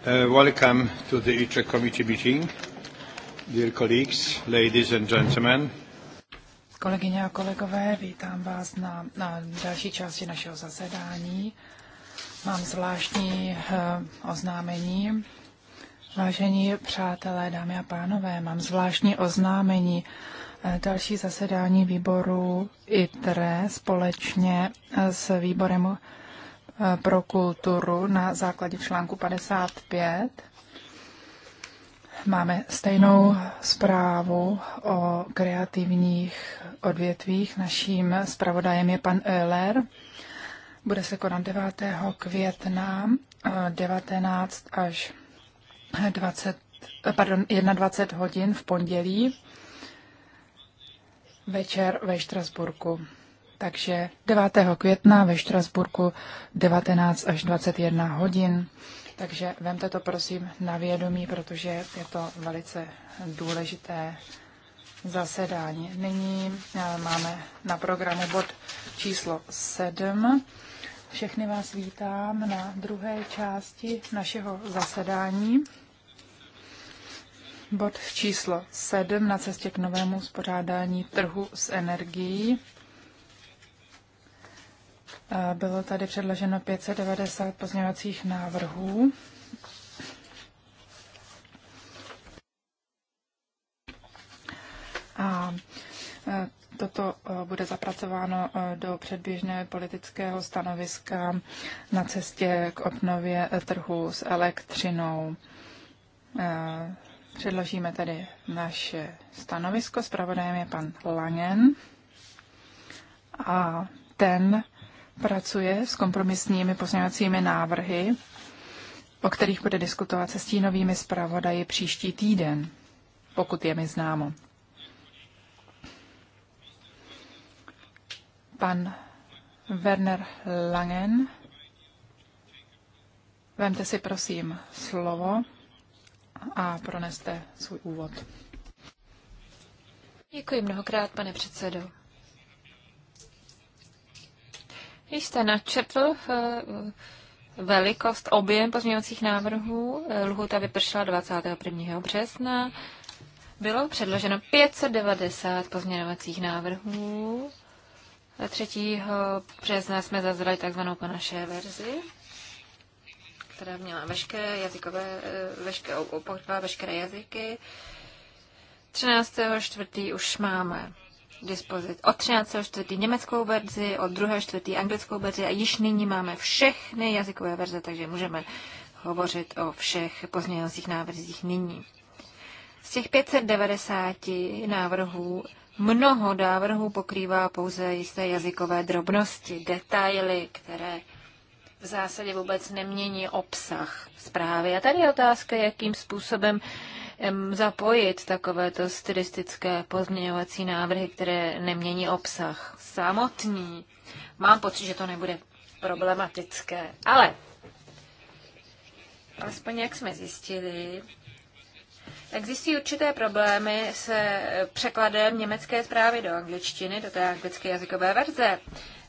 Uh, welcome to the ITRE committee meeting. Dear colleagues, ladies and gentlemen. Kolegyně a kolegové, vítám vás na, na další části našeho zasedání. Mám zvláštní uh, oznámení. Vážení přátelé, dámy a pánové, mám zvláštní oznámení. Eh, další zasedání výboru ITRE společně s výborem Eh, pro kulturu na základě článku 55. Máme stejnou zprávu o kreativních odvětvích. Naším zpravodajem je pan Euler. Bude se konat 9. května 19 eh, až 20, eh, pardon, 21 hodin v pondělí večer ve Štrasburku. Takže 9. května ve Štrasburku 19 až 21 hodin. Takže vemte to prosím na vědomí, protože je to velice důležité zasedání. Nyní eh, máme na programu bod číslo 7. Všechny vás vítám na druhé části našeho zasedání. Bod číslo 7 na cestě k novému spořádání trhu s energií. Bylo tady předloženo 590 pozměňovacích návrhů. A e, toto e, bude zapracováno e, do předběžné politického stanoviska na cestě k obnově trhu s elektřinou. Předložíme tedy naše stanovisko. Spravodajem je pan Langen a ten pracuje s kompromisními pozměňovacími návrhy, o kterých bude diskutovat se stínovými zpravodaji příští týden, pokud je mi známo. Pan Werner Langen, vemte si prosím slovo a proneste svůj úvod. Děkuji mnohokrát, pane předsedo. jste načetl eh, velikost, objem pozměňovacích návrhů. Eh, Lhuta vypršela 21. března. Bylo předloženo 590 pozměňovacích návrhů. 3. března jsme zazdali takzvanou po naše verzi, která měla veškeré jazykové, eh, veškeré, veškeré jazyky. 13. čtvrtý už máme dispozici od 13. čtvrtý německou verzi, od 2. čtvrtý anglickou verzi a již nyní máme všechny jazykové verze, takže můžeme hovořit o všech pozměňovacích návrzích nyní. Z těch 590 návrhů mnoho návrhů pokrývá pouze jisté jazykové drobnosti, detaily, které v zásadě vůbec nemění obsah zprávy. A tady je otázka, jakým způsobem zapojit takovéto stylistické pozměňovací návrhy, které nemění obsah samotný. Mám pocit, že to nebude problematické, ale aspoň jak jsme zjistili, Existují určité problémy se překladem německé zprávy do angličtiny, do té anglické jazykové verze.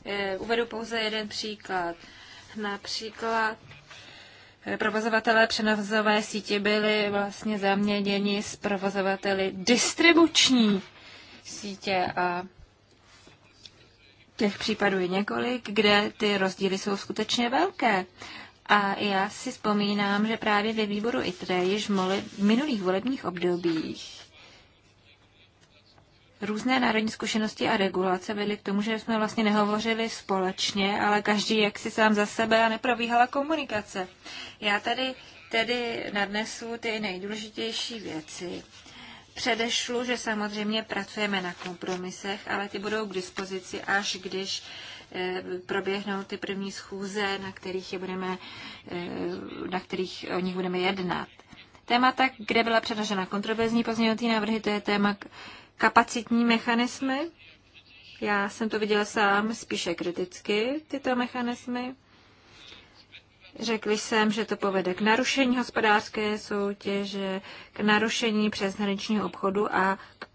E, uvedu pouze jeden příklad. Například provozovatelé přenosové sítě byli vlastně zaměněni s provozovateli distribuční sítě a těch případů je několik, kde ty rozdíly jsou skutečně velké. A já si vzpomínám, že právě ve výboru ITRE již v minulých volebních obdobích různé národní zkušenosti a regulace vedly k tomu, že jsme vlastně nehovořili společně, ale každý jak si sám za sebe a neprobíhala komunikace. Já tady tedy nadnesu ty nejdůležitější věci. Předešlu, že samozřejmě pracujeme na kompromisech, ale ty budou k dispozici, až když eh, proběhnou ty první schůze, na kterých, je budeme, eh, na kterých o nich budeme jednat. Témata, kde byla předložena kontroverzní pozměňovací návrhy, to je téma, kapacitní mechanismy. Já jsem to viděl sám spíše kriticky, tyto mechanismy. Řekli jsem, že to povede k narušení hospodářské soutěže, k narušení přeshraničního obchodu a k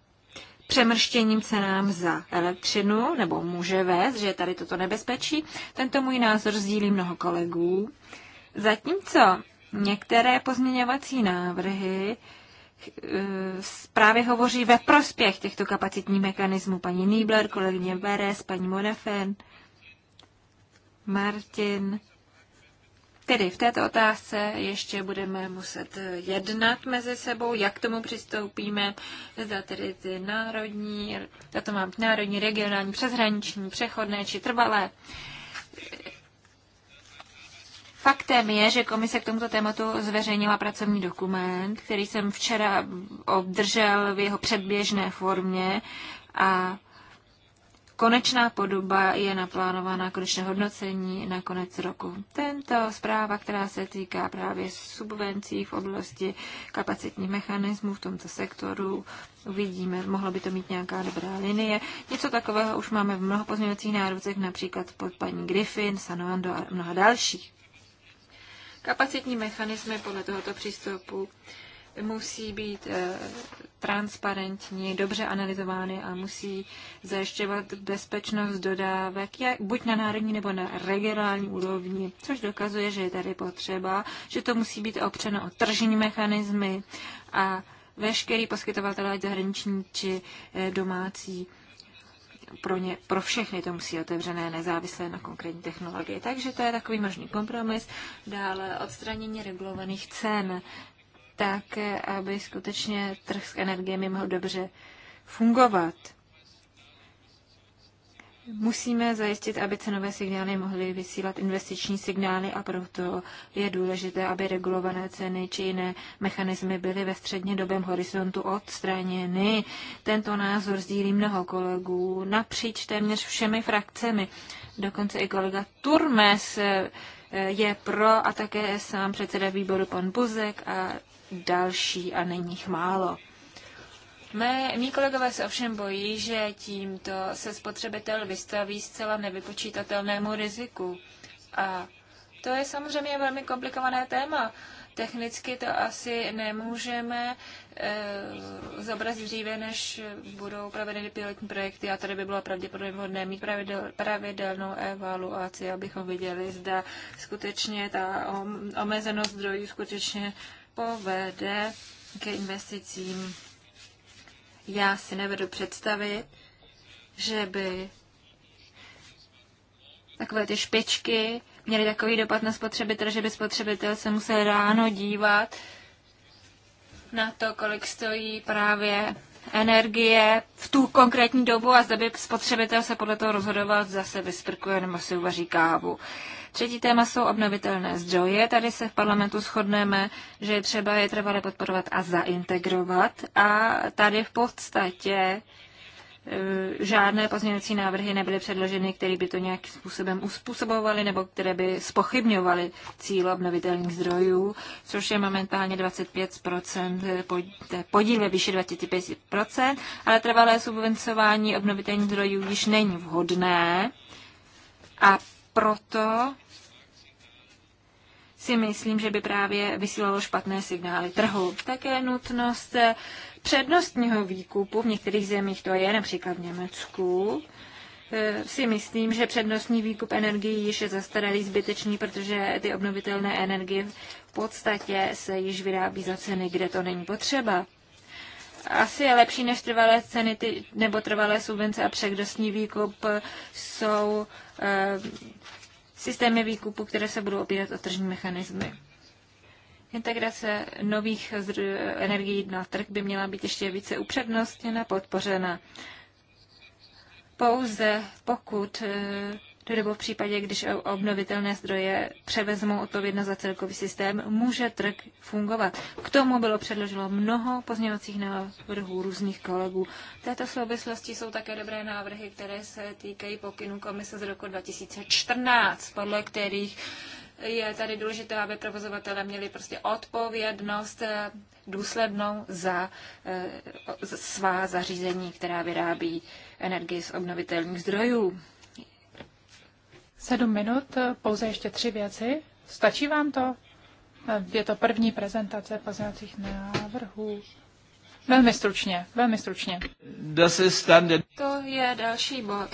přemrštěním cenám za elektřinu, nebo může vést, že je tady toto nebezpečí. Tento můj názor sdílí mnoho kolegů. Zatímco některé pozměňovací návrhy Eh, právě hovoří ve prospěch těchto kapacitních mechanismů. Paní Niebler, kolegyně Beres, paní Monefen, Martin. Tedy v této otázce ještě budeme muset jednat mezi sebou, jak tomu přistoupíme, zda tedy ty národní, za to mám národní, regionální, přeshraniční, přechodné či trvalé Faktem je, že komise k tomuto tématu zveřejnila pracovní dokument, který jsem včera obdržel v jeho předběžné formě a konečná podoba je naplánována, jako konečné hodnocení na konec roku. Tento zpráva, která se týká právě subvencí v oblasti kapacitních mechanismů v tomto sektoru, uvidíme, mohlo by to mít nějaká dobrá linie. Něco takového už máme v mnoha pozměňovacích národcech, například pod paní Griffin, Sanando a mnoha dalších. Kapacitní mechanismy podle tohoto přístupu musí být eh, transparentní, dobře analyzovány a musí zajišťovat bezpečnost dodávek jak, buď na národní nebo na regionální úrovni, což dokazuje, že je tady potřeba, že to musí být opřeno o tržní mechanismy a veškerý poskytovatel, ať zahraniční či eh, domácí, pro, ně, pro všechny to musí otevřené, nezávislé na konkrétní technologii. Takže to je takový možný kompromis. Dále odstranění regulovaných cen, tak aby skutečně trh s energiemi mohl dobře fungovat. Musíme zajistit, aby cenové signály mohly vysílat investiční signály a proto je důležité, aby regulované ceny či jiné mechanismy byly ve střednědobém horizontu odstraněny. Tento názor sdílí mnoho kolegů napříč téměř všemi frakcemi. Dokonce i kolega Turmes eh, je pro a také sám předseda výboru pan Buzek a další a není jich málo. Mé, mí kolegové se ovšem bojí, že tímto se spotřebitel vystaví zcela nevypočítatelnému riziku. A to je samozřejmě velmi komplikované téma. Technicky to asi nemůžeme e, zobrazit dříve, než budou provedeny pilotní projekty a tady by bylo pravděpodobně vhodné mít pravidel, pravidelnou evaluaci, abychom viděli, zda skutečně ta omezenost zdrojů skutečně povede ke investicím já si nevedu představit, že by takové ty špičky měly takový dopad na spotřebitel, že by spotřebitel se musel ráno dívat na to, kolik stojí právě energie v tu konkrétní dobu a zda by spotřebitel se podle toho rozhodoval, zase vysprkuje nebo si uvaří kávu. Třetí téma jsou obnovitelné zdroje. Tady se v parlamentu shodneme, že třeba je trvale podporovat a zaintegrovat. A tady v podstatě e, žádné pozměňovací návrhy nebyly předloženy, které by to nějakým způsobem uspůsobovaly nebo které by spochybňovaly cíl obnovitelných zdrojů, což je momentálně 25 e, podíl ve výši 25 ale trvalé subvencování obnovitelných zdrojů již není vhodné a proto si myslím, že by právě vysílalo špatné signály trhu. Také nutnost přednostního výkupu v některých zemích, to je například v Německu, eh, si myslím, že přednostní výkup energií již je zastaralý zbytečný, protože ty obnovitelné energie v podstatě se již vyrábí za ceny, kde to není potřeba asi je lepší než trvalé ceny ty, nebo trvalé subvence a překdostní výkup jsou e, systémy výkupu, které se budou opírat o tržní mechanismy. Integrace nových energií na trh by měla být ještě více upřednostněna, podpořena. Pouze pokud eh, to nebo v případě, když obnovitelné zdroje převezmou odpovědnost za celkový systém, může trh fungovat. K tomu bylo předloženo mnoho pozměňovacích návrhů různých kolegů. V této souvislosti jsou také dobré návrhy, které se týkají pokynů komise z roku 2014, podle kterých je tady důležité, aby provozovatele měli prostě odpovědnost eh, důslednou eh, za svá zařízení, která vyrábí energii z obnovitelných zdrojů. Sedm minut, pouze ještě tři věci. Stačí vám to? Je to první prezentace pozměňovacích návrhů. Velmi stručně, velmi stručně. To je další bod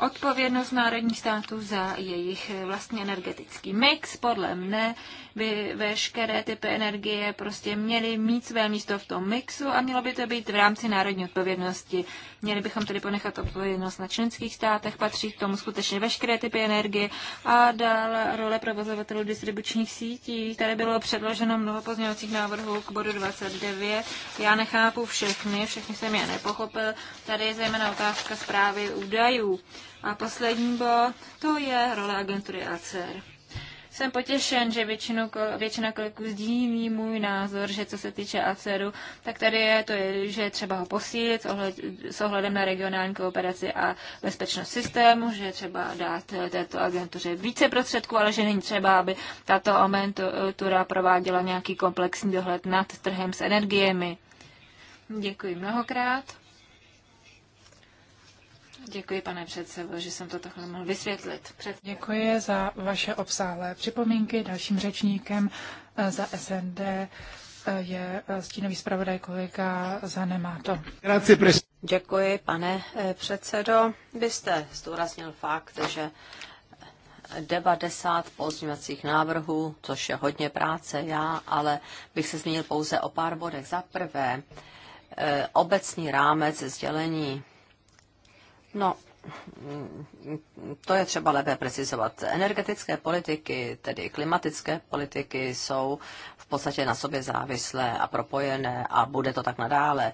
odpovědnost národních států za jejich vlastní energetický mix. Podle mne by veškeré typy energie prostě měly mít své místo v tom mixu a mělo by to být v rámci národní odpovědnosti. Měli bychom tedy ponechat odpovědnost na členských státech, patří k tomu skutečně veškeré typy energie a dál role provozovatelů distribučních sítí. Tady bylo předloženo mnoho pozměňovacích návrhů k bodu 29. Já nechápu všechny, všechny jsem je nepochopil. Tady je zejména otázka zprávy údajů. A poslední bod, to je role agentury ACER. Jsem potěšen, že většinu, většina kolegů sdílí můj názor, že co se týče ACERu, tak tady je to, že je třeba ho posílit s, s ohledem na regionální kooperaci a bezpečnost systému, že je třeba dát této agentuře více prostředků, ale že není třeba, aby tato agentura prováděla nějaký komplexní dohled nad trhem s energiemi. Děkuji mnohokrát. Děkuji, pane předsedo, že jsem to takhle mohl vysvětlit. Před... Děkuji za vaše obsáhlé připomínky. Dalším řečníkem eh, za SND eh, je eh, stínový zpravodaj kolega Zanemáto. Děkuji, pane předsedo. Vy jste zdůraznil fakt, že 90 pozměňovacích návrhů, což je hodně práce já, ale bych se zmínil pouze o pár bodech. Za prvé, obecný rámec sdělení No, to je třeba lépe precizovat. Energetické politiky, tedy klimatické politiky, jsou v podstatě na sobě závislé a propojené a bude to tak nadále.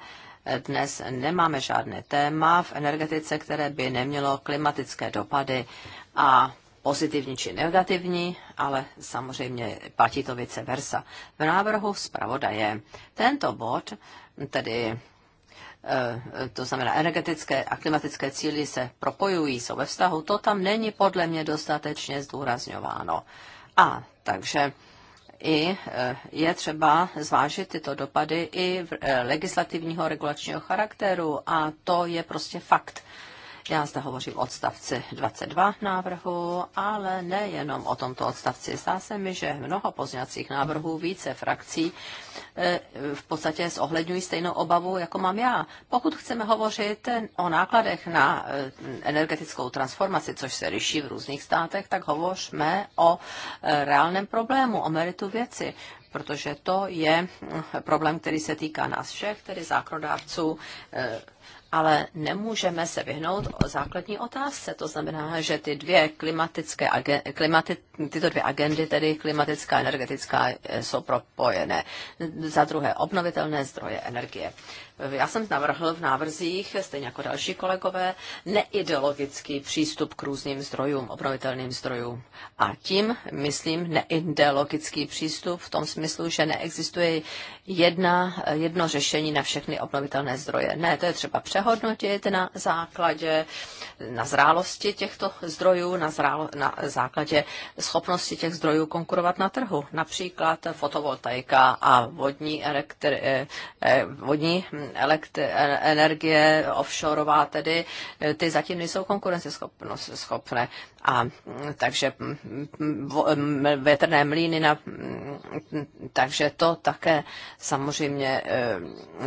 Dnes nemáme žádné téma v energetice, které by nemělo klimatické dopady a pozitivní či negativní, ale samozřejmě platí to vice versa. V návrhu zpravodaje tento bod, tedy Eh, to znamená energetické a klimatické cíly se propojují, jsou ve vztahu, to tam není podle mě dostatečně zdůrazňováno. A takže i eh, je třeba zvážit tyto dopady i v eh, legislativního regulačního charakteru a to je prostě fakt. Já zde hovořím o odstavci 22 návrhu, ale nejenom o tomto odstavci. Zdá se mi, že mnoho pozněcích návrhů více frakcí eh, v podstatě zohledňují stejnou obavu, jako mám já. Pokud chceme hovořit o nákladech na eh, energetickou transformaci, což se liší v různých státech, tak hovořme o eh, reálném problému, o meritu věci protože to je problém, který se týká nás všech, tedy zákrodávců, ale nemůžeme se vyhnout o základní otázce. To znamená, že ty dvě klimatické agen, klimati, tyto dvě agendy, tedy klimatická a energetická, eh, jsou propojené. Za druhé, obnovitelné zdroje energie. Já jsem navrhl v návrzích, stejně jako další kolegové, neideologický přístup k různým zdrojům, obnovitelným zdrojům. A tím myslím neideologický přístup v tom smyslu, že neexistuje jedna, jedno řešení na všechny obnovitelné zdroje. Ne, to je třeba přehodnotit na základě, na zrálosti těchto zdrojů, na, zrálo, na základě schopnosti těch zdrojů konkurovat na trhu. Například fotovoltaika a vodní, elektri, eh, eh, vodní hm, elektri- energie offshoreová tedy, ty zatím nejsou konkurenceschopné. A takže mm, mm, mm, větrné mlíny, na, takže to také samozřejmě eh,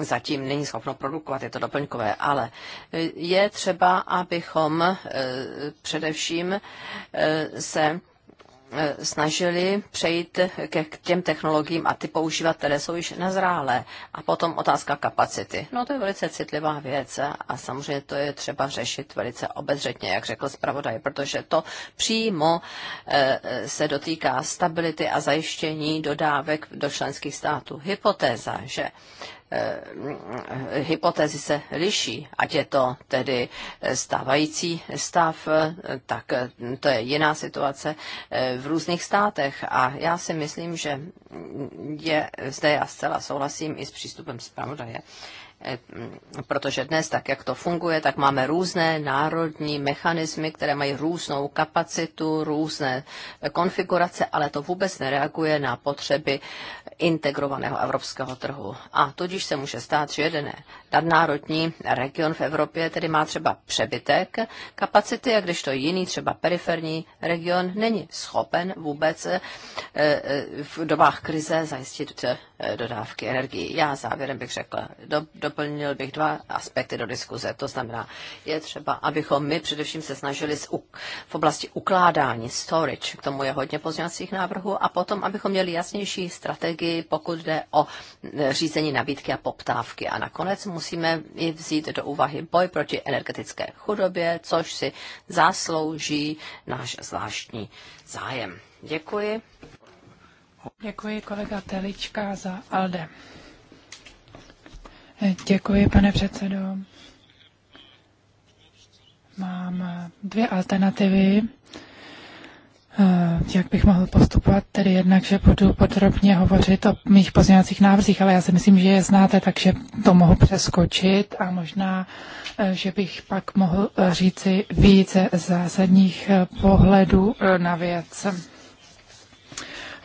zatím není schopno produkovat, je to doplňkové, ale eh, je třeba, abychom eh, především se Eh, snažili přejít k těm technologiím a ty používat, které jsou již nezrálé. A potom otázka kapacity. No to je velice citlivá věc a samozřejmě to je třeba řešit velice obezřetně, jak řekl zpravodaj, protože to přímo eh, se dotýká stability a zajištění dodávek do členských států. Hypotéza, že Eh, hypotézy se liší, ať je to tedy stávající stav, tak to je jiná situace eh, v různých státech. A já si myslím, že je, zde já zcela souhlasím i s přístupem zpravodaje, eh, protože dnes, tak jak to funguje, tak máme různé národní mechanismy, které mají různou kapacitu, různé konfigurace, ale to vůbec nereaguje na potřeby integrovaného evropského trhu. A tudíž se může stát, že jeden nadnárodní region v Evropě tedy má třeba přebytek kapacity, a když to jiný, třeba periferní region, není schopen vůbec eh, eh, v dobách krize zajistit eh, dodávky energii. Já závěrem bych řekla, do, doplnil bych dva aspekty do diskuze. To znamená, je třeba, abychom my především se snažili z, v oblasti ukládání, storage, k tomu je hodně pozměňovacích návrhů, a potom, abychom měli jasnější strategii strategii, pokud jde o e, řízení nabídky a poptávky. A nakonec musíme i vzít do úvahy boj proti energetické chudobě, což si zaslouží náš zvláštní zájem. Děkuji. Děkuji kolega Telička za ALDE. E, děkuji, pane předsedo. Mám e, dvě alternativy Eh, jak bych mohl postupovat, tedy jednak, že budu podrobně hovořit o mých pozměňovacích návrzích, ale já si myslím, že je znáte, takže to mohu přeskočit a možná, eh, že bych pak mohl eh, říci více zásadních pohledů na věc.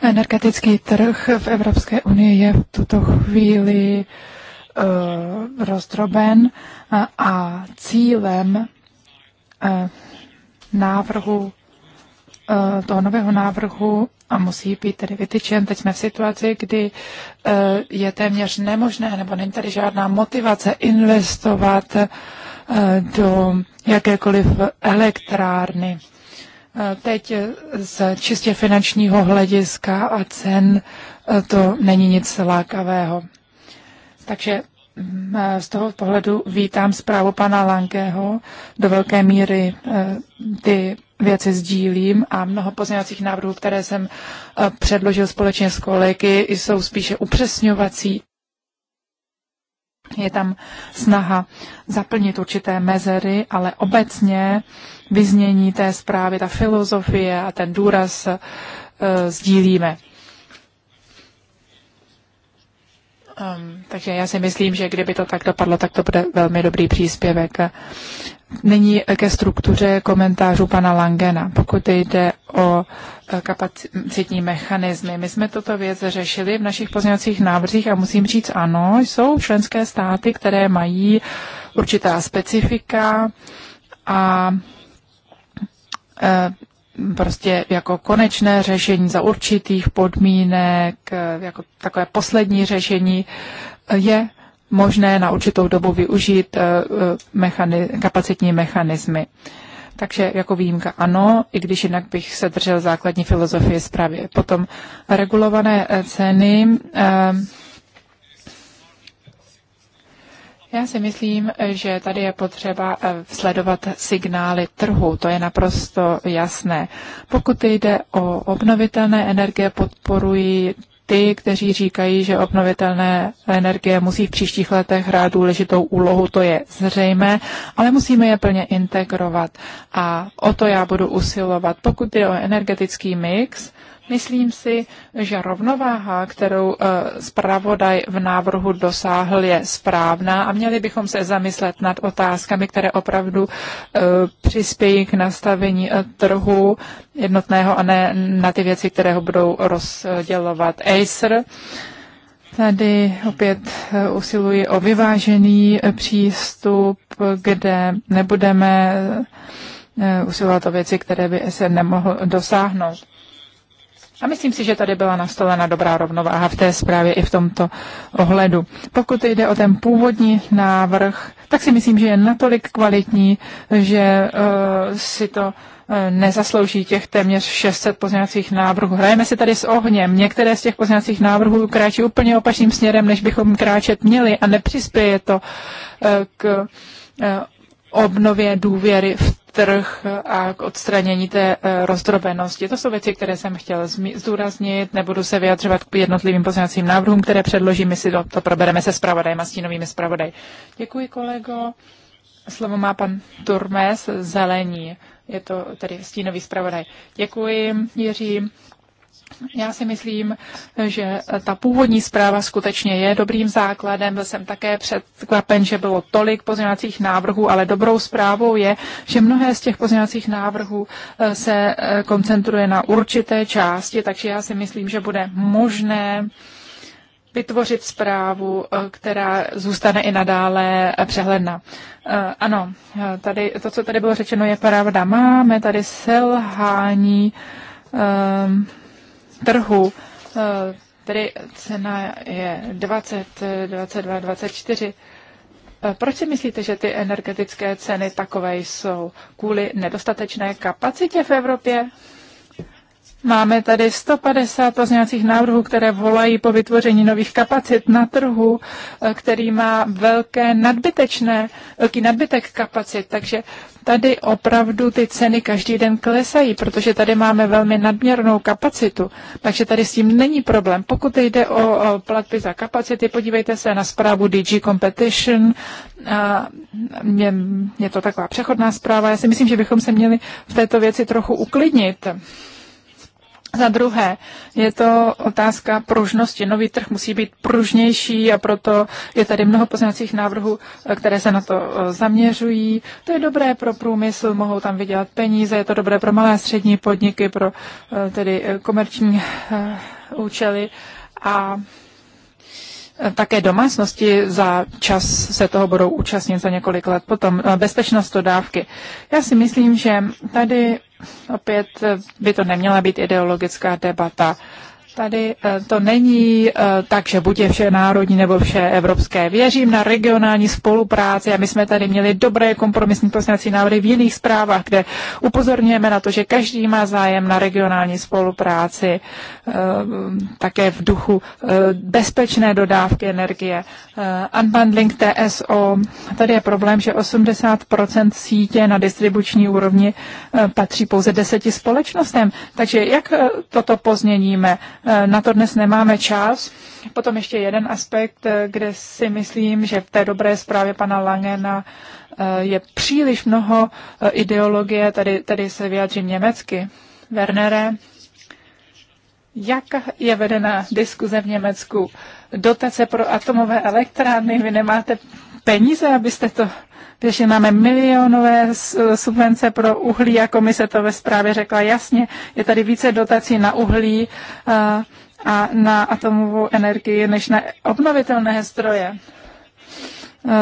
Energetický trh v Evropské unii je v tuto chvíli rozdroben a, cílem návrhu Eh, toho nového návrhu a musí být tedy vytyčen. Teď jsme v situaci, kdy eh, je téměř nemožné, nebo není tady žádná motivace investovat eh, do jakékoliv elektrárny. Teď z čistě finančního hlediska a cen to není nic lákavého. Takže mm, z toho pohledu vítám zprávu pana Lankého. Do velké míry ty věci sdílím a mnoho pozměňovacích návrhů, které jsem eh, předložil společně s kolegy, jsou spíše upřesňovací. Je tam snaha zaplnit určité mezery, ale obecně vyznění té zprávy, ta filozofie a ten důraz e, sdílíme. Um, takže já si myslím, že kdyby to tak dopadlo, tak to bude velmi dobrý příspěvek. Nyní ke struktuře komentářů pana Langena. Pokud jde o eh, kapacitní mechanismy, my jsme toto věc řešili v našich pozměňovacích návrzích a musím říct ano, jsou členské státy, které mají určitá specifika a eh, prostě jako konečné řešení za určitých podmínek, eh, jako takové poslední řešení je možné na určitou dobu využít eh, eh, mechani- kapacitní mechanismy. Takže jako výjimka ano, i když jinak bych se držel základní filozofie zprávy. Potom regulované eh, ceny. Já si myslím, že tady je potřeba sledovat signály trhu, to je naprosto jasné. Pokud jde o obnovitelné energie, podporuji ty, kteří říkají, že obnovitelné energie musí v příštích letech hrát důležitou úlohu, to je zřejmé, ale musíme je plně integrovat. A o to já budu usilovat. Pokud jde o energetický mix, Myslím si, že rovnováha, kterou eh, zpravodaj v návrhu dosáhl, je správná a měli bychom se zamyslet nad otázkami, které opravdu eh, přispějí k nastavení eh, trhu jednotného a ne na ty věci, které ho budou rozdělovat Acer. Tady opět usiluji o vyvážený přístup, kde nebudeme usilovat o věci, které by se nemohl dosáhnout. A myslím si, že tady byla nastolena dobrá rovnováha v té zprávě i v tomto ohledu. Pokud jde o ten původní návrh, tak si myslím, že je natolik kvalitní, že uh, si to eh, nezaslouží těch téměř 600 pozměňovacích návrhů. Hrajeme si tady s ohněm. Některé z těch pozměňovacích návrhů kráčí úplně opačným směrem, než bychom kráčet měli a nepřispěje to eh, k obnově důvěry v trh a k odstranění té eh, rozdrobenosti. To jsou věci, které jsem chtěl zdůraznit. Nebudu se vyjadřovat k jednotlivým pozměňovacím návrhům, které předložím. My si to, to probereme se zpravodajem a stínovými zpravodaj. Děkuji, kolego. Slovo má pan Turmes, zelení. Je to tedy stínový zpravodaj. Děkuji, Jiří. Já si myslím, že ta původní zpráva skutečně je dobrým základem. Byl jsem také předkvapen, že bylo tolik pozměňovacích návrhů, ale dobrou zprávou je, že mnohé z těch pozměňovacích návrhů eh, se eh, koncentruje na určité části, takže já si myslím, že bude možné vytvořit zprávu, eh, která zůstane i nadále přehledná. Ano, tady, to, co tady bylo řečeno, je pravda. Máme tady selhání um, trhu, eh, tedy cena je 20, 22, 24. Proč si myslíte, že ty energetické ceny takové jsou? Kvůli nedostatečné kapacitě v Evropě? Máme tady 150 pozměňovacích návrhů, které volají po vytvoření nových kapacit na trhu, eh, který má velké nadbytečné, velký nadbytek kapacit. Takže tady opravdu ty ceny každý den klesají, protože tady máme velmi nadměrnou kapacitu. Takže tady s tím není problém. Pokud jde o platby za kapacity, podívejte se na zprávu DG Competition. A je, je to taková přechodná zpráva. Já si myslím, že bychom se měli v této věci trochu uklidnit. Za druhé, je to otázka pružnosti. Nový trh musí být pružnější a proto je tady mnoho poznacích návrhů, které se na to eh, zaměřují. To je dobré pro průmysl, mohou tam vydělat peníze, je to dobré pro malé a střední podniky, pro eh, tedy eh, komerční účely a také domácnosti za čas se toho budou účastnit za několik let. Potom eh, bezpečnost dodávky. Já si myslím, že tady opět eh, by to neměla být ideologická debata, Tady eh, to není eh, tak, že buď je vše národní nebo vše evropské. Věřím na regionální spolupráci a my jsme tady měli dobré kompromisní poslanecí návrhy v jiných zprávách, kde upozorňujeme na to, že každý má zájem na regionální spolupráci eh, také v duchu bezpečné dodávky energie. Unbundling TSO, tady je problém, že 80% sítě na distribuční úrovni patří pouze deseti společnostem. Takže jak toto pozměníme? Eh, na to dnes nemáme čas. Potom ještě jeden aspekt, eh, kde si myslím, že v té dobré zprávě pana Langena eh, je příliš mnoho ideologie, tady, tady se vyjádřím německy. Wernere, jak je vedena diskuze v Německu? Dotace pro atomové elektrárny, vy nemáte peníze, abyste to Řešili máme milionové subvence pro uhlí a komise to ve zprávě řekla jasně. Je tady více dotací na uhlí a na atomovou energii než na obnovitelné zdroje.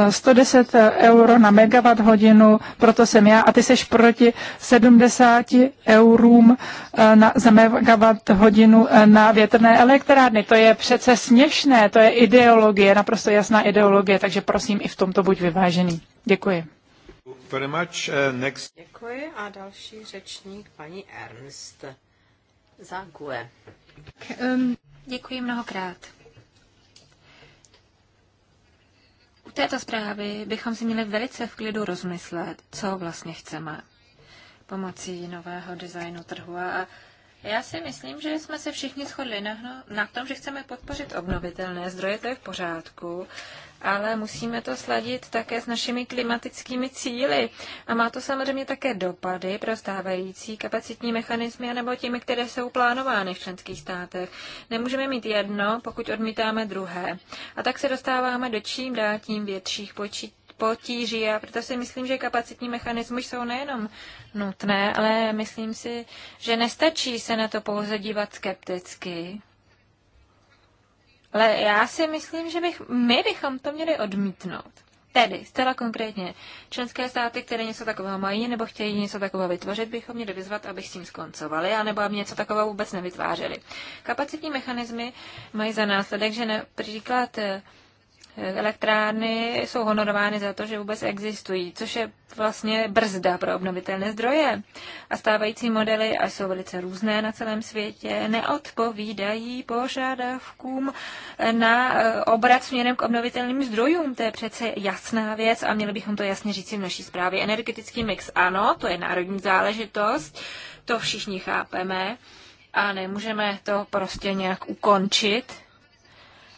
110 eh, euro na megawatt hodinu, proto jsem já, a ty seš proti 70 eurům eh, na, za megawatt hodinu eh, na větrné elektrárny. To je přece směšné, to je ideologie, naprosto jasná ideologie, takže prosím i v tomto buď vyvážený. Děkuji. Very much, uh, next. Děkuji a další řečník paní Ernst. Za Děkuji mnohokrát. této zprávy bychom si měli velice v klidu rozmyslet, co vlastně chceme pomocí nového designu trhu. A já si myslím, že jsme se všichni shodli na, na tom, že chceme podpořit obnovitelné zdroje, to je v pořádku, ale musíme to sladit také s našimi klimatickými cíly. A má to samozřejmě také dopady pro stávající kapacitní mechanismy nebo těmi, které jsou plánovány v členských státech. Nemůžeme mít jedno, pokud odmítáme druhé. A tak se dostáváme do čím dál tím větších počítačů potíží a proto si myslím, že kapacitní mechanismy jsou nejenom nutné, ale myslím si, že nestačí se na to pouze dívat skepticky. Ale já si myslím, že bych, my bychom to měli odmítnout. Tedy, zcela konkrétně, členské státy, které něco takového mají nebo chtějí něco takového vytvořit, bychom měli vyzvat, aby s tím skoncovali, anebo aby něco takového vůbec nevytvářeli. Kapacitní mechanismy mají za následek, že například eh, elektrárny jsou honorovány za to, že vůbec existují, což je vlastně brzda pro obnovitelné zdroje. A stávající modely, a jsou velice různé na celém světě, neodpovídají požadavkům na eh, obrat směrem k obnovitelným zdrojům. To je přece jasná věc a měli bychom to jasně říct v naší zprávě. Energetický mix, ano, to je národní záležitost, to všichni chápeme a nemůžeme to prostě nějak ukončit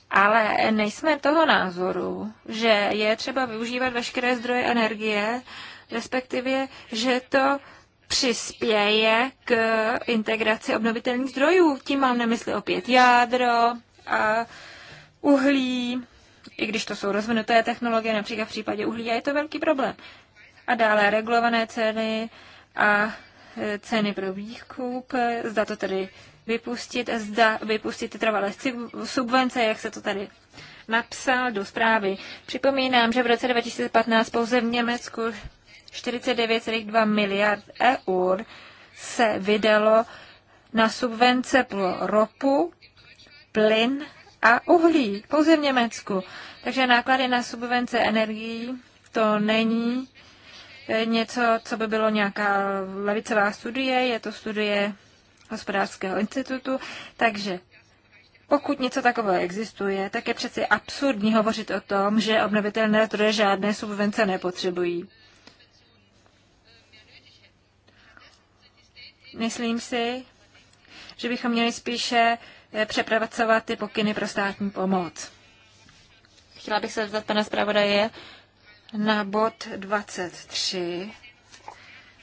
ale nejsme toho názoru, že je třeba využívat veškeré zdroje energie, respektive, že to přispěje k integraci obnovitelných zdrojů. Tím mám na mysli opět jádro a uhlí, i když to jsou rozvinuté technologie, například v případě uhlí, a je to velký problém. A dále regulované ceny a e, ceny pro výkup, zda to tedy vypustit, zda vypustit trvalé subvence, jak se to tady napsal do zprávy. Připomínám, že v roce 2015 pouze v Německu 49,2 miliard eur se vydalo na subvence pro ropu, plyn a uhlí, pouze v Německu. Takže náklady na subvence energií to není eh, něco, co by bylo nějaká levicová studie, je to studie hospodářského institutu, takže pokud něco takového existuje, tak je přeci absurdní hovořit o tom, že obnovitelné zdroje žádné subvence nepotřebují. Myslím si, že bychom měli spíše eh, přepracovat ty pokyny pro státní pomoc. Chtěla bych se zeptat pana zpravodaje na bod 23.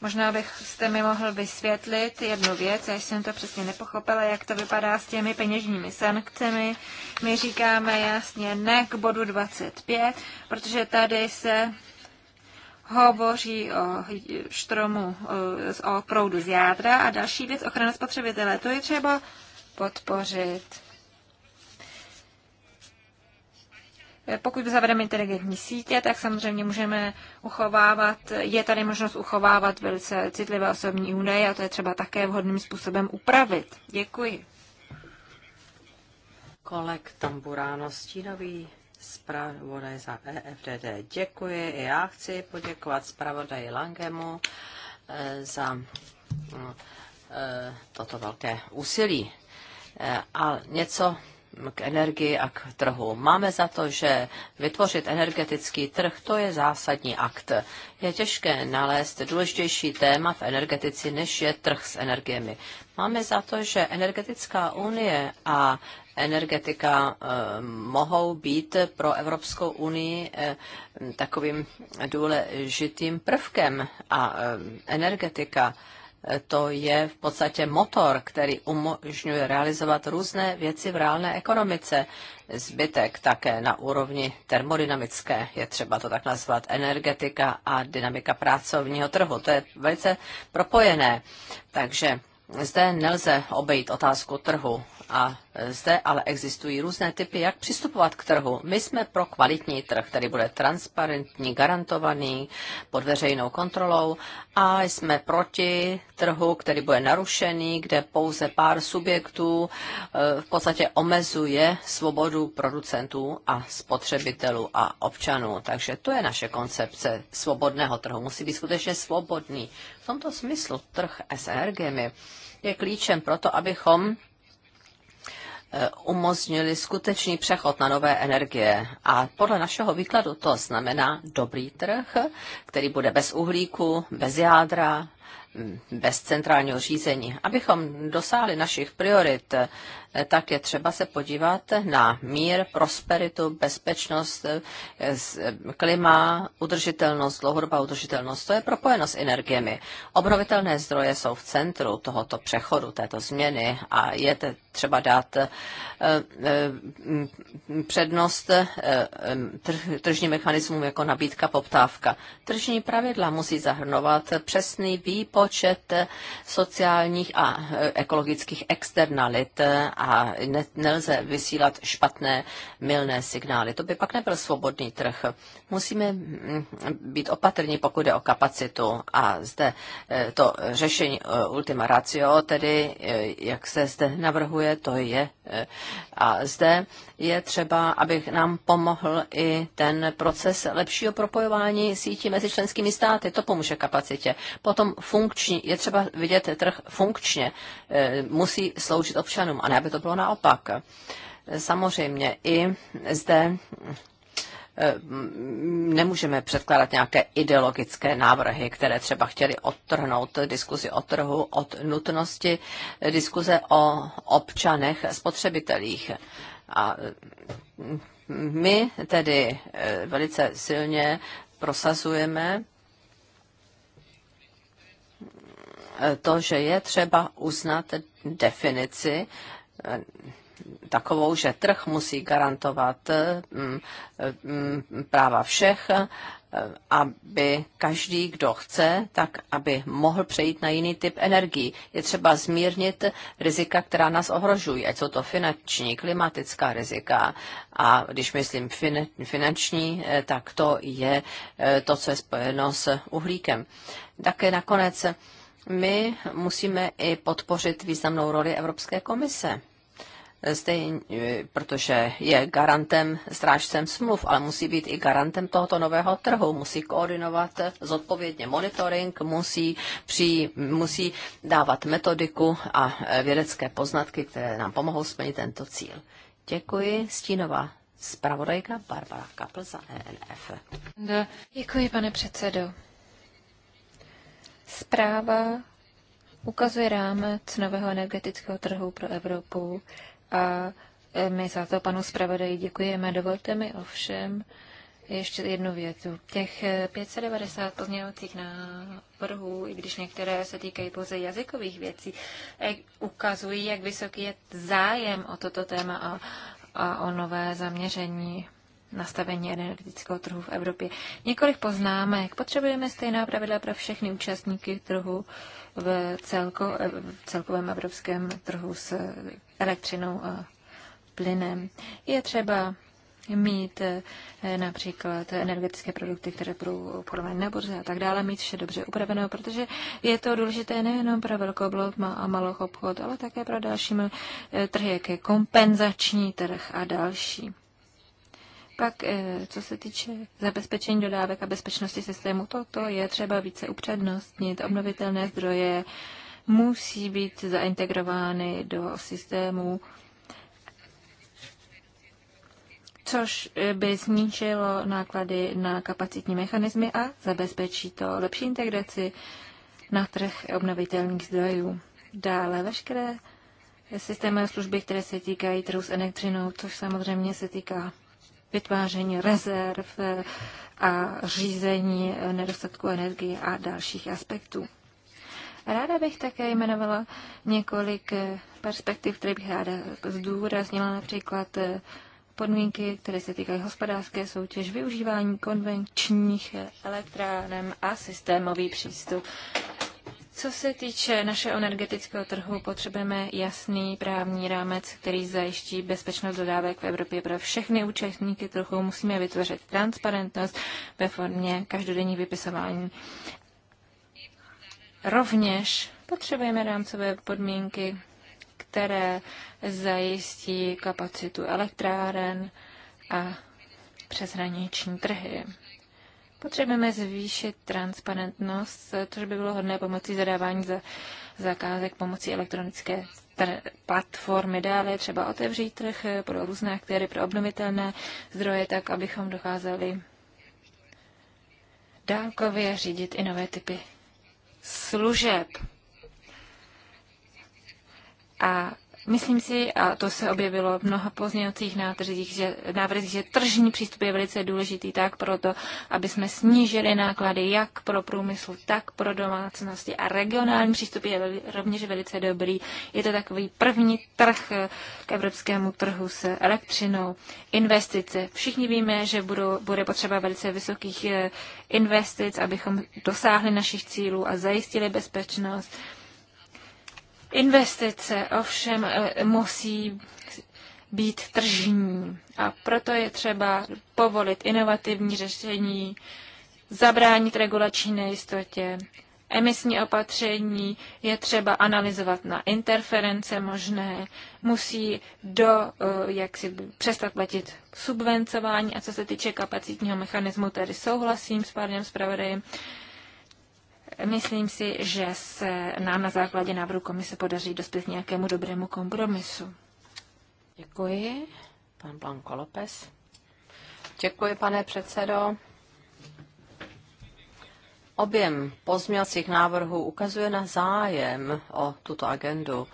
Možná byste mi mohl vysvětlit jednu věc, já jsem to přesně nepochopila, jak to vypadá s těmi peněžními sankcemi. My říkáme jasně ne k bodu 25, protože tady se hovoří o štromu, o proudu z jádra a další věc ochrana spotřebitele. To je třeba podpořit. Eh, pokud zavedeme inteligentní sítě, tak samozřejmě můžeme uchovávat, je tady možnost uchovávat velice citlivé osobní údaje a to je třeba také vhodným způsobem upravit. Děkuji. Kolek Tamburáno Stínový, zpravodaj za EFDD. Děkuji. I já chci poděkovat zpravodaji Langemu eh, za mm, eh, toto velké úsilí. A něco k energii a k trhu. Máme za to, že vytvořit energetický trh, to je zásadní akt. Je těžké nalézt důležitější téma v energetici, než je trh s energiemi. Máme za to, že energetická unie a energetika eh, mohou být pro Evropskou unii eh, takovým důležitým prvkem a eh, energetika to je v podstatě motor, který umožňuje realizovat různé věci v reálné ekonomice. Zbytek také na úrovni termodynamické, je třeba to tak nazvat, energetika a dynamika pracovního trhu. To je velice propojené. Takže zde nelze obejít otázku trhu a zde ale existují různé typy, jak přistupovat k trhu. My jsme pro kvalitní trh, který bude transparentní, garantovaný, pod veřejnou kontrolou a jsme proti trhu, který bude narušený, kde pouze pár subjektů eh, v podstatě omezuje svobodu producentů a spotřebitelů a občanů. Takže to je naše koncepce svobodného trhu. Musí být skutečně svobodný. V tomto smyslu trh s energiemi je klíčem proto, abychom Eh, umožnili skutečný přechod na nové energie. A podle našeho výkladu to znamená dobrý trh, který bude bez uhlíku, bez jádra, mm, bez centrálního řízení. Abychom dosáhli našich priorit tak je třeba se podívat na mír, prosperitu, bezpečnost, klima, udržitelnost, dlouhodobá udržitelnost. To je propojeno s energiemi. Obnovitelné zdroje jsou v centru tohoto přechodu, této změny a je třeba dát eh, eh, přednost eh, tržním mechanismům jako nabídka, poptávka. Tržní pravidla musí zahrnovat přesný výpočet sociálních a ekologických externalit a ne, nelze vysílat špatné milné signály. To by pak nebyl svobodný trh. Musíme mm, být opatrní, pokud jde o kapacitu. A zde eh, to řešení eh, ultima ratio, tedy eh, jak se zde navrhuje, to je. A zde je třeba, abych nám pomohl i ten proces lepšího propojování sítí mezi členskými státy. To pomůže kapacitě. Potom funkční, je třeba vidět trh funkčně. Musí sloužit občanům a ne, aby to bylo naopak. Samozřejmě i zde eh, mm, nemůžeme předkládat nějaké ideologické návrhy, které třeba chtěli odtrhnout diskuzi o trhu od nutnosti diskuze o občanech, spotřebitelích. A mm, my tedy eh, velice silně prosazujeme to, že je třeba uznat definici Eh, takovou, že trh musí garantovat eh, mm, eh, mm, práva všech, aby každý, kdo chce, tak aby mohl přejít na jiný typ energii. Je třeba zmírnit rizika, která nás ohrožují, ať jsou to finanční, klimatická rizika. A když myslím finanční, tak to je to, co je spojeno s uhlíkem. Také nakonec my musíme i podpořit významnou roli Evropské komise. Stejně, protože je garantem, strážcem smluv, ale musí být i garantem tohoto nového trhu, musí koordinovat zodpovědně monitoring, musí, při, musí dávat metodiku a vědecké poznatky, které nám pomohou splnit tento cíl. Děkuji. stínova zpravodajka Barbara Kapl za ENF. Děkuji, pane předsedo. Zpráva ukazuje rámec nového energetického trhu pro Evropu a e, my za to panu zpravodaji děkujeme. Dovolte mi ovšem ještě jednu větu. Těch 590 e, pozměňovacích návrhů, i když některé se týkají pouze jazykových věcí, e, ukazují, jak vysoký je zájem o toto téma a, a o nové zaměření nastavení energetického trhu v Evropě. Několik poznámek. Potřebujeme stejná pravidla pro všechny účastníky trhu v, celko, v celkovém evropském trhu s elektřinou a plynem. Je třeba mít eh, například energetické produkty, které budou obchodovány na burze a tak dále, mít vše dobře upraveno, protože je to důležité nejenom pro velkou blok a malou obchod, ale také pro další eh, trhy, jako je kompenzační trh a další. Pak, eh, co se týče zabezpečení dodávek a bezpečnosti systému, toto je třeba více upřednostnit. Obnovitelné zdroje musí být zaintegrovány do systému, což eh, by snížilo náklady na kapacitní mechanismy a zabezpečí to lepší integraci na trh obnovitelných zdrojů. Dále veškeré systémy služby, které se týkají trhu s elektřinou, což samozřejmě se týká vytváření rezerv eh, a řízení eh, nedostatku energie a dalších aspektů. Ráda bych také jmenovala několik eh, perspektiv, které bych ráda zdůraznila, například podmínky, které se týkají hospodářské soutěž, využívání konvenčních elektránem a systémový přístup. Co se týče našeho energetického trhu, potřebujeme jasný právní rámec, který zajiští bezpečnost dodávek v Evropě pro všechny účastníky trhu. Musíme vytvořit transparentnost ve formě každodenní vypisování. Rovněž potřebujeme rámcové podmínky, které zajistí kapacitu elektráren a přeshraniční trhy. Potřebujeme zvýšit transparentnost, což by bylo hodné pomocí zadávání za zakázek pomocí elektronické platformy. Dále třeba otevřít trh pro různé aktéry, pro obnovitelné zdroje, tak abychom dokázali dálkově řídit i nové typy služeb. A Myslím si, a to se objevilo v mnoha pozměňovacích návrzích, že, návrzích, že tržní přístup je velice důležitý tak proto, aby jsme snížili náklady jak pro průmysl, tak pro domácnosti. A regionální přístup je rovněž velice dobrý. Je to takový první trh k evropskému trhu s elektřinou. Investice. Všichni víme, že budou, bude potřeba velice vysokých eh, investic, abychom dosáhli našich cílů a zajistili bezpečnost Investice ovšem eh, musí být tržní a proto je třeba povolit inovativní řešení, zabránit regulační nejistotě, emisní opatření je třeba analyzovat na interference možné, musí do, eh, jak si přestat platit subvencování a co se týče kapacitního mechanismu, tedy souhlasím s panem zpravodajem, Myslím si, že se nám na základě návrhu komise podaří dospět nějakému dobrému kompromisu. Děkuji. Pan Blanco López. Děkuji, pane předsedo. Objem pozměňovacích návrhů ukazuje na zájem o tuto agendu.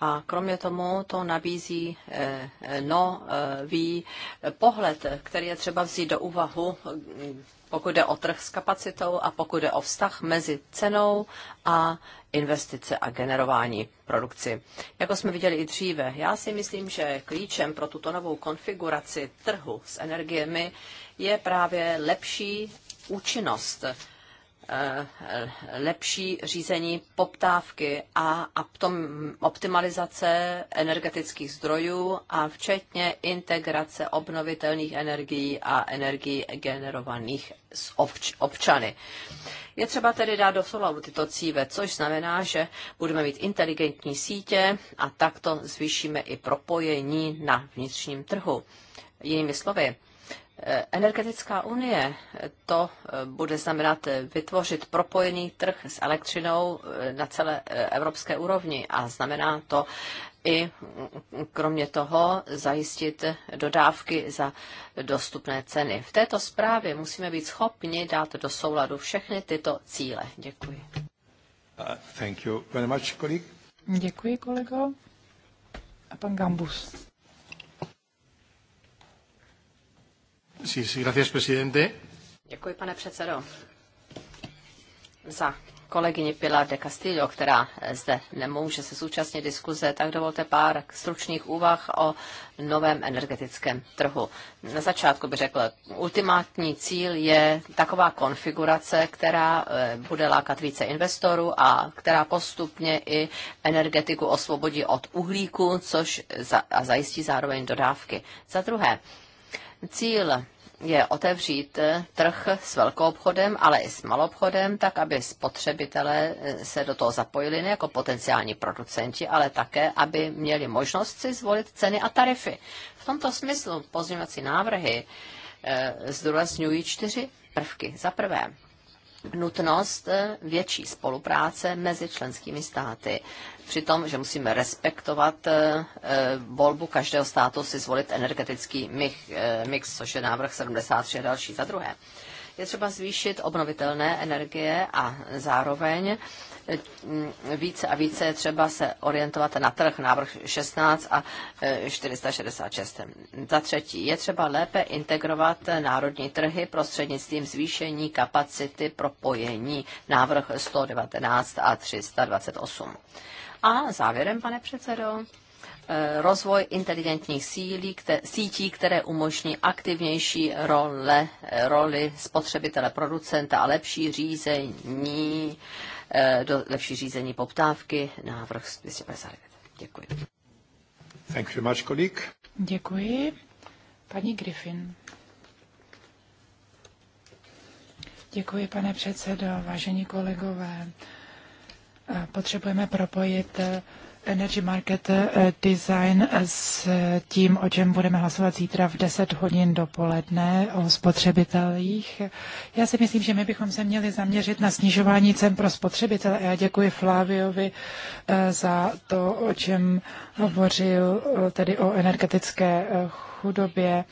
A kromě tomu to nabízí eh, eh, nový eh, pohled, který je třeba vzít do úvahu, pokud jde o trh s kapacitou a pokud jde o vztah mezi cenou a investice a generování produkci. Jako jsme viděli i dříve, já si myslím, že klíčem pro tuto novou konfiguraci trhu s energiemi je právě lepší účinnost Eh, lepší řízení poptávky a optimalizace energetických zdrojů a včetně integrace obnovitelných energií a energií generovaných z obč- občany. Je třeba tedy dát do souladu tyto cíle, což znamená, že budeme mít inteligentní sítě a takto zvýšíme i propojení na vnitřním trhu. Jinými slovy, Eh, energetická unie, eh, to eh, bude znamenat vytvořit propojený trh s elektřinou na celé evropské úrovni a znamená to i mm, kromě toho zajistit dodávky za dostupné ceny. V této zprávě musíme být schopni dát do souladu všechny tyto cíle. Děkuji. Uh, thank you very much, Děkuji, kolego. A pan Gambus. Sí, sí, gracias, presidente. Děkuji, pane předsedo. Za kolegyni Pilar de Castillo, která zde nemůže se zúčastnit diskuze, tak dovolte pár stručných úvah o novém energetickém trhu. Na začátku bych řekl, ultimátní cíl je taková konfigurace, která eh, bude lákat více investorů a která postupně i energetiku osvobodí od uhlíku, což za, a zajistí zároveň dodávky. Za druhé, Cíl je otevřít eh, trh s velkou obchodem, ale i s malou obchodem, tak aby spotřebitelé eh, se do toho zapojili ne jako potenciální producenti, ale také, aby měli možnost si zvolit ceny a tarify. V tomto smyslu pozměňovací návrhy e, zdůrazňují čtyři prvky. Za prvé, nutnost větší spolupráce mezi členskými státy při tom, že musíme respektovat eh, eh, volbu každého státu si zvolit energetický mix, eh, mix což je návrh 73 a další za druhé. Je třeba zvýšit obnovitelné energie a zároveň více a více je třeba se orientovat na trh návrh 16 a 466. Za třetí, je třeba lépe integrovat národní trhy prostřednictvím zvýšení kapacity propojení návrh 119 a 328. A závěrem, pane předsedo, eh, rozvoj inteligentních sílí, které, sítí, které umožní aktivnější role, eh, roli spotřebitele, producenta a lepší řízení, eh, do, lepší řízení poptávky. Návrh 259. Děkuji. Thank you much, colleague. Děkuji. Paní Griffin. Děkuji, pane předsedo, vážení kolegové potřebujeme propojit eh, Energy Market eh, Design s tím, o čem budeme hlasovat zítra v 10 hodin dopoledne o spotřebitelích. Já si myslím, že my bychom se měli zaměřit na snižování cen pro spotřebitele. Já děkuji Fláviovi eh, za to, o čem hovořil, tedy o energetické chudobě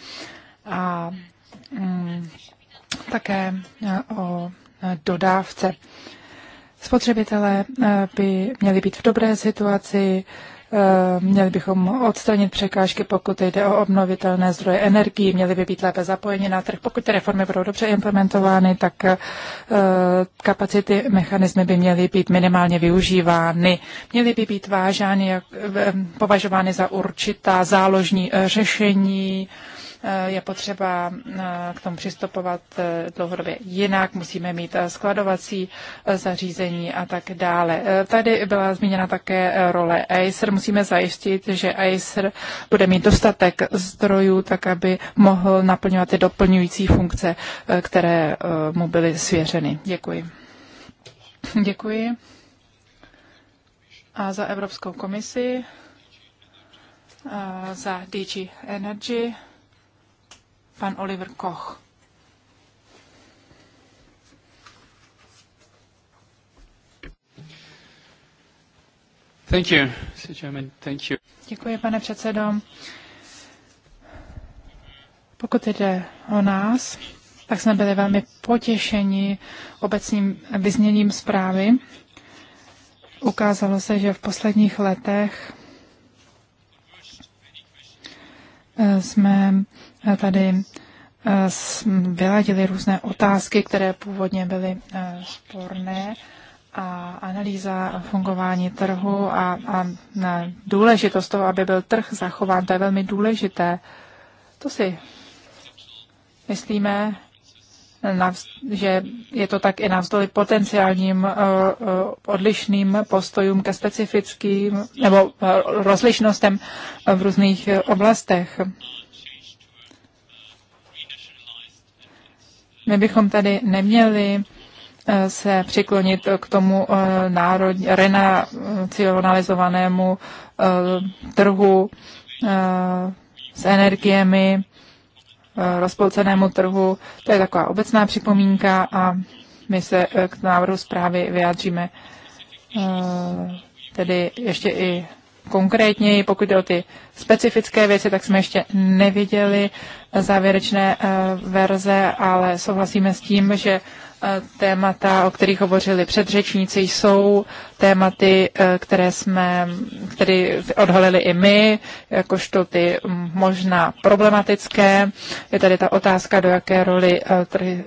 a mm, také o dodávce. Spotřebitelé eh, by měli být v dobré situaci, eh, měli bychom odstranit překážky, pokud jde o obnovitelné zdroje energii, měli by být lépe zapojeni na trh. Pokud ty reformy budou dobře implementovány, tak eh, kapacity, mechanismy by měly být minimálně využívány, měly by být vážány, považovány za určitá záložní řešení, Eh, je potřeba eh, k tomu přistupovat eh, dlouhodobě jinak, musíme mít skladovací zařízení a tak dále. Tady byla zmíněna také role Acer. Musíme zajistit, že Acer bude mít dostatek zdrojů, tak aby mohl naplňovat ty doplňující funkce, které mu byly svěřeny. Děkuji. Děkuji. A za Evropskou komisi, za DG Energy pan Oliver Koch. Thank you, Mr. Chairman. Thank you. Děkuji, pane předsedo. Pokud jde o nás, tak jsme byli velmi potěšeni obecním vyzněním zprávy. Ukázalo se, že v posledních letech eh, jsme tady eh, vyladili různé otázky, které původně byly eh, sporné a analýza fungování trhu a, a důležitost toho, aby byl trh zachován, to je velmi důležité. To si myslíme, že je to tak i navzdory potenciálním eh, odlišným postojům ke specifickým nebo rozlišnostem v různých oblastech. My bychom tady neměli eh, se přiklonit k tomu eh, národ, renacionalizovanému eh, trhu s energiemi, rozpolcenému trhu. To je taková obecná připomínka a my se k návrhu zprávy vyjádříme tedy ještě i konkrétněji, pokud jde o ty specifické věci, tak jsme ještě neviděli závěrečné eh, verze, ale souhlasíme s tím, že eh, témata, o kterých hovořili předřečníci, jsou tématy, eh, které jsme které odhalili i my, jakožto ty možná problematické. Je tady ta otázka, do jaké roli trhy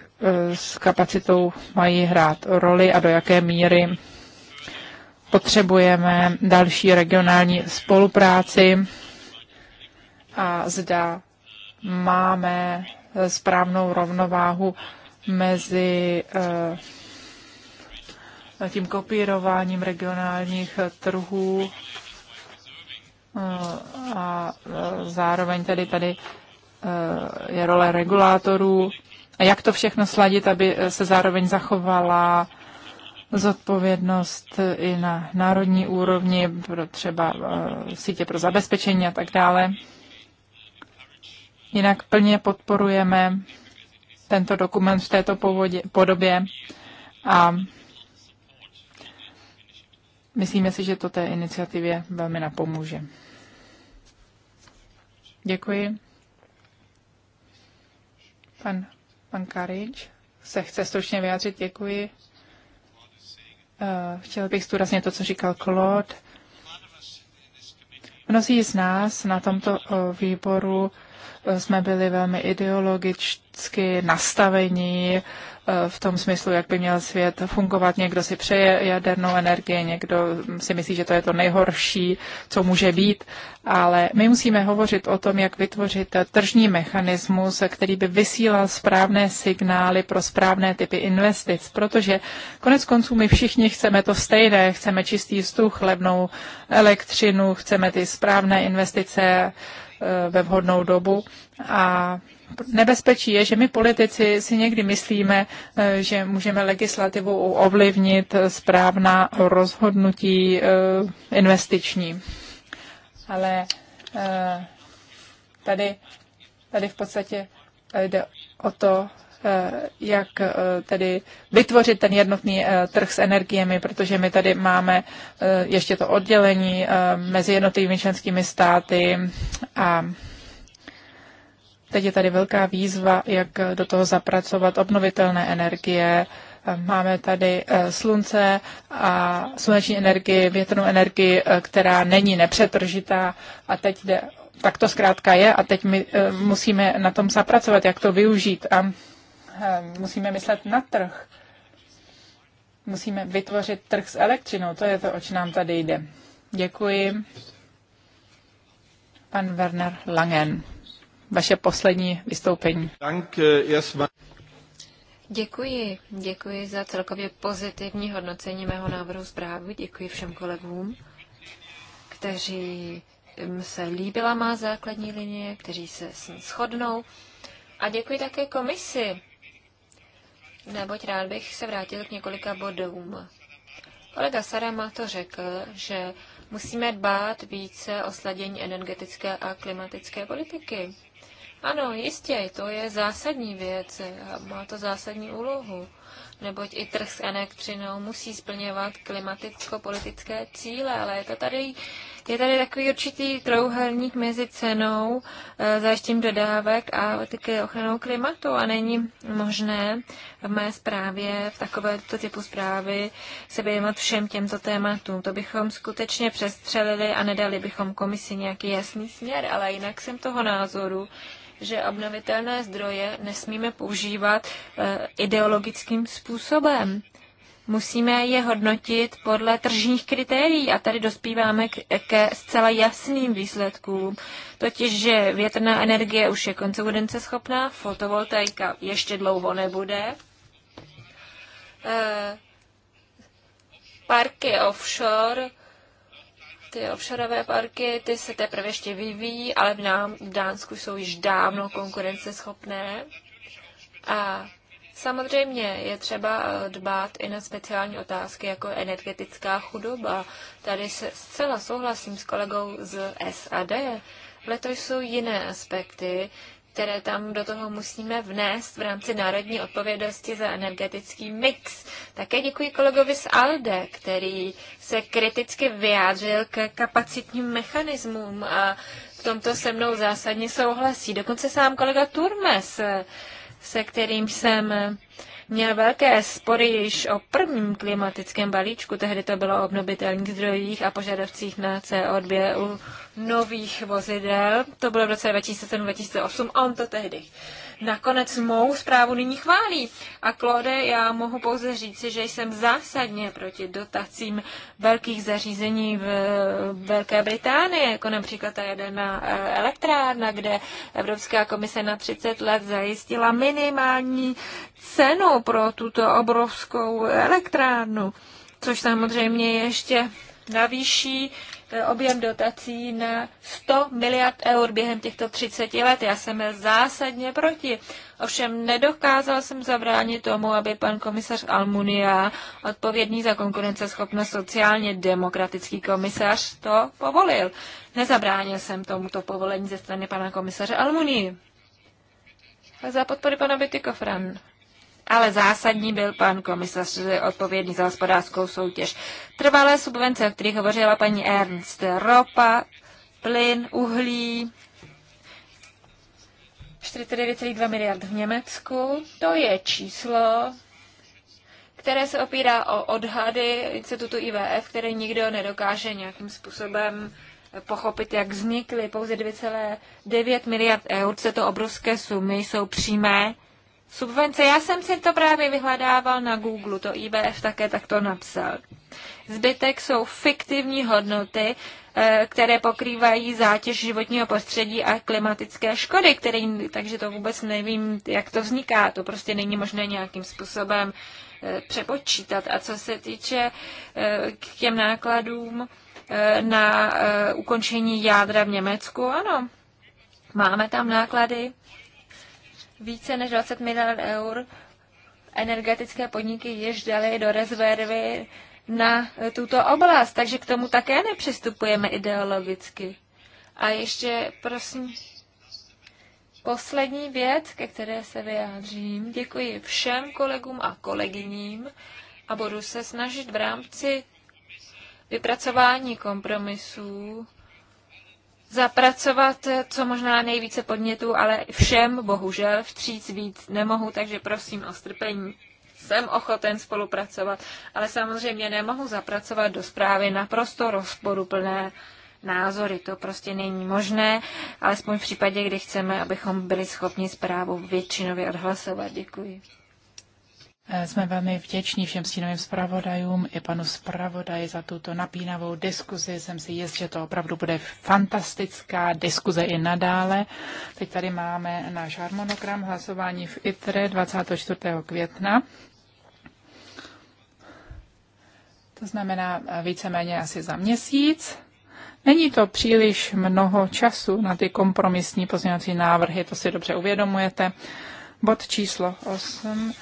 s kapacitou mají hrát roli a do jaké míry potřebujeme další regionální spolupráci a zda máme správnou rovnováhu mezi eh, tím kopírováním regionálních trhů eh, a eh, zároveň tedy tady je role regulátorů. A jak to všechno sladit, aby se zároveň zachovala zodpovědnost i na národní úrovni, pro třeba eh, sítě pro zabezpečení a tak dále. Jinak plně podporujeme tento dokument v této povodě, podobě a myslíme si, že to té iniciativě velmi napomůže. Děkuji. Pan, pan Karič se chce stručně vyjádřit. Děkuji. Eh, chtěl bych zdůraznit to, co říkal Claude. Mnozí z nás na tomto eh, výboru eh, jsme byli velmi ideologicky nastavení, v tom smyslu, jak by měl svět fungovat. Někdo si přeje jadernou energii, někdo si myslí, že to je to nejhorší, co může být, ale my musíme hovořit o tom, jak vytvořit tržní mechanismus, který by vysílal správné signály pro správné typy investic, protože konec konců my všichni chceme to stejné, chceme čistý vzduch, levnou elektřinu, chceme ty správné investice eh, ve vhodnou dobu a nebezpečí je, že my politici si někdy myslíme, eh, že můžeme legislativou ovlivnit eh, správná rozhodnutí eh, investiční. Ale tady, tady v podstatě jde o to, jak tedy vytvořit ten jednotný trh s energiemi, protože my tady máme ještě to oddělení mezi jednotlivými členskými státy a Teď je tady velká výzva, jak do toho zapracovat obnovitelné energie. Máme tady eh, slunce a sluneční energii, větrnou energii, eh, která není nepřetržitá a teď jde tak to zkrátka je a teď my eh, musíme na tom zapracovat, jak to využít a musíme myslet na trh. Musíme vytvořit trh s elektřinou, to je to, oč nám tady jde. Děkuji. Pan Werner Langen vaše poslední vystoupení. Eh, děkuji, děkuji za celkově pozitivní hodnocení mého návrhu zprávy, děkuji všem kolegům, kteří mm, se líbila má základní linie, kteří se s ní shodnou. A děkuji také komisi, neboť rád bych se vrátil k několika bodům. Kolega Sarama to řekl, že musíme dbát více o sladění energetické a klimatické politiky. Ano, jistě, to je zásadní věc a má to zásadní úlohu, neboť i trh s elektřinou musí splňovat klimaticko-politické cíle, ale je to tady, je tady takový určitý trouhelník mezi cenou, e, zajištěním dodávek a také ochranou klimatu a není možné v mé zprávě, v takovéto typu zprávy se věnovat všem těmto tématům. To bychom skutečně přestřelili a nedali bychom komisi nějaký jasný směr, ale jinak jsem toho názoru, že obnovitelné zdroje nesmíme používat eh, ideologickým způsobem. Musíme je hodnotit podle tržních kritérií a tady dospíváme ke zcela jasným výsledkům, totiž, že větrná energie už je schopná, fotovoltaika ještě dlouho nebude. Eh, parky offshore ty offshoreové parky, ty se teprve ještě vyvíjí, ale v, nám, v Dánsku jsou již dávno konkurenceschopné. A Samozřejmě je třeba eh, dbát i na speciální otázky jako energetická chudoba. Tady se zcela souhlasím s kolegou z SAD, ale to jsou jiné aspekty, které tam do toho musíme vnést v rámci národní odpovědnosti za energetický mix. Také děkuji kolegovi z ALDE, který se kriticky vyjádřil k kapacitním mechanismům a v tomto se mnou zásadně souhlasí. Dokonce sám kolega Turmes, se kterým jsem měl velké spory již o prvním klimatickém balíčku, tehdy to bylo o obnovitelných zdrojích a požadavcích na CO2 u nových vozidel. To bylo v roce 2007-2008, on to tehdy nakonec mou zprávu nyní chválí. A Klode, já mohu pouze říci, že jsem zásadně proti dotacím velkých zařízení v Velké Británii, jako například ta jedna eh, elektrárna, kde Evropská komise na 30 let zajistila minimální cenu pro tuto obrovskou elektrárnu, což samozřejmě ještě navýší E, objem dotací na 100 miliard eur během těchto 30 let. Já jsem zásadně proti. Ovšem nedokázal jsem zabránit tomu, aby pan komisař Almunia, odpovědný za konkurenceschopnost sociálně demokratický komisař, to povolil. Nezabránil jsem tomuto povolení ze strany pana komisaře Almunii. Za podpory pana Bytykofran ale zásadní byl pan komisař odpovědný za hospodářskou soutěž. Trvalé subvence, o kterých hovořila paní Ernst, ropa, plyn, uhlí, 49,2 miliard v Německu, to je číslo, které se opírá o odhady institutu IVF, které nikdo nedokáže nějakým způsobem pochopit, jak vznikly. Pouze 2,9 miliard eur, se to obrovské sumy, jsou přímé subvence. Já jsem si to právě vyhledával na Google, to IBF také takto napsal. Zbytek jsou fiktivní hodnoty, eh, které pokrývají zátěž životního prostředí a klimatické škody, který, takže to vůbec nevím, jak to vzniká. To prostě není možné nějakým způsobem eh, přepočítat. A co se týče eh, k těm nákladům na ukončení jádra v Německu, ano, máme tam náklady, více než 20 miliard eur energetické podniky již dali do rezervy na tuto oblast, takže k tomu také nepřistupujeme ideologicky. A ještě, prosím, poslední věc, ke které se vyjádřím. Děkuji všem kolegům a kolegyním a budu se snažit v rámci vypracování kompromisů zapracovat eh, co možná nejvíce podnětů, ale všem bohužel vstříc víc nemohu, takže prosím o strpení. Jsem ochoten spolupracovat, ale samozřejmě nemohu zapracovat do zprávy naprosto rozporuplné názory. To prostě není možné, alespoň v případě, kdy chceme, abychom byli schopni zprávu většinově odhlasovat. Děkuji. Eh, jsme velmi vděční všem stínovým zpravodajům i panu zpravodaji za tuto napínavou diskuzi. Jsem si jist, že to opravdu bude fantastická diskuze i nadále. Teď tady máme náš harmonogram hlasování v ITRE 24. května. To znamená eh, víceméně asi za měsíc. Není to příliš mnoho času na ty kompromisní pozměňovací návrhy, to si dobře uvědomujete. Bod číslo 8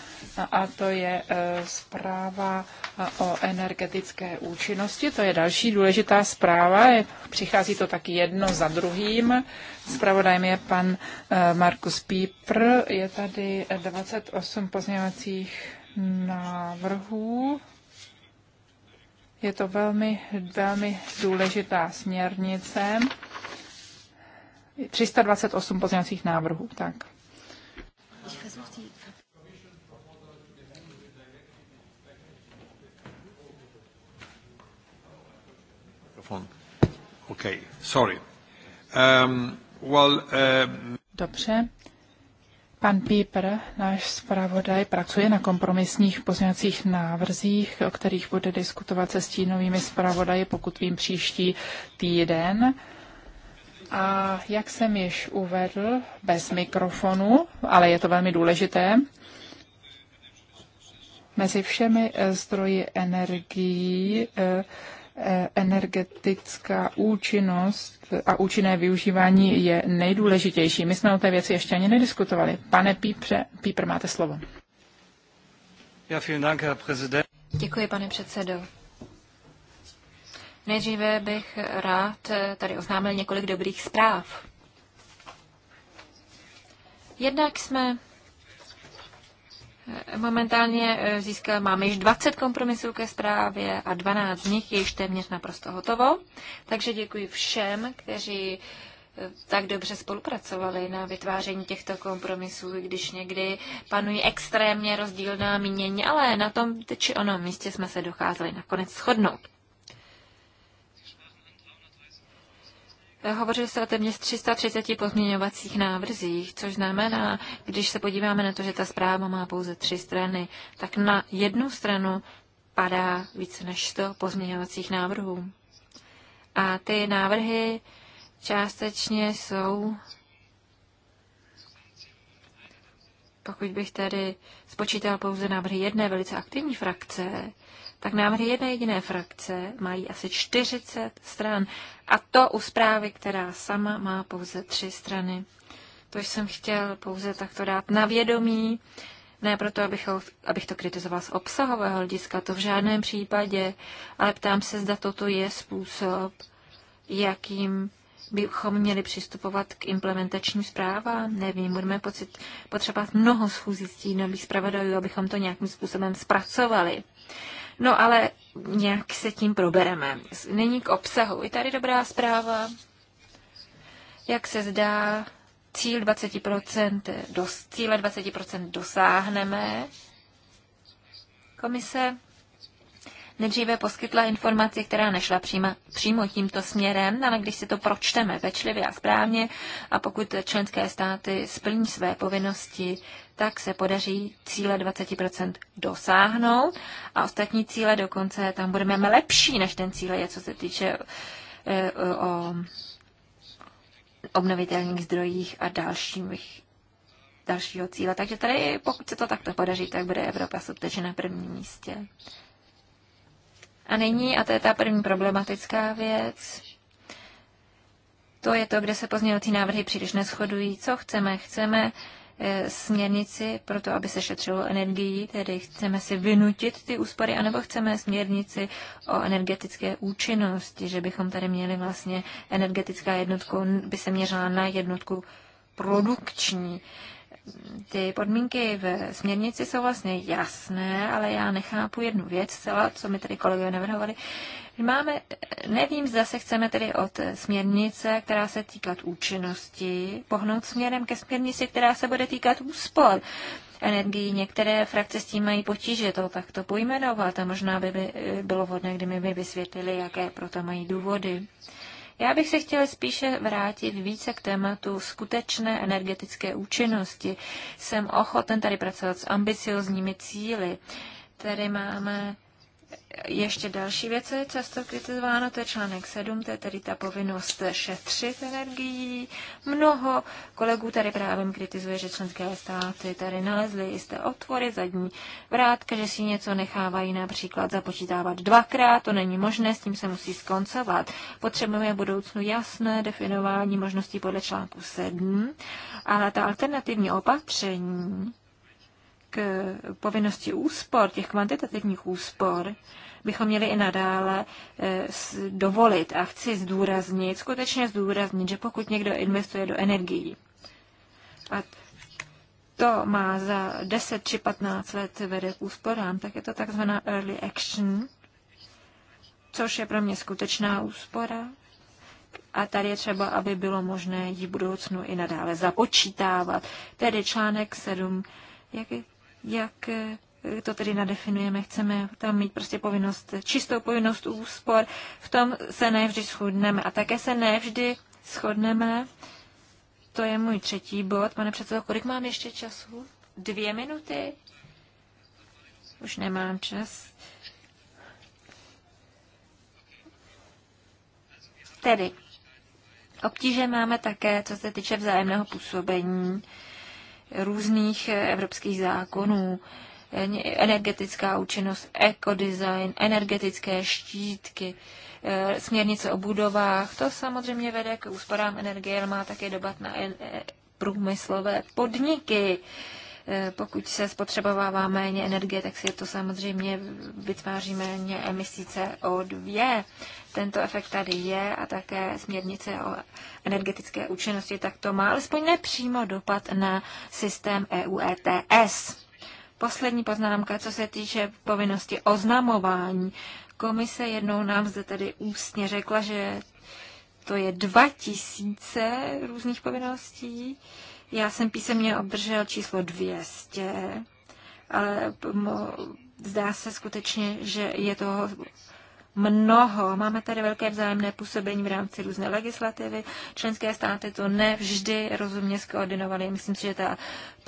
a to je e, zpráva e, o energetické účinnosti. To je další důležitá zpráva. Přichází to taky jedno za druhým. Zpravodajem je pan e, Markus Pípr. Je tady 28 pozměňovacích návrhů. Je to velmi, velmi důležitá směrnice. 328 pozměňovacích návrhů, tak. on. Okay, sorry. Um, well, um... Dobře. Pan Píper, náš zpravodaj, pracuje na kompromisních pozměňovacích návrzích, o kterých bude diskutovat se stínovými zpravodaji, pokud vím, příští týden. A jak jsem již uvedl, bez mikrofonu, ale je to velmi důležité, mezi všemi eh, zdroji energií eh, energetická účinnost a účinné využívání je nejdůležitější. My jsme o té věci ještě ani nediskutovali. Pane Pípře, Pípr, máte slovo. Děkuji, pane předsedo. Nejdříve bych rád tady oznámil několik dobrých zpráv. Jednak jsme Momentálně eh, získal, máme již 20 kompromisů ke zprávě a 12 z nich je již téměř naprosto hotovo. Takže děkuji všem, kteří eh, tak dobře spolupracovali na vytváření těchto kompromisů, když někdy panují extrémně rozdílná mínění, ale na tom či onom místě jsme se docházeli nakonec shodnout. Eh, Hovořil jste o téměř 330 pozměňovacích návrzích, což znamená, když se podíváme na to, že ta zpráva má pouze tři strany, tak na jednu stranu padá více než 100 pozměňovacích návrhů. A ty návrhy částečně jsou, pokud bych tady spočítal pouze návrhy jedné velice aktivní frakce, tak návrhy jedné jediné frakce mají asi 40 stran. A to u zprávy, která sama má pouze tři strany. To jsem chtěl pouze takto dát na vědomí, ne proto, abych, ho, abych to kritizoval z obsahového hlediska, to v žádném případě, ale ptám se, zda toto je způsob, jakým bychom měli přistupovat k implementačním zprávám. Nevím, budeme pocit, potřebovat mnoho schůzí stínových zpravodajů, abychom to nějakým způsobem zpracovali. No ale nějak se tím probereme. Není k obsahu. Je tady dobrá zpráva. Jak se zdá, cíl 20%, do, cíle 20% dosáhneme. Komise nejdříve poskytla informaci, která nešla přímo, přímo tímto směrem, ale když si to pročteme pečlivě a správně a pokud členské státy splní své povinnosti, tak se podaří cíle 20% dosáhnout a ostatní cíle dokonce tam budeme lepší, než ten cíl je, co se týče e, o obnovitelných zdrojích a dalších dalšího cíle. Takže tady, pokud se to takto podaří, tak bude Evropa skutečně na prvním místě. A nyní, a to je ta první problematická věc, to je to, kde se pozměňovací návrhy příliš neschodují. Co chceme? Chceme eh, směrnici pro to, aby se šetřilo energií, tedy chceme si vynutit ty úspory, anebo chceme směrnici o energetické účinnosti, že bychom tady měli vlastně energetická jednotku, by se měřila na jednotku produkční ty podmínky v směrnici jsou vlastně jasné, ale já nechápu jednu věc celá, co mi tady kolegové navrhovali. Máme, nevím, zda se chceme tedy od směrnice, která se týkat účinnosti, pohnout směrem ke směrnici, která se bude týkat úspor energii. Některé frakce s tím mají potíže to takto pojmenovat a možná by, by bylo vhodné, kdyby mi vysvětlili, jaké proto mají důvody. Já bych se chtěla spíše vrátit více k tématu skutečné energetické účinnosti. Jsem ochoten tady pracovat s ambiciozními cíly. Tady máme ještě další věc, co je často kritizováno, to je článek 7, to je tedy ta povinnost šetřit energií. Mnoho kolegů tady právě kritizuje, že členské státy tady nalezly jisté otvory, zadní vrátka, že si něco nechávají například započítávat dvakrát, to není možné, s tím se musí skoncovat. Potřebujeme v budoucnu jasné definování možností podle článku 7, ale ta alternativní opatření, k povinnosti úspor, těch kvantitativních úspor, bychom měli i nadále e, dovolit. A chci zdůraznit, skutečně zdůraznit, že pokud někdo investuje do energií a to má za 10 či 15 let vede k úsporám, tak je to takzvaná early action, což je pro mě skutečná úspora. A tady je třeba, aby bylo možné ji v budoucnu i nadále započítávat. Tedy článek 7, jak je jak eh, to tedy nadefinujeme, chceme tam mít prostě povinnost, čistou povinnost úspor, v tom se nevždy shodneme a také se nevždy shodneme, to je můj třetí bod. Pane předsedo, kolik mám ještě času? Dvě minuty? Už nemám čas. Tedy, obtíže máme také, co se týče vzájemného působení. Uh, různých evropských zákonů. Energetická účinnost, ekodesign, energetické štítky, eh, směrnice o budovách. To samozřejmě vede k úsporám energie, ale má také dopad na e- průmyslové podniky. Eh, pokud se spotřebovává méně energie, tak si to samozřejmě vytváří méně emisí CO2. Tento efekt tady je a také směrnice o energetické účinnosti, tak to má alespoň nepřímo dopad na systém EU ETS. Poslední poznámka, co se týče povinnosti oznamování. Komise jednou nám zde tady ústně řekla, že to je 2000 různých povinností. Já jsem písemně obdržel číslo 200, ale zdá se skutečně, že je toho mnoho. Máme tady velké vzájemné působení v rámci různé legislativy. Členské státy to nevždy rozumně skoordinovaly. Myslím si, že ta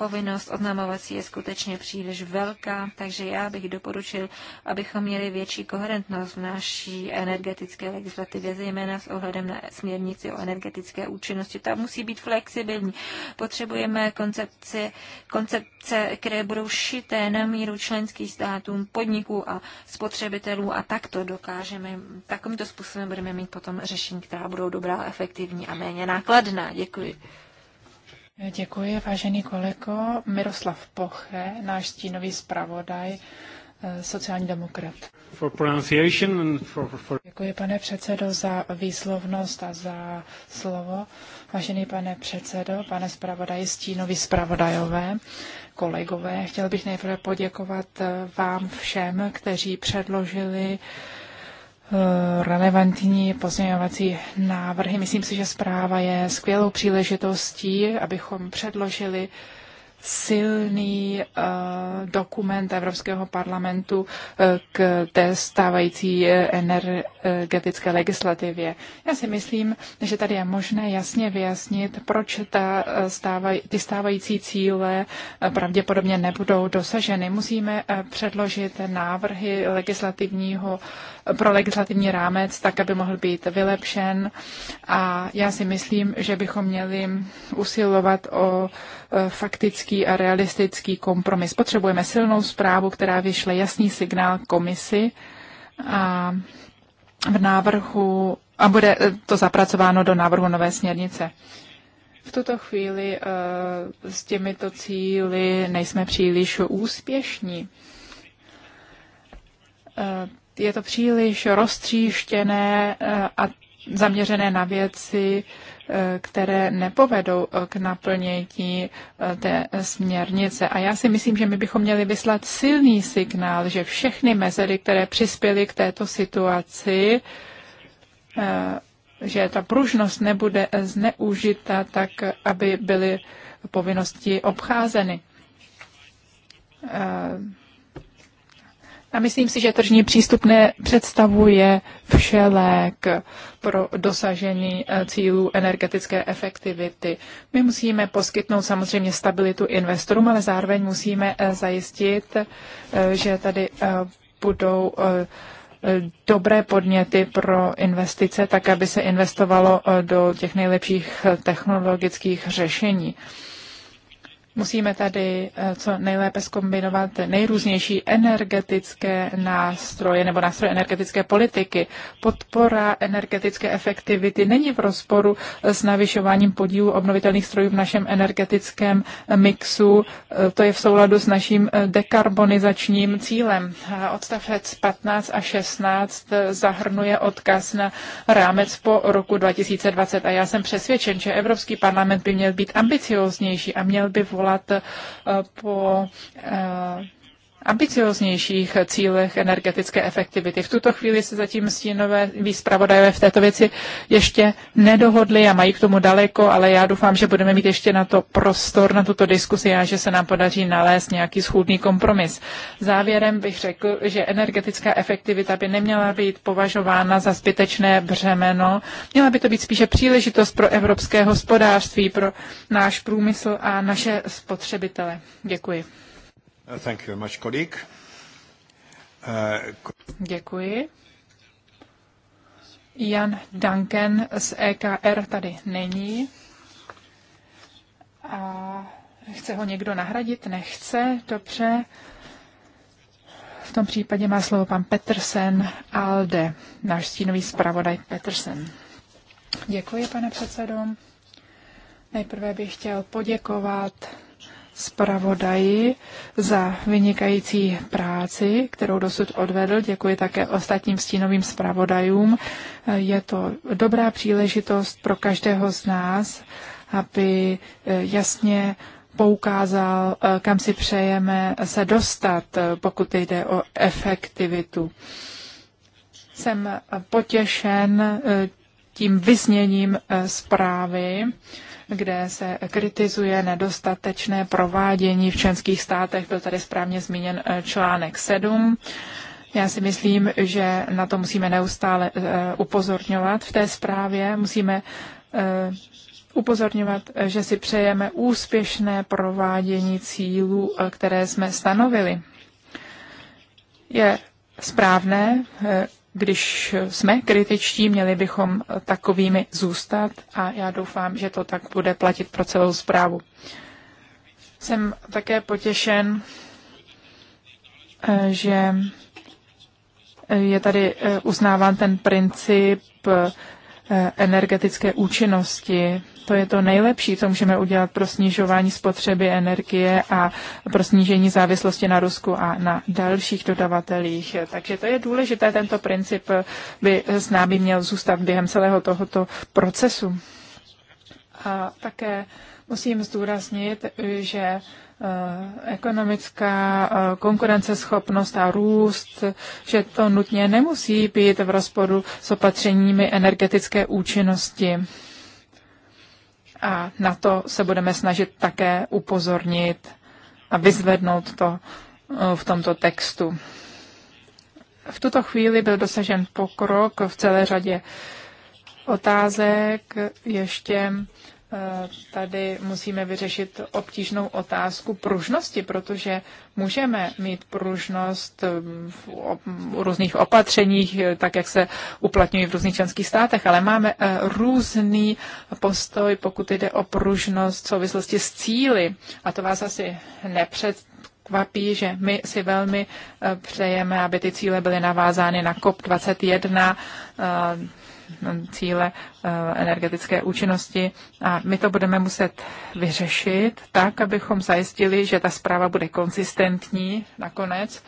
povinnost oznamovací je skutečně příliš velká, takže já bych doporučil, abychom měli větší koherentnost v naší energetické legislativě, zejména s ohledem na směrnici o energetické účinnosti. Ta musí být flexibilní. Potřebujeme koncepci, koncepce, které budou šité na míru členských státům, podniků a spotřebitelů a takto dokážeme, takovýmto způsobem budeme mít potom řešení, která budou dobrá, efektivní a méně nákladná. Děkuji. Děkuji, vážený kolego. Miroslav Poche, náš stínový zpravodaj, eh, sociální demokrat. For pronunciation and for, for... Děkuji, pane předsedo, za výslovnost a za slovo. Vážený pane předsedo, pane zpravodaj, stínový zpravodajové, kolegové, chtěl bych nejprve poděkovat eh, vám všem, kteří předložili uh, Eh, relevantní pozměňovací návrhy. Myslím si, že zpráva je skvělou příležitostí, abychom předložili silný uh, dokument Evropského parlamentu uh, k té stávající energetické legislativě. Já si myslím, že tady je možné jasně vyjasnit, proč ta stávaj, ty stávající cíle pravděpodobně nebudou dosaženy. Musíme uh, předložit návrhy legislativního pro legislativní rámec, tak aby mohl být vylepšen. A já si myslím, že bychom měli usilovat o e, faktický a realistický kompromis. Potřebujeme silnou zprávu, která vyšle jasný signál komisi a v návrhu a bude e, to zapracováno do návrhu nové směrnice. V tuto chvíli uh, s těmito cíly nejsme příliš úspěšní. Uh, je to příliš roztříštěné eh, a zaměřené na věci, eh, které nepovedou eh, k naplnění té směrnice. A já si myslím, že my bychom měli vyslat silný signál, že všechny mezery, které přispěly k této situaci, že ta pružnost nebude zneužita tak, aby byly povinnosti obcházeny a myslím si, že tržní přístup nepředstavuje všelék pro dosažení eh, cílů energetické efektivity. My musíme poskytnout samozřejmě stabilitu investorům, ale zároveň musíme eh, zajistit, eh, že tady budou dobré podněty pro investice, tak aby se investovalo do těch nejlepších technologických řešení. Musíme tady eh, co nejlépe zkombinovat nejrůznější energetické nástroje nebo nástroje energetické politiky. Podpora energetické efektivity není v rozporu s navyšováním podílu obnovitelných strojů v našem energetickém eh, mixu. Eh, to je v souladu s naším dekarbonizačním cílem. Odstavec 15 a 16 zahrnuje odkaz na rámec po roku 2020 a já jsem přesvědčen, že Evropský parlament by měl být ambicioznější a měl by volat volat eh, po eh, ambicioznějších cílech energetické efektivity. V tuto chvíli se zatím stínové výzpravodajové v této věci ještě nedohodli a mají k tomu daleko, ale já doufám, že budeme mít ještě na to prostor, na tuto diskusi a že se nám podaří nalézt nějaký schůdný kompromis. Závěrem bych řekl, že energetická efektivita by neměla být považována za zbytečné břemeno, měla by to být spíše příležitost pro evropské hospodářství, pro náš průmysl a naše spotřebitele. Děkuji. Thank you much, colleague. Uh, Děkuji. Jan Duncan z EKR tady není. A chce ho někdo nahradit? Nechce, dobře. V tom případě má slovo pan Petersen Alde, náš stínový zpravodaj Petersen. Děkuji, pane předsedo. Nejprve bych chtěl poděkovat zpravodaji za vynikající práci, kterou dosud odvedl. Děkuji také ostatním stínovým zpravodajům. Je to dobrá příležitost pro každého z nás, aby eh, jasně poukázal, eh, kam si přejeme se dostat, eh, pokud jde o efektivitu. Jsem potěšen tím vyzněním zprávy kde se kritizuje nedostatečné provádění v členských státech. Byl tady správně zmíněn eh, článek 7. Já si myslím, že na to musíme neustále eh, upozorňovat v té zprávě. Musíme eh, upozorňovat, že si přejeme úspěšné provádění cílů, které jsme stanovili. Je správné když jsme kritičtí, měli bychom takovými zůstat a já doufám, že to tak bude platit pro celou zprávu. Jsem také potěšen, eh, že eh, je tady eh, uznáván ten princip energetické účinnosti to je to nejlepší, co můžeme udělat pro snižování spotřeby energie a pro snížení závislosti na Rusku a na dalších dodavatelích. Takže to je důležité, tento princip by s námi měl zůstat během celého tohoto procesu. A také musím zdůraznit, že eh, ekonomická eh, konkurenceschopnost a růst, že to nutně nemusí být v rozporu s opatřeními energetické účinnosti a na to se budeme snažit také upozornit a vyzvednout to eh, v tomto textu. V tuto chvíli byl dosažen pokrok v celé řadě otázek. Ještě Eh, tady musíme vyřešit obtížnou otázku pružnosti, protože můžeme mít pružnost eh, v různých opatřeních, eh, tak jak se uplatňují v různých členských státech, ale máme různý postoj, pokud jde o pružnost v souvislosti s cíly. A to vás asi nepřed, kvapí, že my si velmi přejeme, aby ty cíle byly navázány na COP21 cíle eh, energetické účinnosti a my to budeme muset vyřešit tak, abychom zajistili, že ta zpráva bude konsistentní nakonec,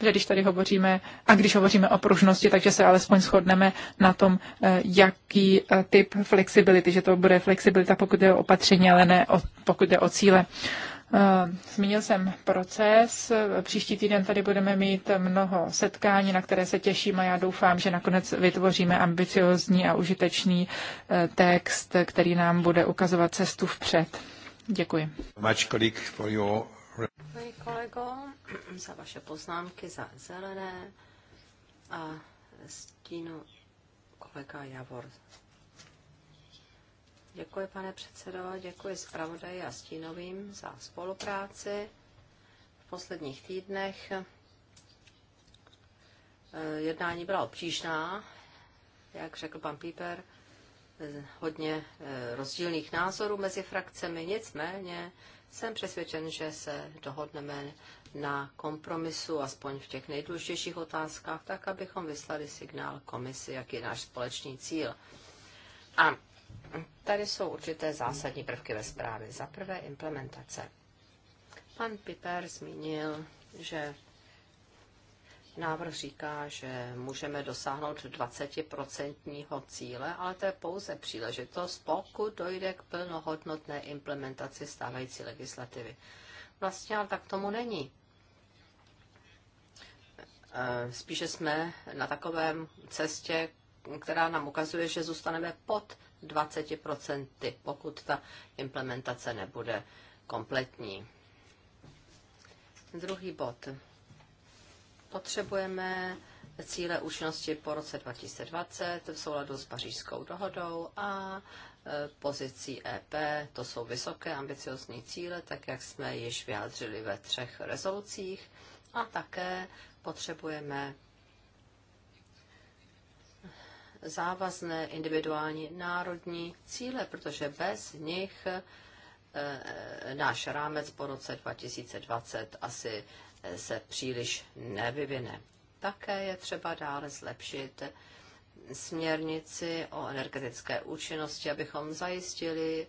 že když tady hovoříme, a když hovoříme o pružnosti, takže se alespoň shodneme na tom, eh, jaký eh, typ flexibility, že to bude flexibilita, pokud je o opatření, ale ne o, pokud je o cíle. Eh, zmínil jsem proces. Příští týden tady budeme mít mnoho setkání, na které se těším a já doufám, že nakonec vytvoříme ambiciozní a užitečný eh, text, který nám bude ukazovat cestu vpřed. Děkuji. Děkuji kolego za vaše poznámky, za zelené a stínu kolega Javor Děkuji, pane předsedo, děkuji zpravodaji a stínovým za spolupráci v posledních týdnech. Eh, jednání byla obtížná, jak řekl pan Píper, eh, hodně eh, rozdílných názorů mezi frakcemi, nicméně jsem přesvědčen, že se dohodneme na kompromisu, aspoň v těch nejdůležitějších otázkách, tak abychom vyslali signál komisi, jak je náš společný cíl. A Tady jsou určité zásadní prvky ve zprávě. Za prvé implementace. Pan Piper zmínil, že návrh říká, že můžeme dosáhnout 20% cíle, ale to je pouze příležitost, pokud dojde k plnohodnotné implementaci stávající legislativy. Vlastně ale tak tomu není. Eh, spíše jsme na takovém cestě, která nám ukazuje, že zůstaneme pod 20%, pokud ta implementace nebude kompletní. Druhý bod. Potřebujeme cíle účinnosti po roce 2020 v souladu s pařížskou dohodou a e, pozicí EP. To jsou vysoké ambiciozní cíle, tak jak jsme již vyjádřili ve třech rezolucích. A také potřebujeme závazné individuální národní cíle, protože bez nich eh, náš rámec po roce 2020 asi eh, se příliš nevyvine. Také je třeba dále zlepšit směrnici o energetické účinnosti, abychom zajistili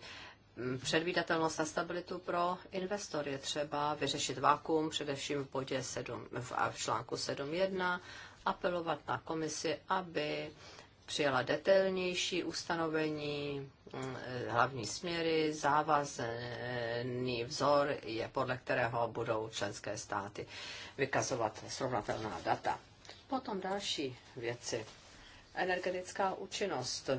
mm, předvídatelnost a stabilitu pro investory. Třeba vyřešit vákum především v bodě 7 v článku 7.1, apelovat na komisi, aby přijala detailnější ustanovení, mm, eh, hlavní směry, závazný vzor je podle kterého budou členské státy vykazovat srovnatelná data. Potom další věci. Energetická účinnost.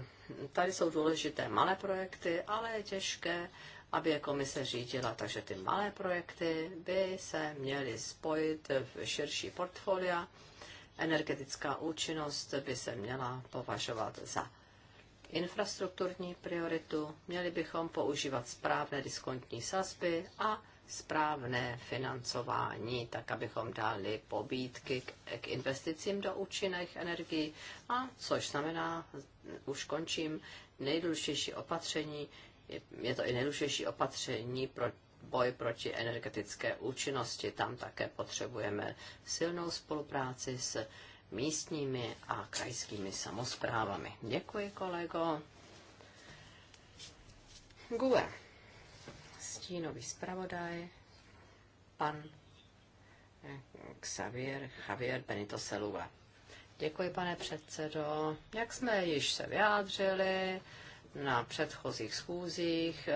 Tady jsou důležité malé projekty, ale je těžké, aby je komise řídila. Takže ty malé projekty by se měly spojit v širší portfolia energetická účinnost by se měla považovat za infrastrukturní prioritu, měli bychom používat správné diskontní sazby a správné financování, tak abychom dali pobídky k, k investicím do účinných energií, a což znamená, už končím, nejdůležitější opatření, je to i nejdůležitější opatření pro boj proti energetické účinnosti. Tam také potřebujeme silnou spolupráci s místními a krajskými samozprávami. Děkuji, kolego. Gue, stínový zpravodaj, pan eh, Xavier Javier Benito Selua. Děkuji, pane předsedo. Jak jsme již se vyjádřili na předchozích schůzích,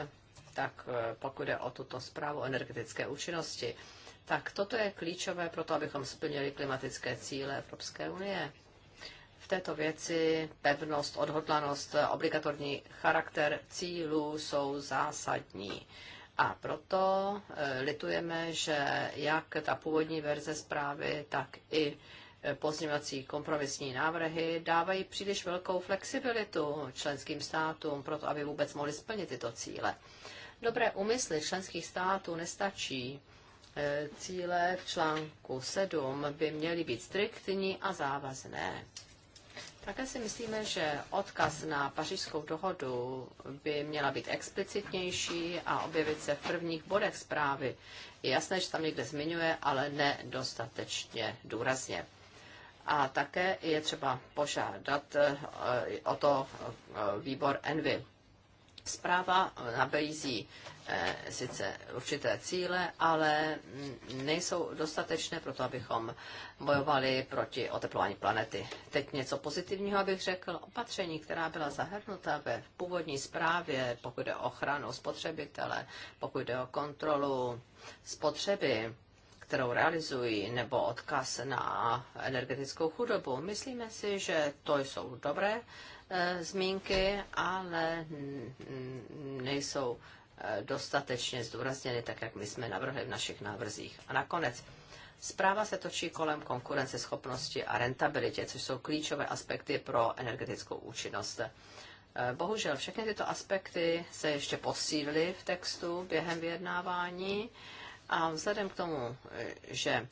tak e, pokud je o tuto zprávu o energetické účinnosti, tak toto je klíčové pro to, abychom splnili klimatické cíle Evropské unie. V této věci pevnost, odhodlanost, obligatorní charakter cílů jsou zásadní. A proto e, litujeme, že jak ta původní verze zprávy, tak i e, pozměňovací kompromisní návrhy dávají příliš velkou flexibilitu členským státům pro to, aby vůbec mohli splnit tyto cíle. Dobré úmysly členských států nestačí. E, cíle v článku 7 by měly být striktní a závazné. Také si myslíme, že odkaz na pařížskou dohodu by měla být explicitnější a objevit se v prvních bodech zprávy. Je jasné, že tam někde zmiňuje, ale ne dostatečně důrazně. A také je třeba požádat e, o to e, výbor Envy. Zpráva nabízí eh, sice určité cíle, ale nejsou dostatečné pro to, abychom bojovali proti oteplování planety. Teď něco pozitivního, abych řekl. Opatření, která byla zahrnuta ve původní zprávě, pokud jde o ochranu spotřebitele, pokud jde o kontrolu spotřeby, kterou realizují, nebo odkaz na energetickou chudobu. Myslíme si, že to jsou dobré Eh, zmínky, ale nejsou eh, dostatečně zdůrazněny, tak jak my jsme navrhli v našich návrzích. A nakonec, zpráva se točí kolem konkurenceschopnosti a rentabilitě, což jsou klíčové aspekty pro energetickou účinnost. Eh, bohužel všechny tyto aspekty se ještě posílily v textu během vyjednávání a vzhledem k tomu, že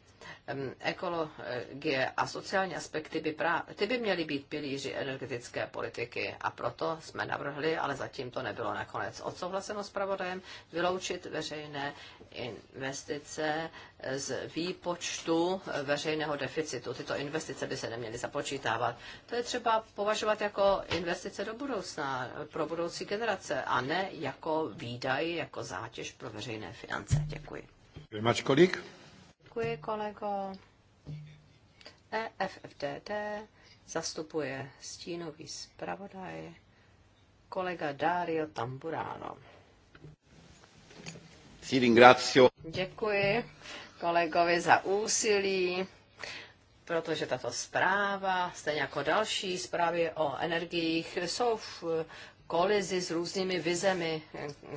ekologie a sociální aspekty by, prá- ty by měly být pilíři energetické politiky a proto jsme navrhli, ale zatím to nebylo nakonec odsouhlaseno s pravodajem, vyloučit veřejné investice z výpočtu veřejného deficitu. Tyto investice by se neměly započítávat. To je třeba považovat jako investice do budoucna, pro budoucí generace a ne jako výdaj, jako zátěž pro veřejné finance. Děkuji. Děkuji, kolik? Děkuji, kolego. EFFDD zastupuje stínový zpravodaj kolega Dario Tamburano. Děkuji kolegovi za úsilí, protože tato zpráva, stejně jako další zprávy o energiích, jsou v kolizi s různými vizemi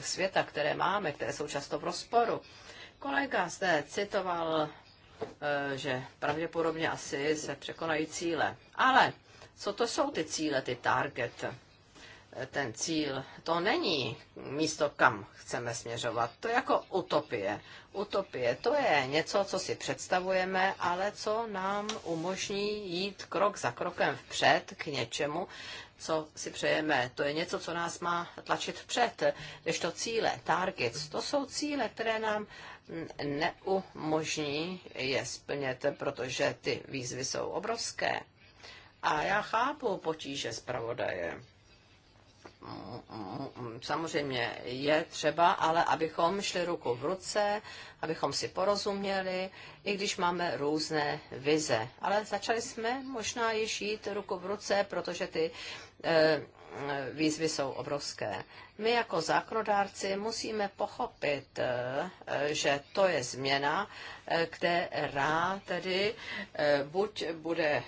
světa, které máme, které jsou často v rozporu. Kolega zde citoval, eh, že pravděpodobně asi se překonají cíle. Ale co to jsou ty cíle, ty target? Eh, ten cíl, to není místo, kam chceme směřovat. To je jako utopie. Utopie to je něco, co si představujeme, ale co nám umožní jít krok za krokem vpřed k něčemu, co si přejeme. To je něco, co nás má tlačit vpřed. Když to cíle, targets, to jsou cíle, které nám neumožní je splnět, protože ty výzvy jsou obrovské. A já chápu potíže zpravodaje. Samozřejmě je třeba, ale abychom šli ruku v ruce, abychom si porozuměli, i když máme různé vize. Ale začali jsme možná již jít ruku v ruce, protože ty eh, výzvy jsou obrovské. My jako zákonodárci musíme pochopit, eh, že to je změna, eh, která tedy eh, buď bude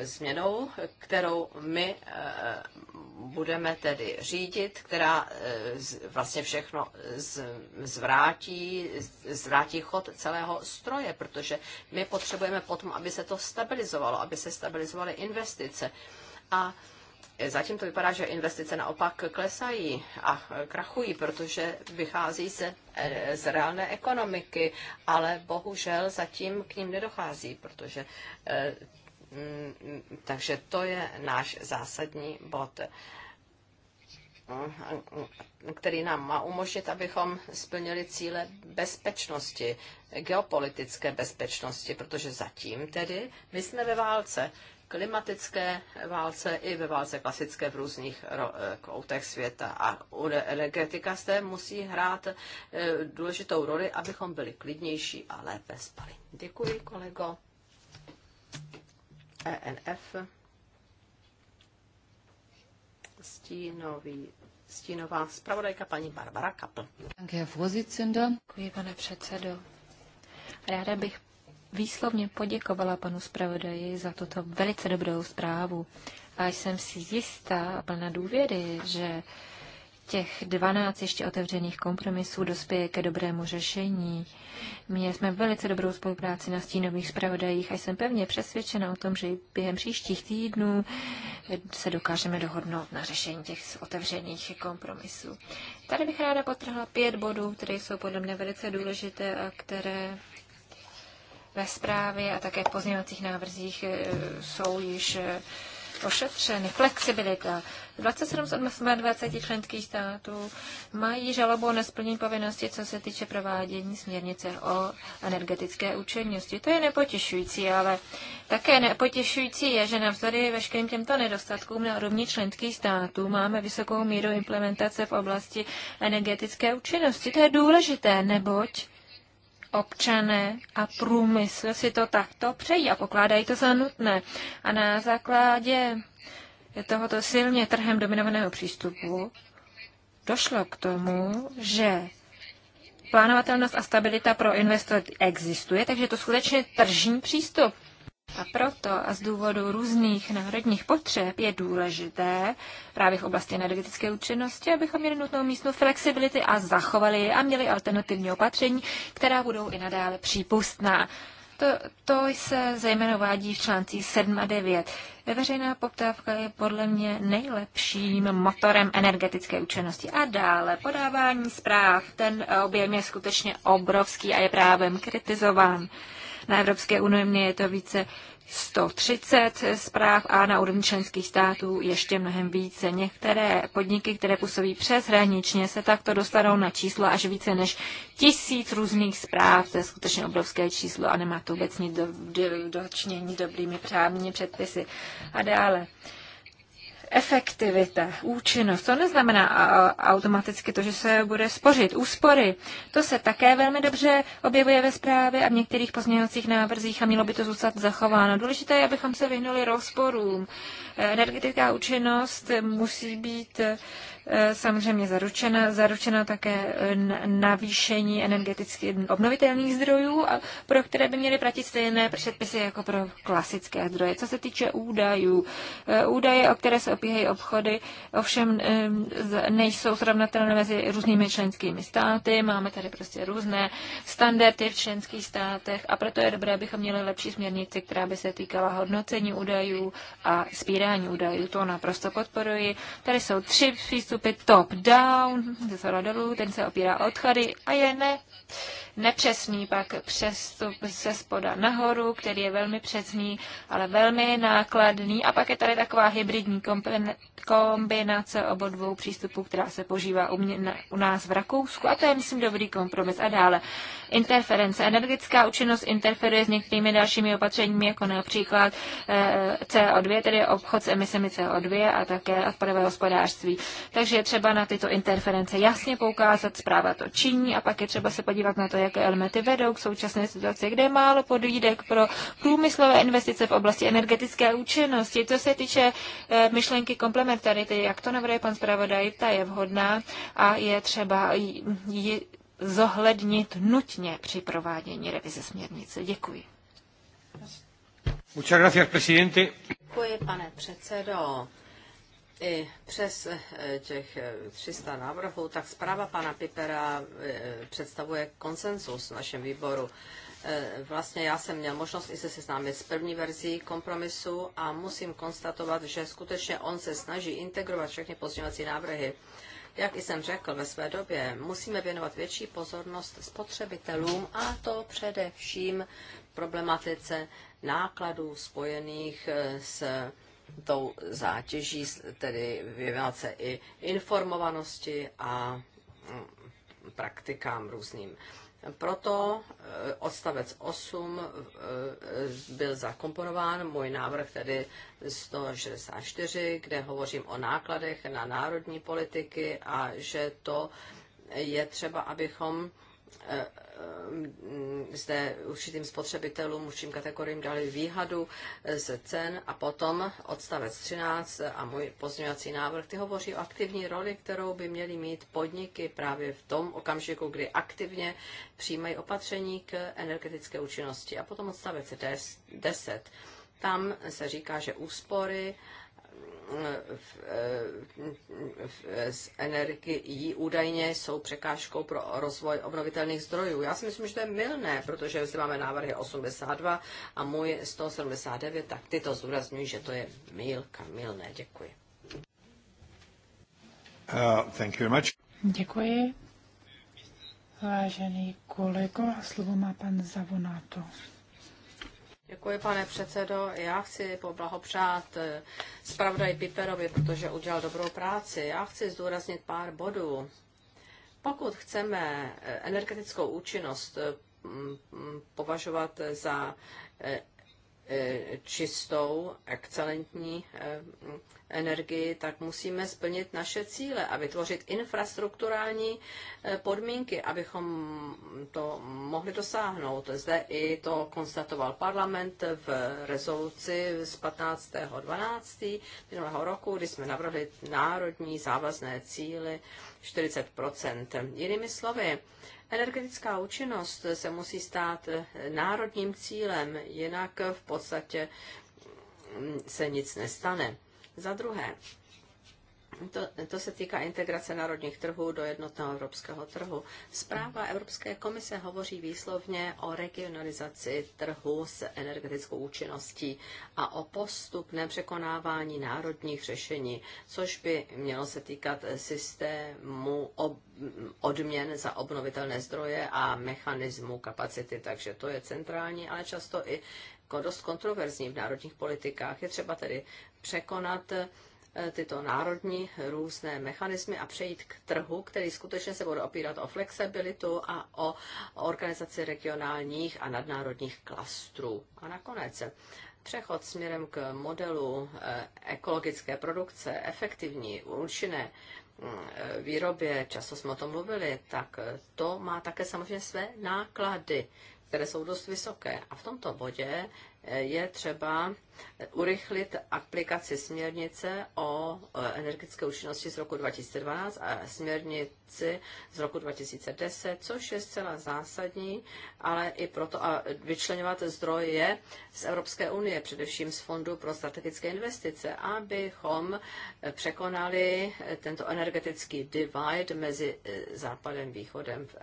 změnou, kterou my budeme tedy řídit, která vlastně všechno zvrátí, zvrátí chod celého stroje, protože my potřebujeme potom, aby se to stabilizovalo, aby se stabilizovaly investice. A Zatím to vypadá, že investice naopak klesají a krachují, protože vychází se eh, z reálné ekonomiky, ale bohužel zatím k ním nedochází, protože eh, mm, takže to je náš zásadní bod, eh, který nám má umožnit, abychom splnili cíle bezpečnosti, geopolitické bezpečnosti, protože zatím tedy my jsme ve válce klimatické válce i ve válce klasické v různých eh, koutech světa. A energetika zde musí hrát eh, důležitou roli, abychom byli klidnější a lépe spali. Děkuji, kolego. ENF. Stínový stínová zpravodajka paní Barbara Kapl. Děkuji, pane předsedo. Ráda bych výslovně poděkovala panu zpravodaji za tuto velice dobrou zprávu. A jsem si jistá a plná důvěry, že těch 12 ještě otevřených kompromisů dospěje ke dobrému řešení. Měli jsme velice dobrou spolupráci na stínových zpravodajích a jsem pevně přesvědčena o tom, že během příštích týdnů se dokážeme dohodnout na řešení těch otevřených kompromisů. Tady bych ráda potrhla pět bodů, které jsou podle mě velice důležité a které ve zprávě a také v pozměňovacích návrzích eh, jsou již eh, ošetřeny. Flexibilita. 27 z 28 členských států mají žalobu o nesplnění povinnosti, co se týče provádění směrnice o energetické účinnosti. To je nepotěšující, ale také nepotěšující je, že navzdory veškerým těmto nedostatkům na úrovni členských států máme vysokou míru implementace v oblasti energetické účinnosti. To je důležité, neboť občané a průmysl si to takto přejí a pokládají to za nutné. A na základě tohoto silně trhem dominovaného přístupu došlo k tomu, že plánovatelnost a stabilita pro investory existuje, takže to skutečně tržní přístup. A proto a z důvodu různých národních potřeb je důležité právě v oblasti energetické účinnosti, abychom měli nutnou místnou flexibility a zachovali a měli alternativní opatření, která budou i nadále přípustná. To, to se zejména uvádí v článcích 7 a 9. Veřejná poptávka je podle mě nejlepším motorem energetické účinnosti. A dále podávání zpráv. Ten objem je skutečně obrovský a je právem kritizován. Na Evropské unii je to více 130 zpráv a na úrovni členských států ještě mnohem více. Některé podniky, které působí přeshraničně, se takto dostanou na čísla až více než tisíc různých zpráv. To je skutečně obrovské číslo a nemá to vůbec nic do, do, dočnění s dobrými právními předpisy. A dále. Uh, efektivita, účinnost, to neznamená automaticky to, že se bude spořit. Úspory, to se také velmi dobře objevuje ve zprávě a v některých pozměňovacích návrzích a mělo by to zůstat zachováno. Důležité je, abychom se vyhnuli rozporům. Energetická účinnost musí být Eh, samozřejmě zaručena, zaručena také eh, navýšení energetických obnovitelných zdrojů, pro které by měly platit stejné předpisy jako pro klasické zdroje. Co se týče údajů, eh, údaje, o které se opíhají obchody, ovšem nejsou srovnatelné mezi různými členskými státy, máme tady prostě různé standardy v členských státech a proto je dobré, abychom měli lepší směrnici, která by se týkala hodnocení údajů a spírání údajů. To naprosto podporuji. Tady jsou tři přístupy přístupy top-down, ze zhora dolů, ten se opírá o odchody a je ne, nepřesný pak přestup se spoda nahoru, který je velmi přesný, ale velmi nákladný. A pak je tady taková hybridní kombinace obou dvou přístupů, která se požívá u, mě, na, u nás v Rakousku. A to je, myslím, dobrý kompromis. A dále interference. Energetická účinnost interferuje s některými dalšími opatřeními, jako například eh, eh CO2, tedy obchod s emisemi CO2 a také odpadové hospodářství. Takže takže je třeba na tyto interference jasně poukázat, zpráva to činí a pak je třeba se podívat na to, jaké elementy vedou k současné situaci, kde je málo podvídek pro průmyslové investice v oblasti energetické účinnosti. Co se týče eh, myšlenky komplementarity, jak to navrhuje pan zpravodaj, ta je vhodná a je třeba ji zohlednit nutně při provádění revize směrnice. Děkuji. Muchas gracias, presidente. Děkuji, pane předsedo i přes eh, těch 300 eh, návrhů, tak zpráva pana Pipera eh, představuje konsensus v našem výboru. Vlastně já jsem měl možnost i se seznámit s první verzí kompromisu a musím konstatovat, že skutečně on se snaží integrovat všechny pozměňovací návrhy. Jak jsem řekl ve své době, musíme věnovat větší pozornost spotřebitelům a to především problematice nákladů spojených s tou zátěží, tedy vyvinat i informovanosti a mm, praktikám různým. Proto eh, odstavec 8 eh, byl zakomponován můj návrh tedy 164, kde hovořím o nákladech na národní politiky a že to je třeba, abychom eh, Ehm, zde určitým spotřebitelům, určitým kategoriím dali výhadu eh, z cen a potom odstavec 13 a můj pozměňovací návrh, ty hovoří o aktivní roli, kterou by měly mít podniky právě v tom okamžiku, kdy aktivně přijímají opatření k energetické účinnosti. A potom odstavec 10. Tam se říká, že úspory z energií údajně jsou překážkou pro rozvoj obnovitelných zdrojů. Já si myslím, že to je milné, protože zde máme návrhy 82 a můj 179, tak ty to zdůrazňují, že to je milka, milné. Děkuji. Uh, thank you very much. Děkuji. Vážený kolego, slovo má pan Zavonato. Děkuji, pane předsedo. Já chci poblahopřát eh, zpravodaj Piperovi, protože udělal dobrou práci. Já chci zdůraznit pár bodů. Pokud chceme eh, energetickou účinnost eh, považovat za čistou, excelentní energii, tak musíme splnit naše cíle a vytvořit infrastrukturální eh, podmínky, abychom to mohli dosáhnout. Zde i to konstatoval parlament v rezoluci z 15.12. minulého roku, kdy jsme navrhli národní závazné cíly 40 Jinými slovy, Energetická účinnost se musí stát eh, národním cílem, jinak v podstatě mm, se nic nestane. Za druhé, to, to se týká integrace národních trhů do jednotného evropského trhu. Zpráva Evropské komise hovoří výslovně o regionalizaci trhu s energetickou účinností a o postupném překonávání národních řešení, což by mělo se týkat systému ob, odměn za obnovitelné zdroje a mechanismu kapacity. Takže to je centrální, ale často i jako dost kontroverzní v národních politikách. Je třeba tedy překonat eh, tyto národní různé mechanismy a přejít k trhu, který skutečně se bude opírat o flexibilitu a o organizaci regionálních a nadnárodních klastrů. A nakonec přechod směrem k modelu eh, ekologické produkce, efektivní, účinné eh, výrobě, často jsme o tom mluvili, tak to má také samozřejmě své náklady které jsou dost vysoké. A v tomto bodě je třeba urychlit aplikaci směrnice o e, energetické účinnosti z roku 2012 a směrnici z roku 2010, což je zcela zásadní, ale i proto a vyčlenovat zdroje z Evropské unie, především z Fondu pro strategické investice, abychom překonali tento energetický divide mezi e, západem a východem v,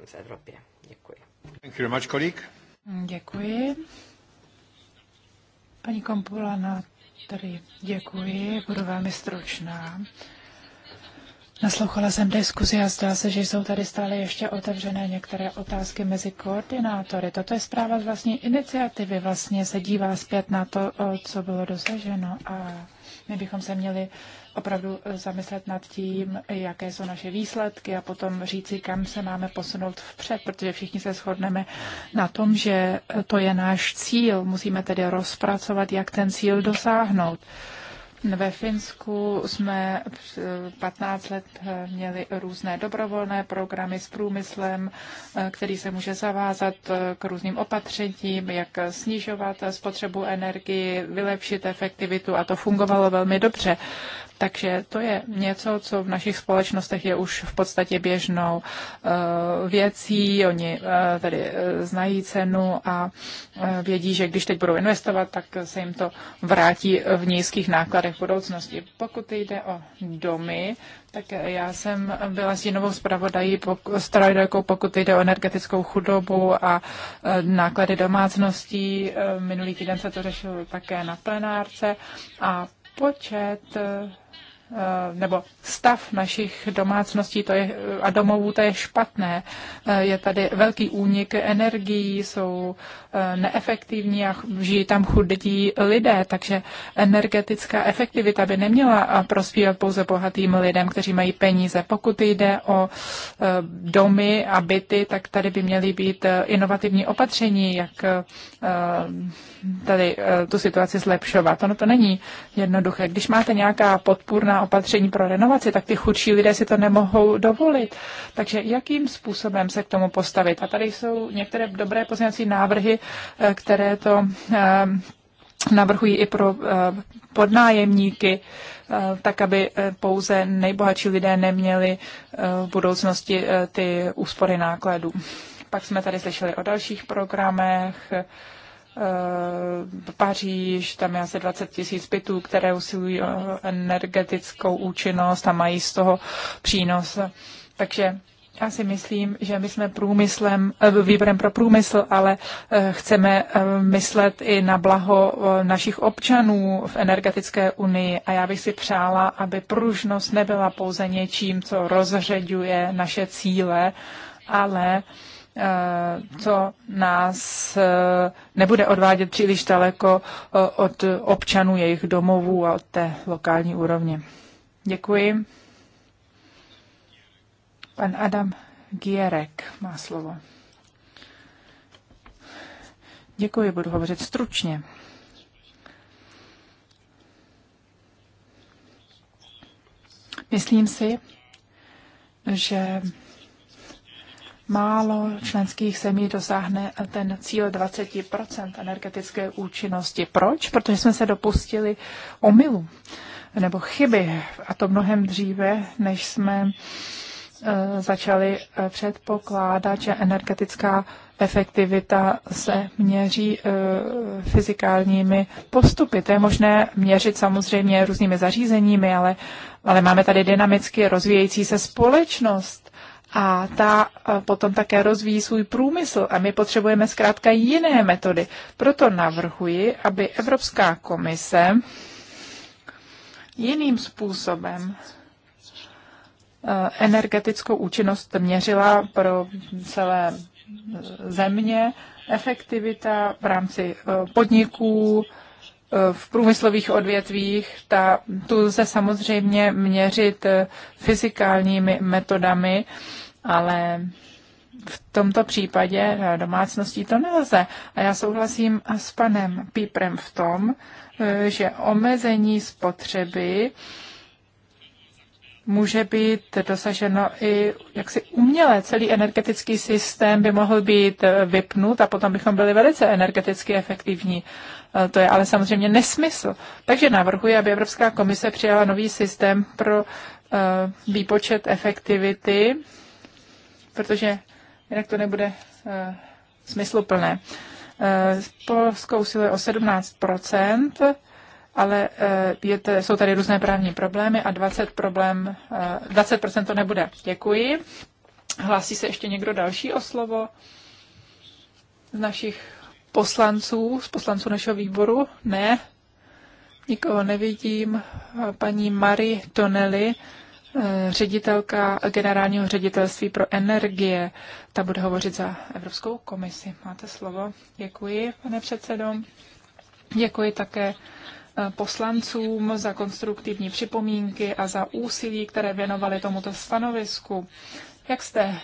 e, v Evropě. Děkuji. Thank you very much, colleague. Děkuji. Paní Kompulana, tady děkuji, budu velmi stručná. Naslouchala jsem diskuzi a zdá se, že jsou tady stále ještě otevřené některé otázky mezi koordinátory. Toto je zpráva z vlastní iniciativy, vlastně se dívá zpět na to, co bylo dosaženo a my bychom se měli opravdu eh, zamyslet nad tím, jaké jsou naše výsledky a potom říci, kam se máme posunout vpřed, protože všichni se shodneme na tom, že eh, to je náš cíl. Musíme tedy rozpracovat, jak ten cíl dosáhnout. Ve Finsku jsme 15 let měli různé dobrovolné programy s průmyslem, eh, který se může zavázat eh, k různým opatřením, jak snižovat spotřebu energii, vylepšit efektivitu a to fungovalo velmi dobře. Takže to je něco, co v našich společnostech je už v podstatě běžnou eh, věcí. Oni tady znají cenu a vědí, že když teď budou investovat, tak se jim to vrátí v nízkých nákladech v budoucnosti. Pokud jde o domy, tak já jsem byla stínovou zpravodají, zpravodajkou, pokud jde o energetickou chudobu a e, náklady domácností. E, minulý týden se to řešilo také na plenárce a počet e, Eh, nebo stav našich domácností to je, a domovů, to je špatné. Eh, je tady velký únik energií, jsou eh, neefektivní a žijí tam chudí lidé, takže energetická efektivita by neměla prospívat pouze bohatým lidem, kteří mají peníze. Pokud jde o domy a byty, tak tady by měly být inovativní opatření, jak tady tu situaci zlepšovat. Ono to není jednoduché. Když máte nějaká podpůrná opatření pro renovaci, tak ty chudší lidé si to nemohou dovolit. Takže jakým způsobem se k tomu postavit? A tady jsou některé dobré pozměňovací návrhy, eh, které to eh, navrhují i pro eh, podnájemníky, tak aby pouze nejbohatší lidé neměli v budoucnosti ty úspory nákladů. Pak jsme tady slyšeli o dalších programech, Eh, Paříž, tam je asi 20 tisíc bytů, které usilují o energetickou účinnost a mají z toho přínos. Takže já si myslím, že my jsme průmyslem, eh, výborem pro průmysl, ale eh, chceme myslet i na blaho našich občanů v energetické unii a já bych si přála, aby pružnost nebyla pouze něčím, co rozřeďuje naše cíle, ale Eh, co nás eh, nebude odvádět příliš daleko eh, od občanů jejich domovů a od té lokální úrovně. Děkuji. Pan Adam Gierek má slovo. Děkuji, budu hovořit stručně. Myslím si, že málo členských zemí dosáhne ten cíl 20 energetické účinnosti. Proč? Protože jsme se dopustili omylu nebo chyby, a to mnohem dříve, než jsme e, začali předpokládat, že energetická efektivita se měří e, fyzikálními postupy. To je možné měřit samozřejmě různými zařízeními, ale, ale máme tady dynamicky rozvíjející se společnost a ta eh, potom také rozvíjí svůj průmysl a my potřebujeme zkrátka jiné metody. Proto navrhuji, aby Evropská komise jiným způsobem eh, energetickou účinnost měřila pro celé eh, země, efektivita v rámci podniků, Eh, v průmyslových odvětvích, ta, tu se samozřejmě měřit eh, fyzikálními metodami, ale v tomto případě domácností to nelze. A já souhlasím s panem Píprem v tom, eh, že omezení spotřeby může být dosaženo i jaksi uměle. Celý energetický systém by mohl být vypnut a potom bychom byli velice energeticky efektivní. E, to je ale samozřejmě nesmysl. Takže navrhuji, aby Evropská komise přijala nový systém pro e, výpočet efektivity, protože jinak to nebude e, smysluplné. Polsko usiluje o 17 ale eh, je, to, jsou tady různé právní problémy a 20, problém, 20% eh, to nebude. Děkuji. Hlásí se ještě někdo další o slovo z našich poslanců, z poslanců našeho výboru? Ne, nikoho nevidím. Paní Marie Tonelli, eh, ředitelka generálního ředitelství pro energie, ta bude hovořit za Evropskou komisi. Máte slovo. Děkuji, pane předsedo. Děkuji také poslancům za konstruktivní připomínky a za úsilí, které věnovali tomuto stanovisku. Jak jste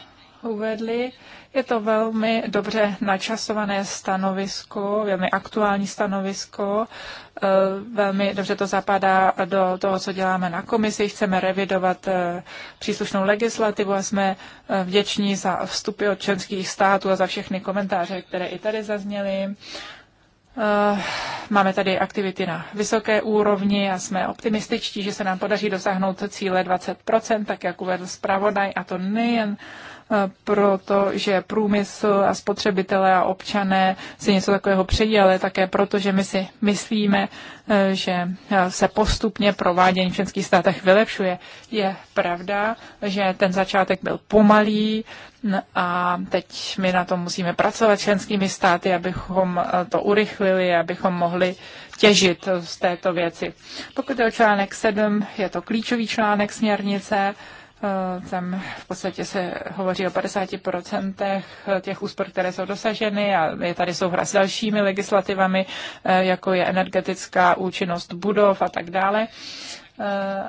uvedli, je to velmi dobře načasované stanovisko, velmi aktuální stanovisko, eh, velmi dobře to zapadá do toho, co děláme na komisi. Chceme revidovat eh, příslušnou legislativu a jsme eh, vděční za vstupy od členských států a za všechny komentáře, které i tady zazněly. Eh, máme tady aktivity na vysoké úrovni a jsme optimističtí, že se nám podaří dosáhnout cíle 20%, tak jak uvedl zpravodaj, a to nejen proto, že průmysl a spotřebitelé a občané si něco takového přejí, ale také proto, že my si myslíme, eh, že eh, se postupně provádění v členských státech vylepšuje. Je pravda, že ten začátek byl pomalý a teď my na tom musíme pracovat členskými státy, abychom eh, to urychlili, abychom mohli těžit z této věci. Pokud je o článek 7, je to klíčový článek směrnice Eh, tam v podstatě se hovoří o 50% těch úspor, které jsou dosaženy a je tady souhra s dalšími legislativami, eh, jako je energetická účinnost budov a tak dále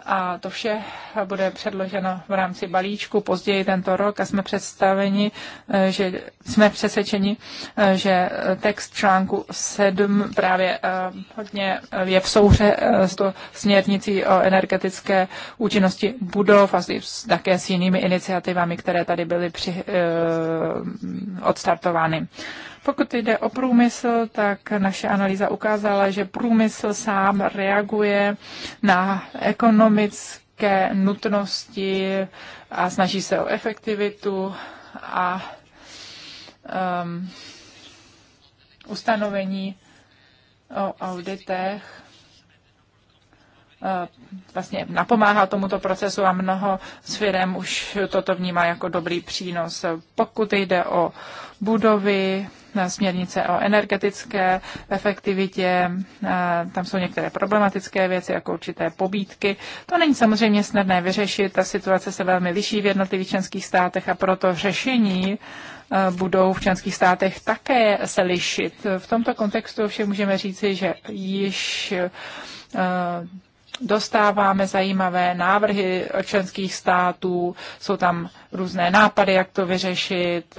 a to vše bude předloženo v rámci balíčku později tento rok a jsme představeni, eh, že jsme přesvědčeni, eh, že text článku 7 právě eh, hodně je v souře s to směrnicí o energetické účinnosti budov a také s jinými iniciativami, které tady byly při, odstartovány. Pokud jde o průmysl, tak naše analýza ukázala, že průmysl sám reaguje na ekonomické nutnosti a snaží se o efektivitu a um, ustanovení o auditech uh, vlastně napomáhá tomuto procesu a mnoho z firm už toto vnímá jako dobrý přínos. Pokud jde o budovy, směrnice o energetické efektivitě, e, tam jsou některé problematické věci, jako určité pobídky. To není samozřejmě snadné vyřešit, ta situace se velmi liší v jednotlivých členských státech a proto řešení e, budou v členských státech také se lišit. V tomto kontextu ovšem můžeme říci, že již e, dostáváme zajímavé návrhy členských států, jsou tam různé nápady, jak to vyřešit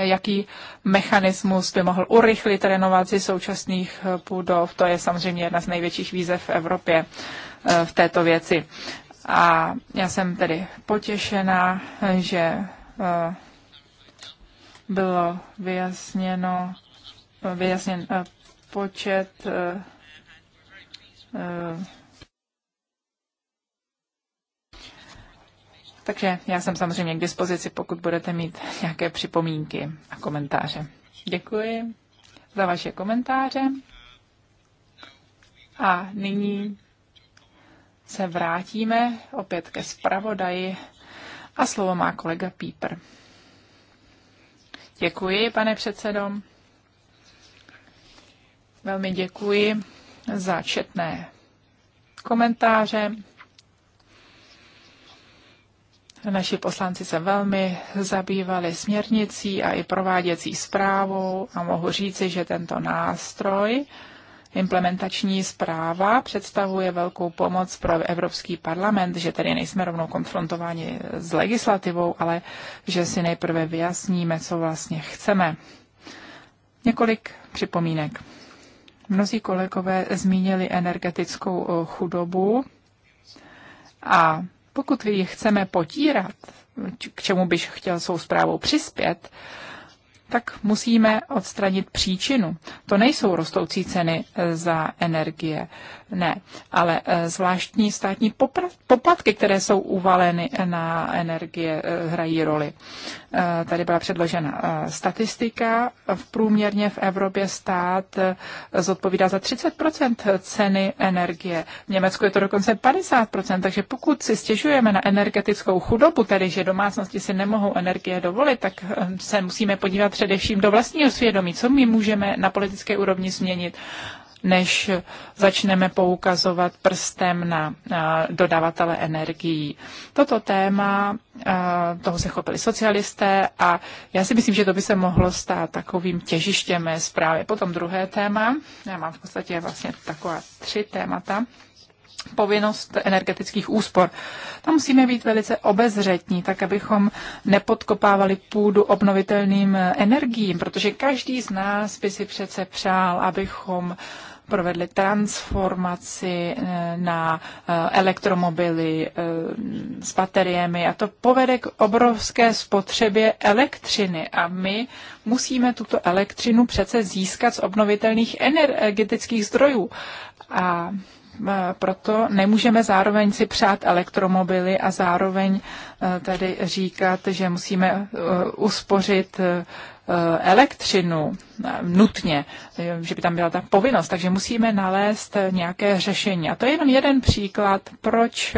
jaký mechanismus by mohl urychlit renovaci současných budov. To je samozřejmě jedna z největších výzev v Evropě eh, v této věci. A já jsem tedy potěšena, že eh, bylo vyjasněno, vyjasněn eh, počet Takže já jsem samozřejmě k dispozici, pokud budete mít nějaké připomínky a komentáře. Děkuji za vaše komentáře. A nyní se vrátíme opět ke zpravodaji a slovo má kolega Píper. Děkuji, pane předsedo. Velmi děkuji za četné komentáře Naši poslanci se velmi zabývali směrnicí a i prováděcí zprávou a mohu říci, že tento nástroj implementační zpráva představuje velkou pomoc pro Evropský parlament, že tedy nejsme rovnou konfrontováni s legislativou, ale že si nejprve vyjasníme, co vlastně chceme. Několik připomínek. Mnozí kolegové zmínili energetickou eh, chudobu a pokud ji chceme potírat, k čemu bych chtěl svou zprávou přispět, tak musíme odstranit příčinu. To nejsou rostoucí ceny za energie ne, ale eh, zvláštní státní poplatky, které jsou uvaleny na energie, eh, hrají roli. Eh, tady byla předložena statistika. V průměrně v Evropě stát zodpovídá za 30 ceny energie. V Německu je to dokonce 50 takže pokud si stěžujeme na energetickou chudobu, tedy že domácnosti si nemohou energie dovolit, tak se musíme podívat především do vlastního svědomí, co my můžeme na politické úrovni změnit než začneme poukazovat prstem na dodavatele energií. Toto téma, eh, toho se chopili socialisté a já si myslím, že to by se mohlo stát takovým těžištěm mé zprávy. Potom druhé téma, já mám v podstatě vlastně taková tři témata, povinnost energetických úspor. Tam musíme být velice obezřetní, tak abychom nepodkopávali půdu obnovitelným energiím, protože každý z nás by si přece přál, abychom uh, provedli transformaci eh, na eh, elektromobily eh, s bateriemi a to povede k obrovské spotřebě elektřiny a my musíme tuto elektřinu přece získat z obnovitelných energetických zdrojů. A proto nemůžeme zároveň si přát elektromobily a zároveň tady říkat, že musíme uspořit Eh, elektřinu eh, nutně, eh, že by tam byla ta povinnost, takže musíme nalézt nějaké řešení. A to je jenom jeden příklad, proč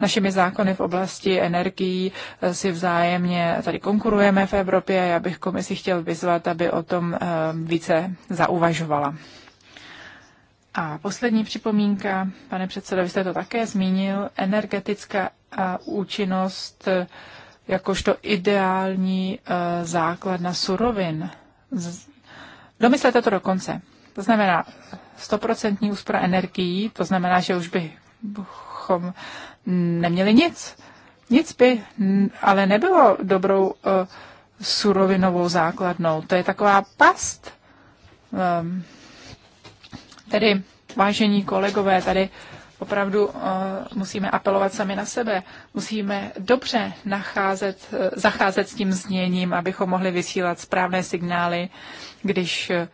našimi zákony v oblasti energií si vzájemně tady konkurujeme v Evropě. A Já bych komisi chtěl vyzvat, aby o tom více zauvažovala. A poslední připomínka, pane předsedo, vy jste to také zmínil, energetická účinnost jakožto ideální eh, základna surovin. Domyslete to do konce. To znamená stoprocentní úspora energií, to znamená, že už bychom neměli nic. Nic by ale nebylo dobrou eh, surovinovou základnou. To je taková past. Ehm, tedy, vážení kolegové, tady opravdu eh, musíme apelovat sami na sebe. Musíme dobře nacházet, eh, zacházet s tím zněním, abychom mohli vysílat správné signály, když eh,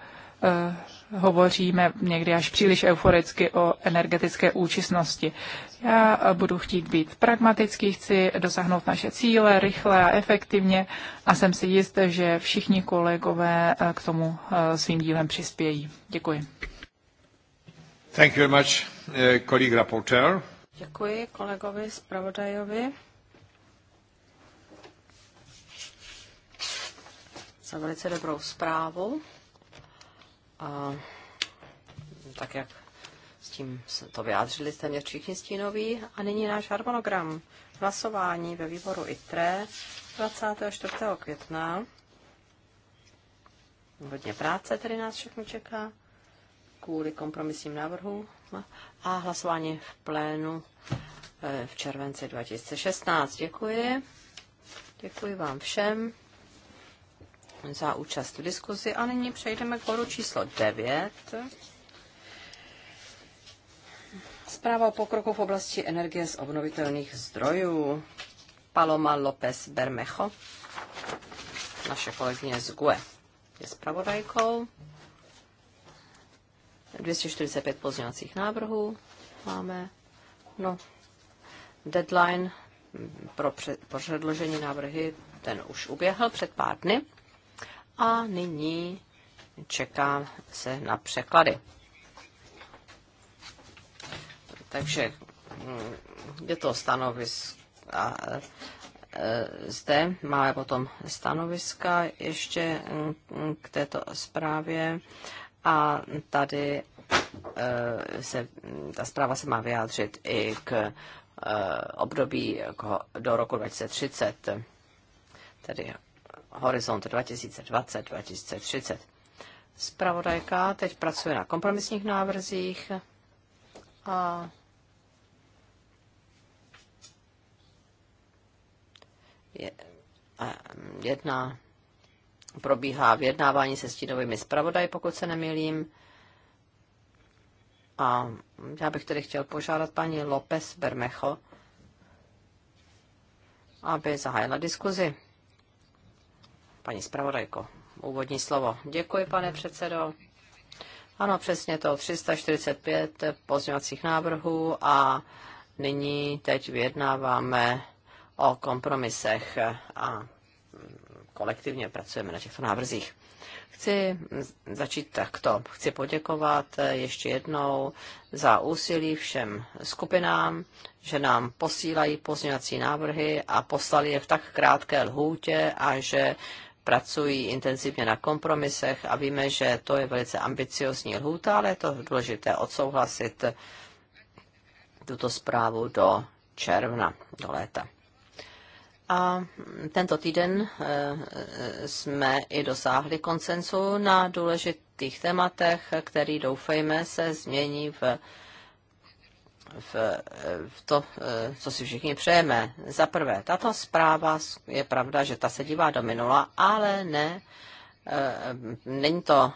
hovoříme někdy až příliš euforicky o energetické účinnosti. Já budu chtít být pragmatický, chci dosáhnout naše cíle rychle a efektivně a jsem si jist, že všichni kolegové k tomu svým dílem přispějí. Děkuji. Thank you very much. Eh, colleague rapporteur. Děkuji kolegovi zpravodajovi za velice dobrou zprávu. A tak jak s tím se to vyjádřili téměř všichni stínoví. A nyní náš harmonogram hlasování ve výboru ITRE 24. května. Hodně práce tedy nás všechno čeká kvůli kompromisním návrhům a hlasování v plénu eh, v červenci 2016. Děkuji. Děkuji vám všem za účast v diskuzi a nyní přejdeme k bodu číslo 9. Zpráva o pokroku v oblasti energie z obnovitelných zdrojů. Paloma López Bermejo, naše kolegyně z GUE, je zpravodajkou. 245 pozměňovacích návrhů máme. No, deadline pro předložení návrhy, ten už uběhl před pár dny. A nyní čeká se na překlady. Takže mm, je to stanovisko. A e, zde máme potom stanoviska ještě mm, k této zprávě a tady eh, se, ta zpráva se má vyjádřit i k eh, období jako do roku 2030, tedy horizont 2020-2030. Spravodajka teď pracuje na kompromisních návrzích a jedna probíhá vyjednávání se stínovými zpravodaji, pokud se nemýlím. A já bych tedy chtěl požádat paní López Bermecho, aby zahájila diskuzi. Paní zpravodajko, úvodní slovo. Děkuji, pane předsedo. Ano, přesně to, 345 pozměňovacích návrhů a nyní teď vyjednáváme o kompromisech a kolektivně pracujeme na těchto návrzích. Chci začít takto. Chci poděkovat eh, ještě jednou za úsilí všem skupinám, že nám posílají pozměňovací návrhy a poslali je v tak krátké lhůtě a že pracují intenzivně na kompromisech a víme, že to je velice ambiciozní lhůta, ale je to důležité odsouhlasit tuto zprávu do června, do léta. A tento týden eh, jsme i dosáhli koncensu na důležitých tématech, který doufejme se změní v, v, v to, eh, co si všichni přejeme. Za prvé, tato zpráva je pravda, že ta se dívá do minula, ale ne eh, Není to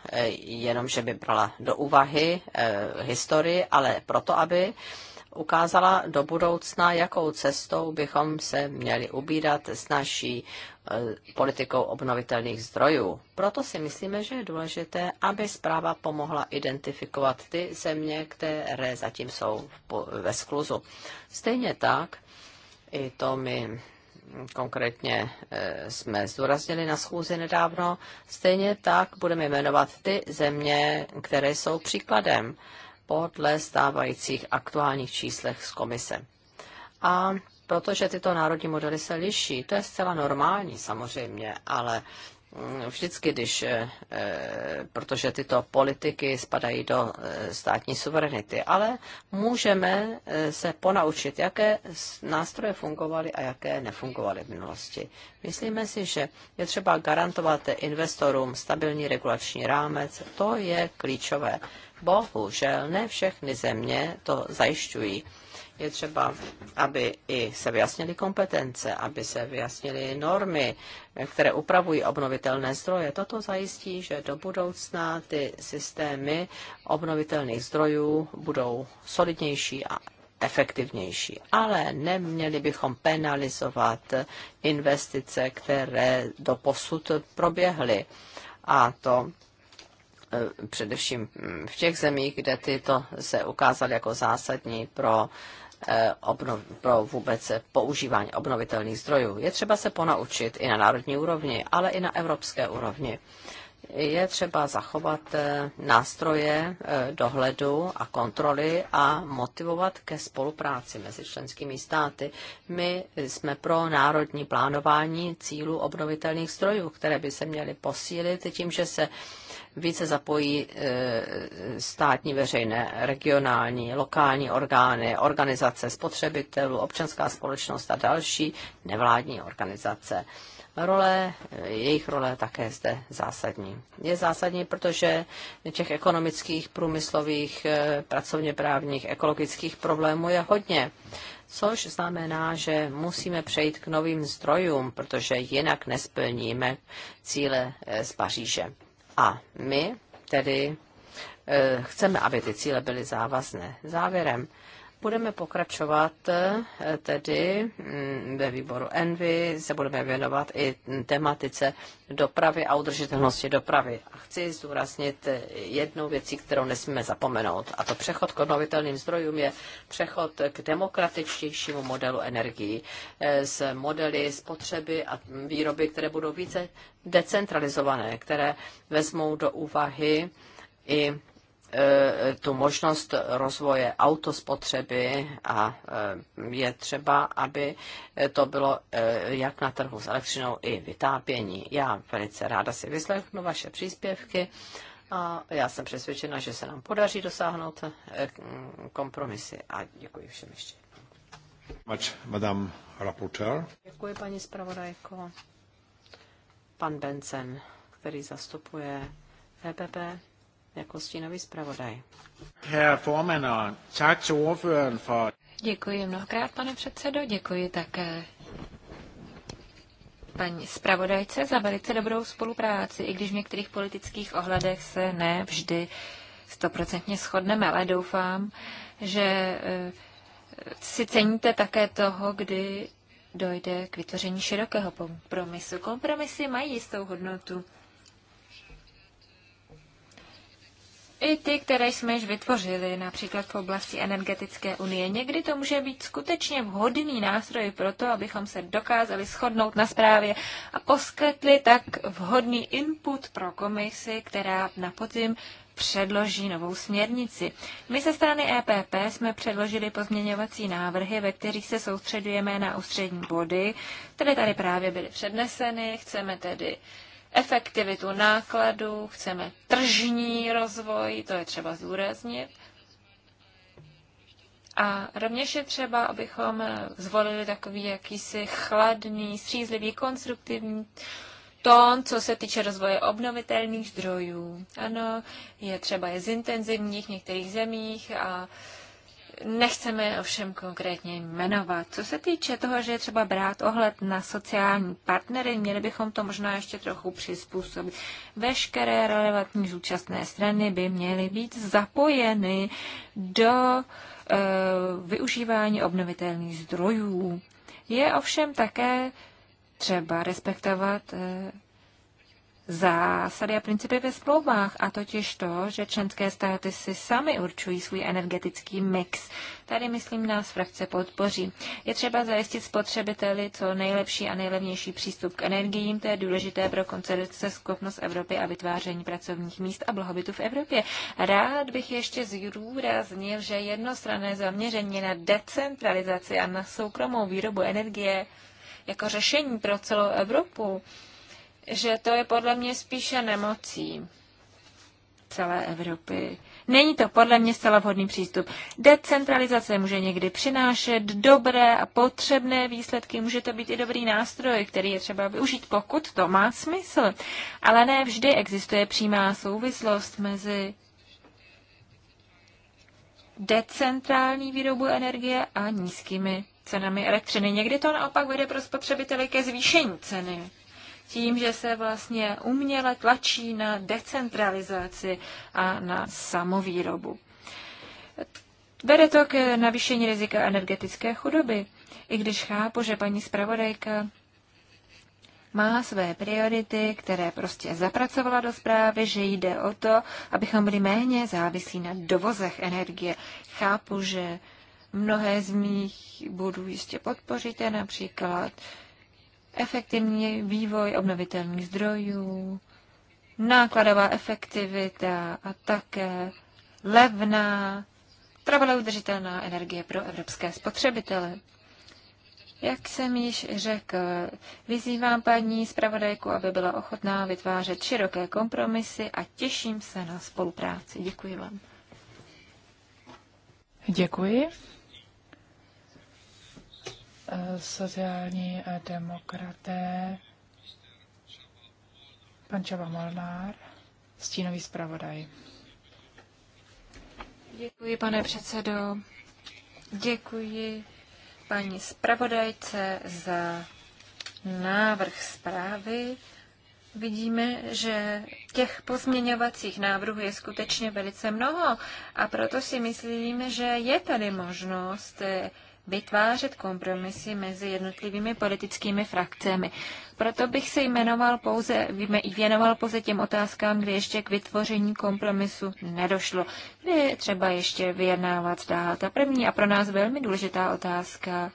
jenom, že by brala do úvahy historii, ale proto, aby ukázala do budoucna, jakou cestou bychom se měli ubírat s naší e, politikou obnovitelných zdrojů. Proto si myslíme, že je důležité, aby zpráva pomohla identifikovat ty země, které zatím jsou ve skluzu. Stejně tak, i to my konkrétně e, jsme zdůraznili na schůzi nedávno, stejně tak budeme jmenovat ty země, které jsou příkladem podle stávajících aktuálních číslech z komise. A protože tyto národní modely se liší, to je zcela normální samozřejmě, ale mm, vždycky, když, e, e, protože tyto politiky spadají do e, státní suverenity, ale můžeme se ponaučit, jaké nástroje fungovaly a jaké nefungovaly v minulosti. Myslíme si, že je třeba garantovat investorům stabilní regulační rámec, to je klíčové. Bohužel ne všechny země to zajišťují. Je třeba, aby i se vyjasnily kompetence, aby se vyjasnily normy, které upravují obnovitelné zdroje. Toto zajistí, že do budoucna ty systémy obnovitelných zdrojů budou solidnější a efektivnější. Ale neměli bychom penalizovat investice, které do posud proběhly. A to Eh, především mm, v těch zemích, kde tyto se ukázaly jako zásadní pro, eh, obnov, pro vůbec používání obnovitelných zdrojů. Je třeba se ponaučit i na národní úrovni, ale i na evropské úrovni. Je třeba zachovat eh, nástroje dohledu a kontroly a motivovat ke spolupráci mezi členskými státy. My jsme pro národní plánování cílů obnovitelných zdrojů, které by se měly posílit tím, že se více zapojí e, státní, veřejné, regionální, lokální orgány, organizace spotřebitelů, občanská společnost a další nevládní organizace. Role, e, jejich role je také zde zásadní. Je zásadní, protože těch ekonomických, průmyslových, e, pracovně právních, ekologických problémů je hodně což znamená, že musíme přejít k novým zdrojům, protože jinak nesplníme cíle z Paříže. A my tedy eh, chceme, aby ty cíle byly závazné. Závěrem budeme pokračovat eh, tedy mm, ve výboru Envy, se budeme věnovat i tematice dopravy a udržitelnosti dopravy. A chci zdůraznit eh, jednu věcí, kterou nesmíme zapomenout, a to přechod k obnovitelným zdrojům je přechod k demokratičtějšímu modelu energií z eh, modely spotřeby a výroby, které budou více decentralizované, které vezmou do úvahy i E, tu možnost rozvoje autospotřeby a e, je třeba, aby to bylo e, jak na trhu s elektřinou i vytápění. Já velice ráda si vyslechnu vaše příspěvky a já jsem přesvědčena, že se nám podaří dosáhnout kompromisy a děkuji všem ještě. Děkuji, paní zpravodajko. Pan Bencen, který zastupuje EPP jako stínový zpravodaj. Děkuji mnohokrát, pane předsedo, děkuji také paní zpravodajce za velice dobrou spolupráci, i když v některých politických ohledech se ne vždy stoprocentně shodneme, ale doufám, že eh, si ceníte také toho, kdy dojde k vytvoření širokého kompromisu. Kompromisy mají jistou hodnotu. i ty, které jsme již vytvořili, například v oblasti energetické unie. Někdy to může být skutečně vhodný nástroj pro to, abychom se dokázali shodnout na zprávě a poskytli tak vhodný input pro komisi, která na podzim předloží novou směrnici. My se strany EPP jsme předložili pozměňovací návrhy, ve kterých se soustředujeme na ústřední body, které tady právě byly předneseny. Chceme tedy efektivitu nákladů, chceme tržní rozvoj, to je třeba zdůraznit. A rovněž je třeba, abychom zvolili takový jakýsi chladný, střízlivý, konstruktivní tón, co se týče rozvoje obnovitelných zdrojů. Ano, je třeba je zintenzivních v některých zemích a Nechceme ovšem konkrétně jmenovat. Co se týče toho, že je třeba brát ohled na sociální partnery, měli bychom to možná ještě trochu přizpůsobit. Veškeré relevantní zúčastné strany by měly být zapojeny do e, využívání obnovitelných zdrojů. Je ovšem také třeba respektovat e, zásady a principy ve smlouvách, a totiž to, že členské státy si sami určují svůj energetický mix. Tady, myslím, nás frakce podpoří. Je třeba zajistit spotřebiteli co nejlepší a nejlevnější přístup k energiím. To je důležité pro schopnost Evropy a vytváření pracovních míst a blahobytu v Evropě. Rád bych ještě zdůraznil, že jednostranné zaměření na decentralizaci a na soukromou výrobu energie jako řešení pro celou Evropu že to je podle mě spíše nemocí celé Evropy. Není to podle mě zcela vhodný přístup. Decentralizace může někdy přinášet dobré a potřebné výsledky, může to být i dobrý nástroj, který je třeba využít, pokud to má smysl. Ale ne vždy existuje přímá souvislost mezi decentrální výrobu energie a nízkými cenami elektřiny. Někdy to naopak vede pro spotřebitele ke zvýšení ceny tím, že se vlastně uměle tlačí na decentralizaci a na samovýrobu. Vede to k navýšení rizika energetické chudoby, i když chápu, že paní zpravodajka má své priority, které prostě zapracovala do zprávy, že jde o to, abychom byli méně závislí na dovozech energie. Chápu, že mnohé z mých budou jistě podpořit, například uh, efektivní vývoj obnovitelných zdrojů, nákladová efektivita a také levná, trvalé udržitelná energie pro evropské spotřebitele. Jak jsem již řekl, vyzývám paní zpravodajku, aby byla ochotná vytvářet široké kompromisy a těším se na spolupráci. Děkuji vám. Děkuji sociální demokraté, pan Čava Molnár, stínový zpravodaj. Děkuji, pane předsedo. Děkuji paní zpravodajce za návrh zprávy. Vidíme, že těch pozměňovacích návrhů je skutečně velice mnoho a proto si myslím, že je tady možnost vytvářet kompromisy mezi jednotlivými politickými frakcemi. Proto bych se jmenoval pouze, věnoval pouze těm otázkám, kde ještě k vytvoření kompromisu nedošlo, kde je třeba ještě vyjednávat dál. Ta první a pro nás velmi důležitá otázka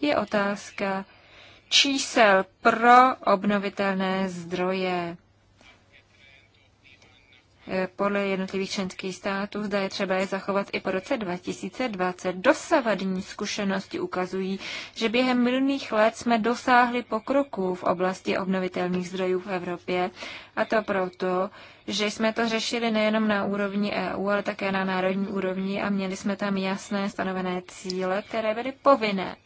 je otázka čísel pro obnovitelné zdroje. Eh, podle jednotlivých členských států, zda je třeba je zachovat i po roce 2020. Dosavadní zkušenosti ukazují, že během minulých let jsme dosáhli pokroku v oblasti obnovitelných zdrojů v Evropě, a to proto, že jsme to řešili nejenom na úrovni EU, ale také na národní úrovni a měli jsme tam jasné stanovené cíle, které byly povinné.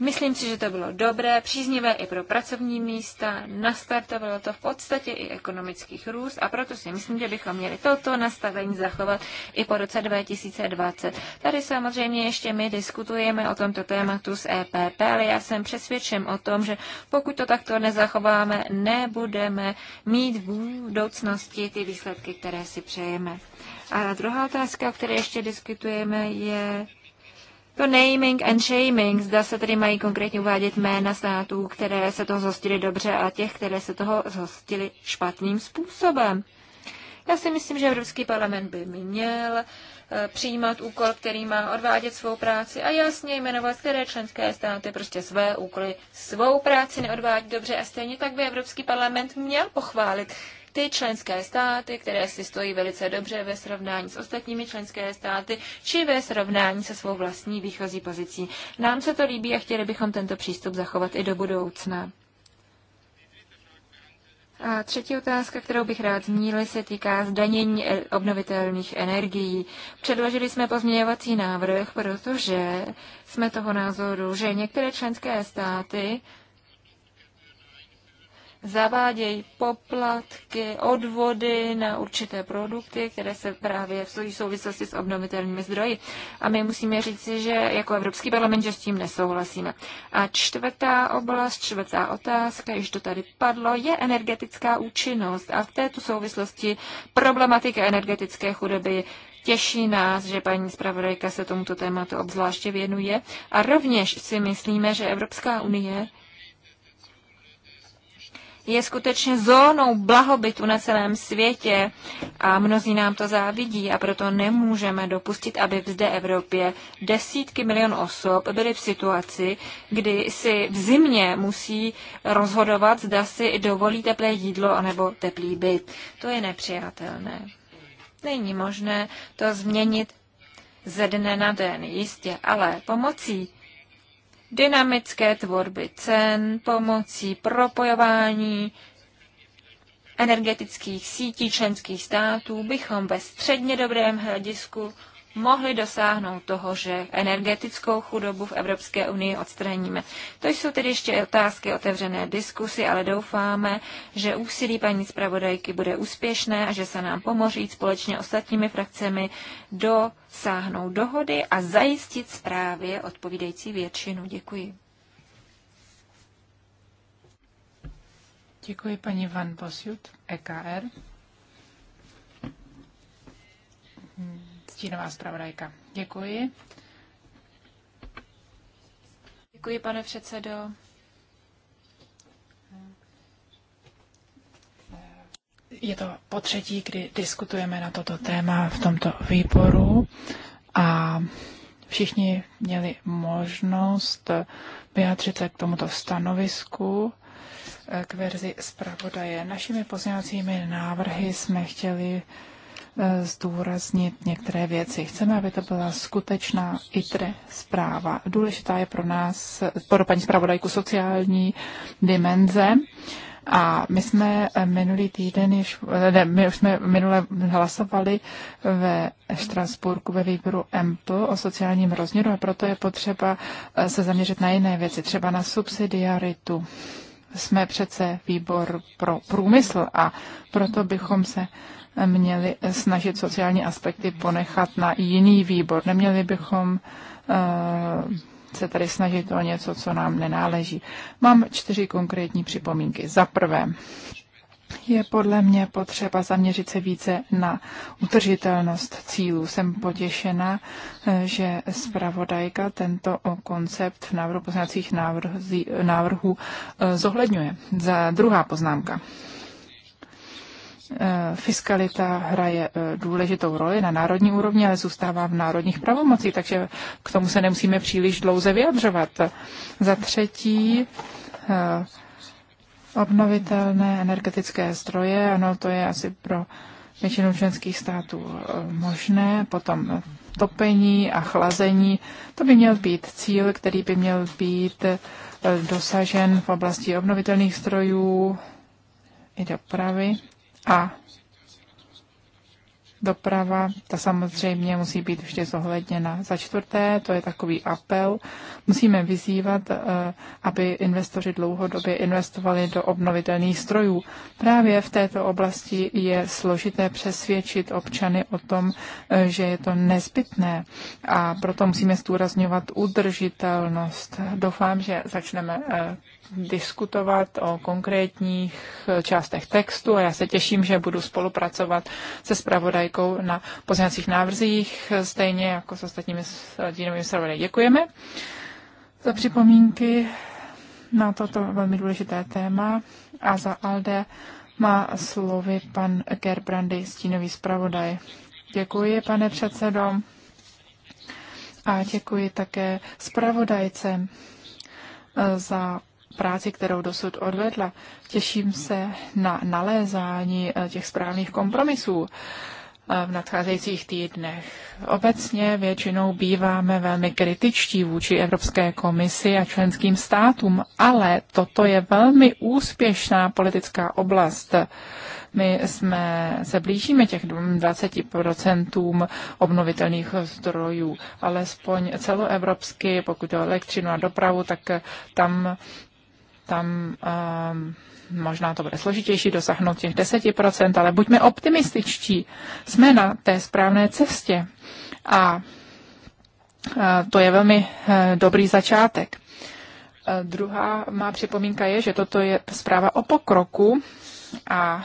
Myslím si, že to bylo dobré, příznivé i pro pracovní místa, nastartovalo to v podstatě i ekonomických růst a proto si myslím, že bychom měli toto nastavení zachovat i po roce 2020. Tady samozřejmě ještě my diskutujeme o tomto tématu s EPP, ale já jsem přesvědčen o tom, že pokud to takto nezachováme, nebudeme mít v budoucnosti ty výsledky, které si přejeme. A druhá otázka, o které ještě diskutujeme, je to naming and shaming, zda se tedy mají konkrétně uvádět jména států, které se toho zhostily dobře a těch, které se toho zhostily špatným způsobem. Já si myslím, že Evropský parlament by měl eh, přijímat úkol, který má odvádět svou práci a jasně jmenovat, které členské státy prostě své úkoly, svou práci neodvádí dobře a stejně tak by Evropský parlament měl pochválit ty členské státy, které si stojí velice dobře ve srovnání s ostatními členské státy, či ve srovnání se svou vlastní výchozí pozicí. Nám se to líbí a chtěli bychom tento přístup zachovat i do budoucna. A třetí otázka, kterou bych rád zmínil, se týká zdanění e- obnovitelných energií. Předložili jsme pozměňovací návrh, protože jsme toho názoru, že některé členské státy zavádějí poplatky, odvody na určité produkty, které se právě v souvislosti s obnovitelnými zdroji. A my musíme říci, že jako Evropský parlament, že s tím nesouhlasíme. A čtvrtá oblast, čtvrtá otázka, již to tady padlo, je energetická účinnost. A v této souvislosti problematika energetické chudoby Těší nás, že paní zpravodajka se tomuto tématu obzvláště věnuje a rovněž si myslíme, že Evropská unie je skutečně zónou blahobytu na celém světě a mnozí nám to závidí a proto nemůžeme dopustit, aby v zde Evropě desítky milion osob byly v situaci, kdy si v zimě musí rozhodovat, zda si dovolí teplé jídlo nebo teplý byt. To je nepřijatelné. Není možné to změnit ze dne na den, jistě, ale pomocí dynamické tvorby cen pomocí propojování energetických sítí členských států bychom ve středně dobrém hledisku mohli dosáhnout toho, že energetickou chudobu v Evropské unii odstraníme. To jsou tedy ještě otázky otevřené diskusy, ale doufáme, že úsilí paní zpravodajky bude úspěšné a že se nám pomoří společně ostatními frakcemi dosáhnout dohody a zajistit zprávě odpovídající většinu. Děkuji. Děkuji paní Van Bosjut, EKR stínová zpravodajka. Děkuji. Děkuji, pane předsedo. Je to po třetí, kdy diskutujeme na toto téma v tomto výboru a všichni měli možnost vyjádřit se k tomuto stanovisku eh, k verzi zpravodaje. Našimi pozměňovacími návrhy jsme chtěli zdůraznit některé věci. Chceme, aby to byla skutečná ITRE zpráva. Důležitá je pro nás, pro paní zpravodajku, sociální dimenze. A my jsme minulý týden, již, ne, my už jsme minule hlasovali ve Štrasburku ve výboru MP o sociálním rozměru a proto je potřeba eh, se zaměřit na jiné věci, třeba na subsidiaritu. Jsme přece výbor pro průmysl a proto bychom se měli snažit sociální aspekty ponechat na jiný výbor. Neměli bychom eh, se tady snažit o něco, co nám nenáleží. Mám čtyři konkrétní připomínky. Za prvé, je podle mě potřeba zaměřit se více na utržitelnost cílů. Jsem potěšena, eh, že zpravodajka tento koncept v návrhu poznacích návrhů eh, zohledňuje. Za druhá poznámka. Eh, fiskalita hraje eh, důležitou roli na národní úrovni, ale zůstává v národních pravomocích, takže k tomu se nemusíme příliš dlouze vyjadřovat. Za třetí, eh, obnovitelné energetické zdroje, ano, to je asi pro většinu členských států možné, potom topení a chlazení, to by měl být cíl, který by měl být dosažen v oblasti obnovitelných strojů i dopravy. A doprava, ta samozřejmě musí být vždy zohledněna. Za čtvrté, to je takový apel, musíme vyzývat, eh, aby investoři dlouhodobě investovali do obnovitelných strojů. Právě v této oblasti je složité přesvědčit občany o tom, eh, že je to nezbytné a proto musíme zdůrazňovat udržitelnost. Doufám, že začneme eh, diskutovat o konkrétních částech textu a já se těším, že budu spolupracovat se spravodajkou na pozněcích návrzích, stejně jako s ostatními dílovými zpravodaji. Děkujeme za připomínky na toto velmi důležité téma a za Alde má slovy pan Gerbrandy, stínový zpravodaj. Děkuji, pane předsedo. A děkuji také zpravodajce eh, za práci, kterou dosud odvedla. Těším se na nalézání eh, těch správných kompromisů eh, v nadcházejících týdnech. Obecně většinou býváme velmi kritičtí vůči Evropské komisi a členským státům, ale toto je velmi úspěšná politická oblast. My jsme se blížíme těch 20% obnovitelných zdrojů, alespoň celoevropsky, pokud je elektřinu a dopravu, tak tam tam ehm, možná to bude složitější dosáhnout těch 10%, ale buďme optimističtí. Jsme na té správné cestě a eh, to je velmi eh, dobrý začátek. Eh, druhá má připomínka je, že toto je zpráva o pokroku a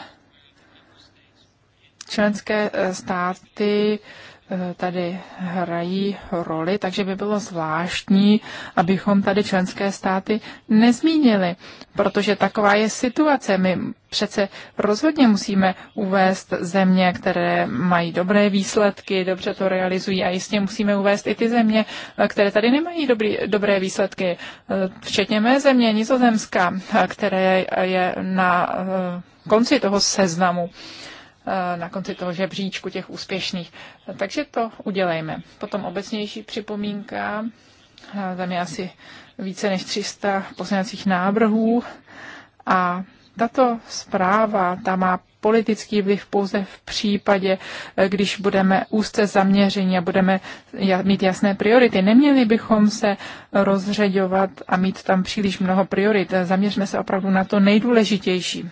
členské státy uh, Eh, tady hrají roli, takže by bylo zvláštní, abychom tady členské státy nezmínili, protože taková je situace. My přece rozhodně musíme uvést země, které mají dobré výsledky, dobře to realizují a jistě musíme uvést i ty země, eh, které tady nemají dobrý, dobré výsledky, eh, včetně mé země, Nizozemska, které je na konci toho seznamu. Eh, na konci toho žebříčku těch úspěšných. Takže to udělejme. Potom obecnější připomínka, eh, tam je asi více než 300 pozměňovacích návrhů a tato zpráva, ta má politický vliv pouze v případě, eh, když budeme úzce zaměření a budeme mít jasné priority. Neměli bychom se rozřeďovat a mít tam příliš mnoho priorit. Zaměřme se opravdu na to nejdůležitější.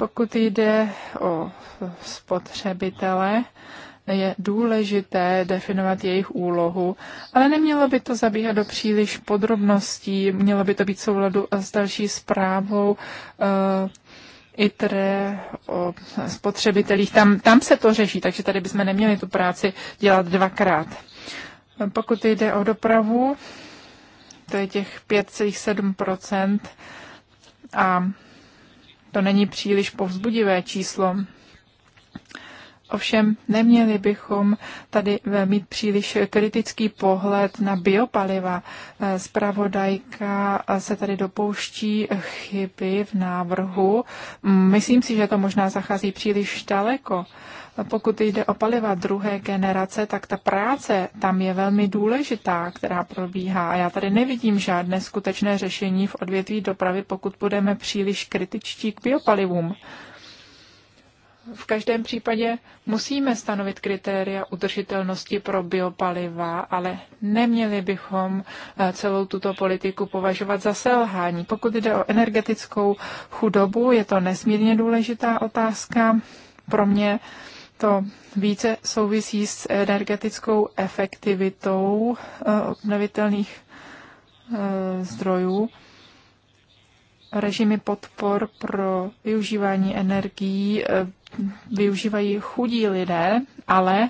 Pokud jde o spotřebitele, je důležité definovat jejich úlohu, ale nemělo by to zabíhat do příliš podrobností, mělo by to být souladu s další zprávou uh, ITRE o spotřebitelích. Tam, tam se to řeší, takže tady bychom neměli tu práci dělat dvakrát. Pokud jde o dopravu, to je těch 5,7 a to není příliš povzbudivé číslo. Ovšem neměli bychom tady mít příliš kritický pohled na biopaliva. Spravodajka se tady dopouští chyby v návrhu. Myslím si, že to možná zachází příliš daleko pokud jde o paliva druhé generace, tak ta práce tam je velmi důležitá, která probíhá. A já tady nevidím žádné skutečné řešení v odvětví dopravy, pokud budeme příliš kritičtí k biopalivům. V každém případě musíme stanovit kritéria udržitelnosti pro biopaliva, ale neměli bychom eh, celou tuto politiku považovat za selhání. Pokud jde o energetickou chudobu, je to nesmírně důležitá otázka pro mě to více souvisí s energetickou efektivitou eh, obnovitelných eh, zdrojů, režimy podpor pro využívání energií eh, využívají chudí lidé, ale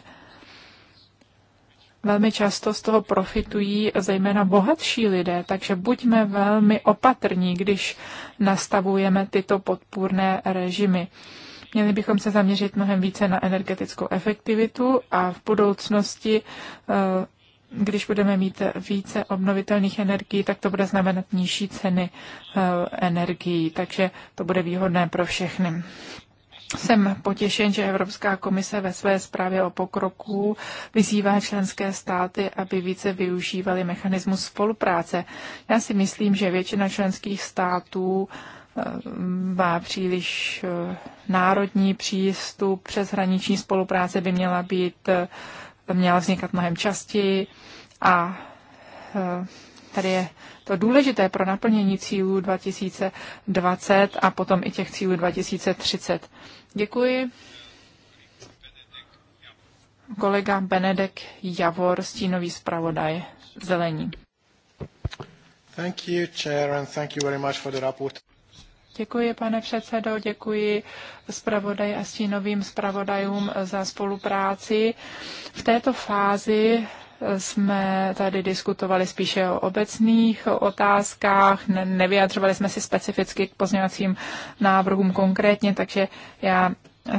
velmi často z toho profitují zejména bohatší lidé, takže buďme velmi opatrní, když nastavujeme tyto podpůrné režimy. Měli bychom se zaměřit mnohem více na energetickou efektivitu a v budoucnosti eh, když budeme mít více obnovitelných energií, tak to bude znamenat nižší ceny eh, energií, takže to bude výhodné pro všechny. Jsem potěšen, že Evropská komise ve své zprávě o pokroku vyzývá členské státy, aby více využívali mechanismus spolupráce. Já si myslím, že většina členských států uh, má příliš eh, národní přístup, přeshraniční spolupráce by měla být, eh, měla vznikat mnohem častěji a eh, tady je to důležité pro naplnění cílů 2020 a potom i těch cílů 2030. Děkuji. Kolega Benedek Javor, stínový zpravodaj Zelení. Thank you, Chair, and thank you very much for the report. Děkuji, pane předsedo, děkuji zpravodaj a stínovým zpravodajům za spolupráci. V této fázi jsme tady diskutovali spíše o obecných otázkách, nevyjadřovali jsme si specificky k pozměňovacím návrhům konkrétně, takže já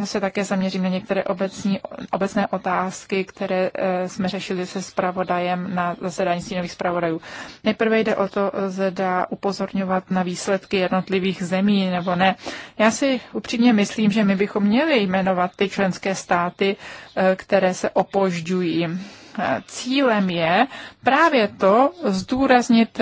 se také zaměřím na některé obecní, obecné otázky, které eh, jsme řešili se zpravodajem na zasedání stínových zpravodajů. Nejprve jde o to, zda upozorňovat na výsledky jednotlivých zemí nebo ne. Já si upřímně myslím, že my bychom měli jmenovat ty členské státy, eh, které se opožďují eh, cílem je právě to zdůraznit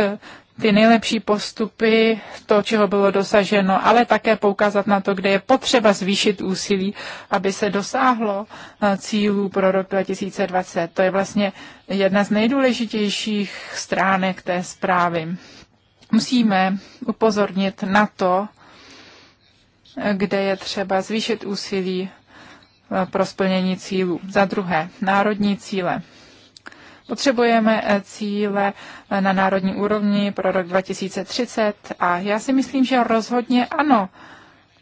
ty nejlepší postupy, to, čeho bylo dosaženo, ale také poukázat na to, kde je potřeba zvýšit úsilí, aby se dosáhlo eh, cílů pro rok 2020. To je vlastně jedna z nejdůležitějších stránek té zprávy. Musíme upozornit na to, kde je třeba zvýšit úsilí eh, pro splnění cílů. Za druhé, národní cíle. Potřebujeme eh, cíle eh, na národní úrovni pro rok 2030 a já si myslím, že rozhodně ano.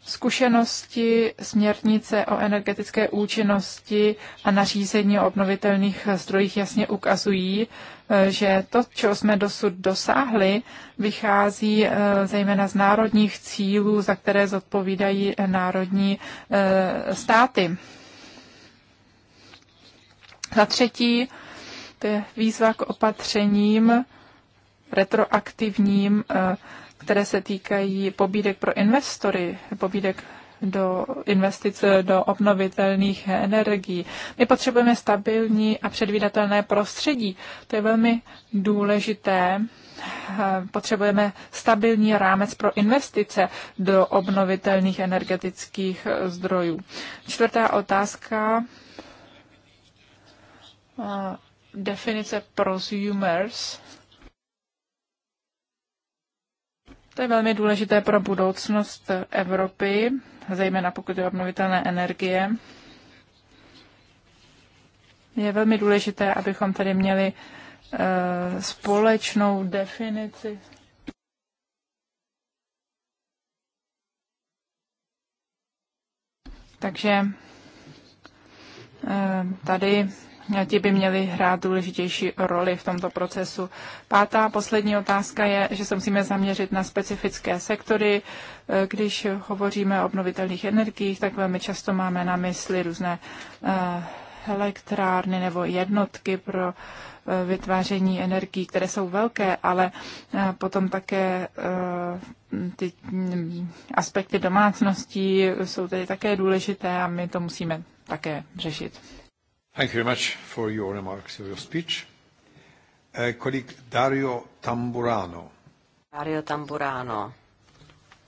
Zkušenosti směrnice o energetické účinnosti a nařízení o obnovitelných zdrojích jasně ukazují, eh, že to, čeho jsme dosud dosáhli, vychází zejména z národních cílů, za které zodpovídají národní státy. Za třetí, to je výzva k opatřením retroaktivním, eh, které se týkají pobídek pro investory, pobídek do investic eh, do obnovitelných energií. My potřebujeme stabilní a předvídatelné prostředí. To je velmi důležité. Eh, potřebujeme stabilní rámec pro investice do obnovitelných energetických zdrojů. Čtvrtá otázka definice prosumers. To je velmi důležité pro budoucnost Evropy, zejména pokud je obnovitelné energie. Je velmi důležité, abychom tady měli eh, společnou definici. Takže eh, tady ti by měli hrát důležitější roli v tomto procesu. Pátá poslední otázka je, že se musíme zaměřit na specifické sektory. E, když hovoříme o obnovitelných energiích, tak velmi často máme na mysli různé e, elektrárny nebo jednotky pro e, vytváření energií, které jsou velké, ale potom také ty aspekty domácností jsou tedy také důležité a my to musíme také řešit. Thank you very much for your remarks, your speech. Uh, kolik Dario Tamburano. Dario Tamburano.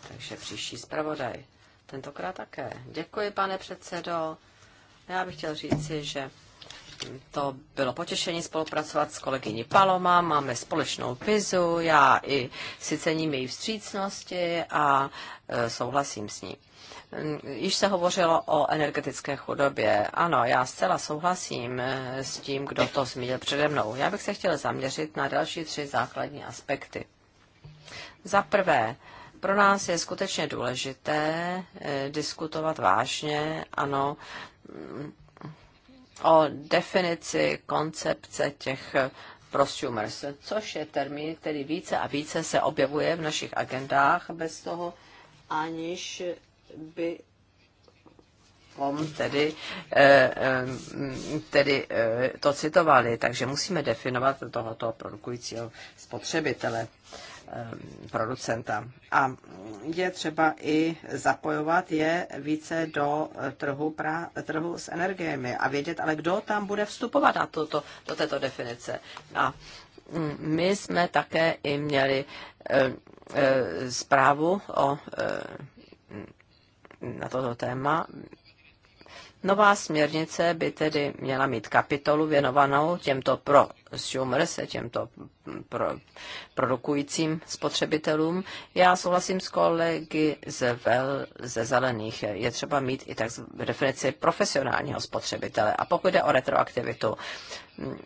Takže příští zpravodaj. Tentokrát také. Děkuji, pane předsedo. Já bych chtěl říci, že to bylo potěšení spolupracovat s kolegyní Paloma, máme společnou vizu, já i si cením její vstřícnosti a e, souhlasím s ní. Již se hovořilo o energetické chudobě. Ano, já zcela souhlasím eh, s tím, kdo to zmínil přede mnou. Já bych se chtěl zaměřit na další tři základní aspekty. Za prvé, pro nás je skutečně důležité eh, diskutovat vážně, ano, mm, o definici koncepce těch prosumers, což je termín, který více a více se objevuje v našich agendách bez toho, aniž by tedy, eh, eh, tedy eh, to citovali, takže musíme definovat tohoto produkujícího spotřebitele, producenta. A je třeba i zapojovat je více do trhu, pra, trhu s energiemi a vědět, ale kdo tam bude vstupovat na toto do této definice. A mm, my jsme také i měli zprávu o na toto téma. Nová směrnice by tedy měla mít kapitolu věnovanou těmto pro prosumers, těmto pro, produkujícím spotřebitelům. Já souhlasím s kolegy ze, vel, ze zelených. Je třeba mít i tak definici profesionálního spotřebitele. A pokud jde o retroaktivitu, mm,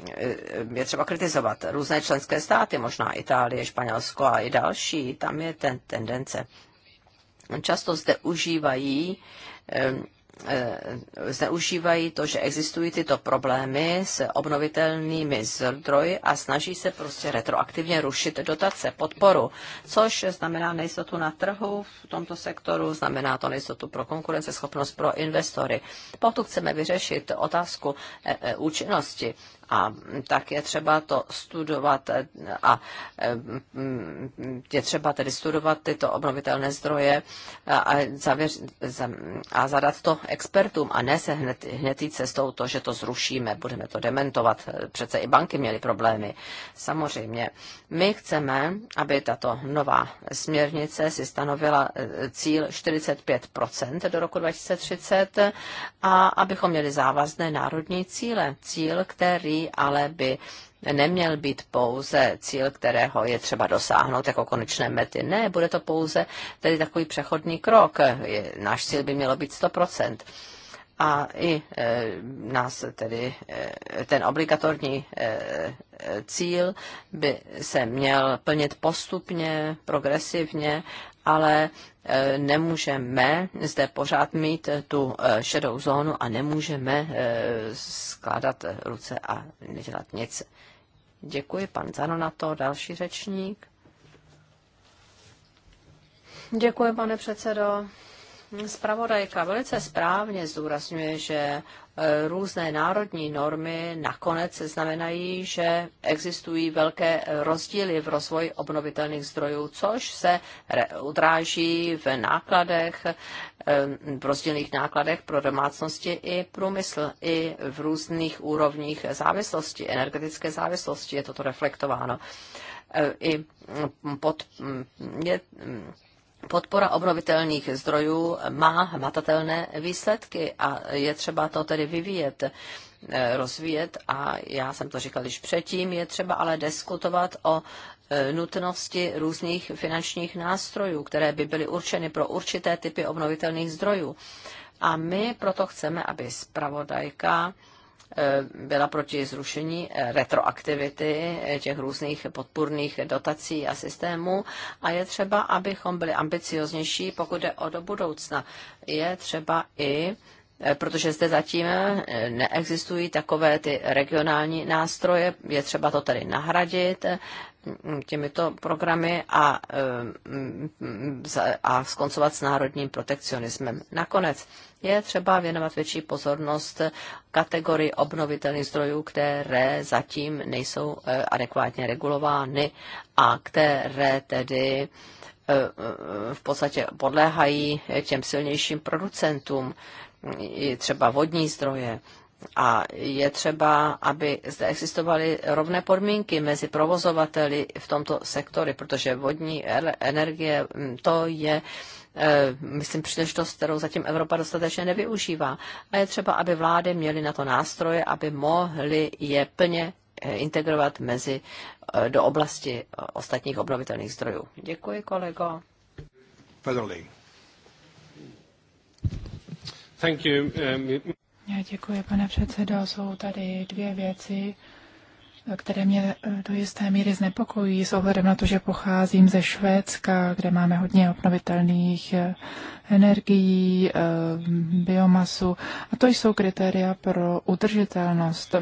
je třeba kritizovat různé členské státy, možná Itálie, Španělsko a i další. Tam je ten tendence často zde užívají eh, zneužívají to, že existují tyto problémy s obnovitelnými zdroji a snaží se prostě retroaktivně rušit dotace, podporu, což znamená nejistotu na trhu v tomto sektoru, znamená to nejistotu pro konkurenceschopnost pro investory. Pokud chceme vyřešit otázku eh, eh, účinnosti a tak je třeba to studovat eh, a eh, je třeba tedy studovat tyto obnovitelné zdroje a, zavěř, a zadat to expertům a ne se hned, hned jít cestou to, že to zrušíme, budeme to dementovat. Přece i banky měly problémy. Samozřejmě, my chceme, aby tato nová směrnice si stanovila eh, cíl 45% do roku 2030 a abychom měli závazné národní cíle. Cíl, který ale by neměl být pouze cíl, kterého je třeba dosáhnout jako konečné mety. Ne, bude to pouze tedy takový přechodný krok. Je, náš cíl by mělo být 100%. A i e, nás tedy e, ten obligatorní e, e cíl by se měl plnit postupně, progresivně, ale Eh, nemůžeme zde pořád mít eh, tu eh, šedou zónu a nemůžeme skládat ruce a nedělat nic. Děkuji, pan Zano, na to. Další řečník. Děkuji, pane předsedo. Spravodajka velice správně zdůrazňuje, že e, různé národní normy nakonec znamenají, že existují velké rozdíly v rozvoji obnovitelných zdrojů, což se odráží v nákladech, e, v rozdílných nákladech pro domácnosti i průmysl, i v různých úrovních závislosti, energetické závislosti je toto reflektováno. E, I pod, je, podpora obnovitelných zdrojů má hmatatelné výsledky a je třeba to tedy vyvíjet eh, rozvíjet a já jsem to říkal již předtím, je třeba ale diskutovat o eh, nutnosti různých finančních nástrojů, které by byly určeny pro určité typy obnovitelných zdrojů. A my proto chceme, aby zpravodajka Eh, byla proti zrušení eh, retroaktivity eh, těch různých podpůrných dotací a systémů a je třeba, abychom byli ambicioznější, pokud jde o do budoucna. Je třeba i Eh, protože zde zatím eh, neexistují takové ty regionální nástroje, je třeba to tedy nahradit eh, těmito programy a, a skoncovat s národním protekcionismem. Nakonec je třeba věnovat větší pozornost kategorii obnovitelných zdrojů, které zatím nejsou adekvátně regulovány a které tedy v podstatě podléhají těm silnějším producentům i třeba vodní zdroje. A je třeba, aby zde existovaly rovné podmínky mezi provozovateli v tomto sektoru, protože vodní energie mm, to je eh, myslím, příležitost, kterou zatím Evropa dostatečně nevyužívá. A je třeba, aby vlády měly na to nástroje, aby mohly je plně eh, integrovat mezi eh, do oblasti ostatních obnovitelných zdrojů. Děkuji, kolego. Federley. Thank you. Um, Já děkuji, pane předsedo. Jsou tady dvě věci, které mě eh, do jisté míry znepokojí s ohledem na to, že pocházím ze Švédska, kde máme hodně obnovitelných eh, energií, eh, biomasu. A to jsou kritéria pro udržitelnost.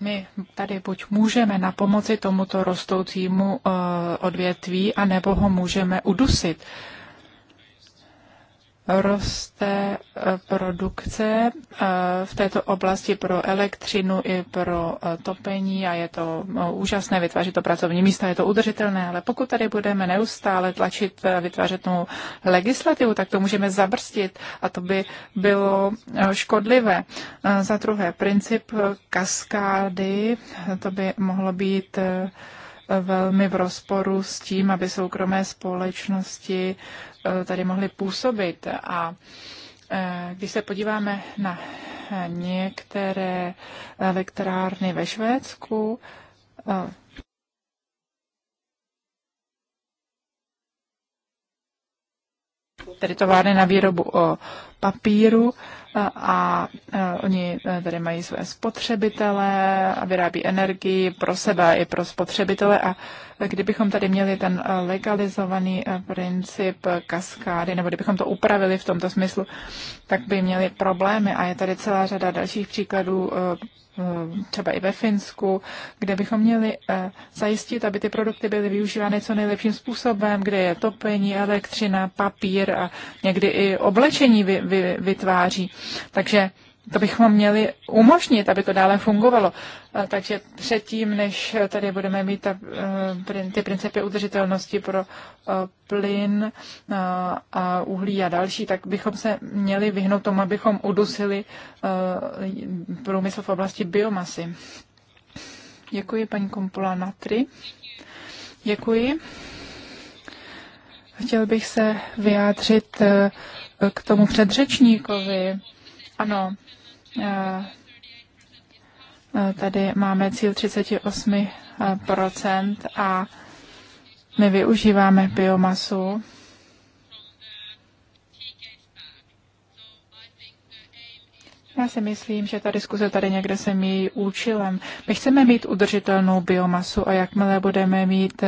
My tady buď můžeme na pomoci tomuto rostoucímu odvětví, anebo ho můžeme udusit roste eh, produkce eh, v této oblasti pro elektřinu i pro eh, topení a je to úžasné, vytváří to pracovní místa, je to udržitelné, ale pokud tady budeme neustále tlačit vytvářet novou legislativu, tak to můžeme zabrstit a to by bylo škodlivé. Za druhé, princip kaskády, to by mohlo být velmi v rozporu s tím, aby soukromé společnosti eh, tady mohly působit. A eh, když se podíváme na eh, některé elektrárny ve Švédsku, tedy továrny na výrobu o papíru, a e, oni e, tady mají své spotřebitele a vyrábí energii pro sebe i pro spotřebitele a kdybychom tady měli ten e, legalizovaný princip kaskády, nebo kdybychom to upravili v tomto smyslu, tak by měli problémy a je tady celá řada dalších příkladů Eh, třeba i ve Finsku, kde bychom měli eh, zajistit, aby ty produkty byly využívány co nejlepším způsobem, kde je topení, elektřina, papír a někdy i oblečení vytváří. Takže to bychom měli umožnit, aby to dále fungovalo. Takže předtím, než tady budeme mít ta, e, ty principy udržitelnosti pro e, plyn e, a uhlí a další, tak bychom se měli vyhnout tomu, abychom udusili průmysl v oblasti biomasy. Děkuji, paní Kompola Natry. Děkuji. Chtěl bych se vyjádřit k tomu předřečníkovi ano, eh, eh, tady máme cíl 38% eh, a my využíváme biomasu Já si myslím, že ta diskuze tady někde se míjí účelem. My chceme mít udržitelnou biomasu a jakmile budeme mít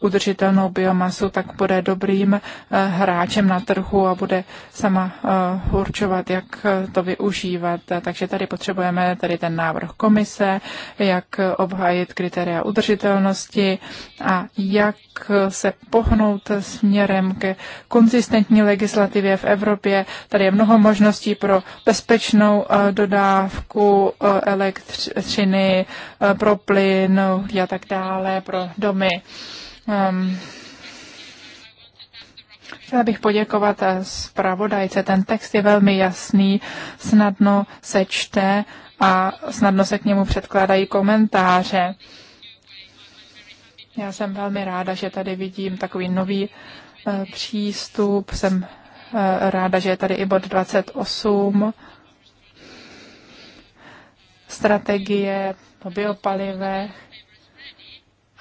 udržitelnou biomasu, tak bude dobrým eh, hráčem na trhu a bude sama eh, určovat, jak eh, to využívat. Takže tady potřebujeme tady ten návrh komise, jak obhájit kritéria udržitelnosti a jak se pohnout směrem ke konzistentní legislativě v Evropě. Tady je mnoho možností pro bezpečnou dodávku e, elektřiny e, pro plyn a tak dále, pro domy. Ehm, chtěla bych poděkovat e, zpravodajce. Ten text je velmi jasný, snadno se čte a snadno se k němu předkládají komentáře. Já jsem velmi ráda, že tady vidím takový nový přístup. Jsem ráda, že je tady i bod 28 strategie o biopalivech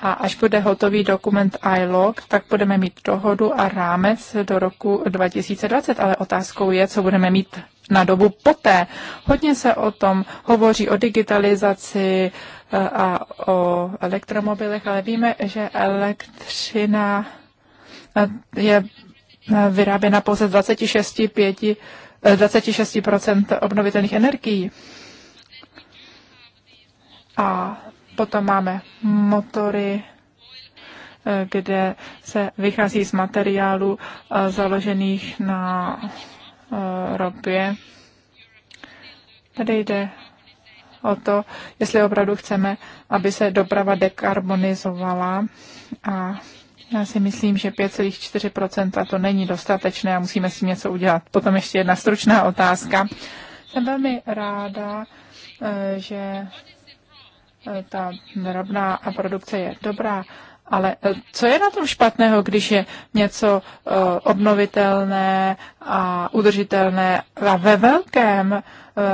a až bude hotový dokument ILOG, tak budeme mít dohodu a rámec do roku 2020, ale otázkou je, co budeme mít na dobu poté. Hodně se o tom hovoří o digitalizaci eh, a o elektromobilech, ale víme, že elektřina eh, je eh, vyráběna pouze 26, 5, 26% obnovitelných energií. A potom máme motory, eh, kde se vychází z materiálu eh, založených na eh, ropě. Tady jde o to, jestli opravdu chceme, aby se doprava dekarbonizovala. A já si myslím, že 5,4% to není dostatečné a musíme s tím něco udělat. Potom ještě jedna stručná otázka. Jsem velmi ráda, že Eh, ta rovná produkce je dobrá, ale eh, co je na tom špatného, když je něco eh, obnovitelné a udržitelné a ve velkém,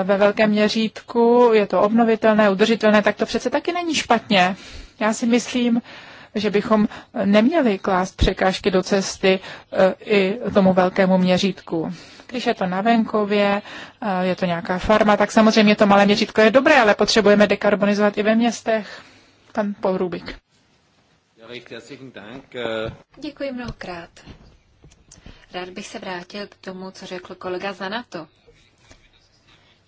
ve velkém měřítku je to obnovitelné, udržitelné, tak to přece taky není špatně. Já si myslím, že bychom neměli klást překážky do cesty i tomu velkému měřítku. Když je to na venkově, eh, je to nějaká farma, tak samozřejmě to malé měřítko je dobré, ale potřebujeme dekarbonizovat i ve městech. Pan Povrubik. Äh. Děkuji mnohokrát. Rád bych se vrátil k tomu, co řekl kolega za NATO.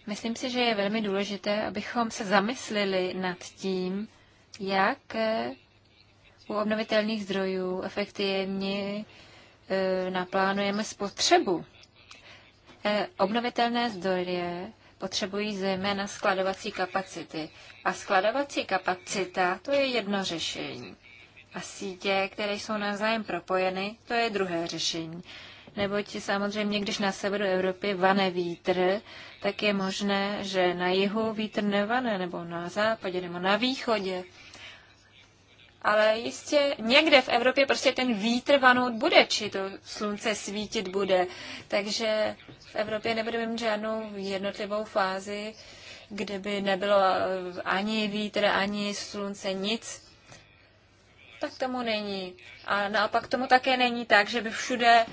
Myslím si, že je velmi důležité, abychom se zamyslili nad tím, jak eh, u obnovitelných zdrojů efektivně eh, naplánujeme spotřebu. Eh, obnovitelné zdroje potřebují zejména skladovací kapacity. A skladovací kapacita to je jedno řešení. A sítě, které jsou navzájem propojeny, to je druhé řešení. Neboť samozřejmě, když na severu Evropy vane vítr, tak je možné, že na jihu vítr nevane, nebo na západě, nebo na východě ale jistě někde v Evropě prostě ten vítr vanout bude, či to slunce svítit bude. Takže v Evropě nebudeme mít žádnou jednotlivou fázi, kde by nebylo eh, ani vítr, ani slunce, nic. Tak tomu není. A naopak tomu také není tak, že by všude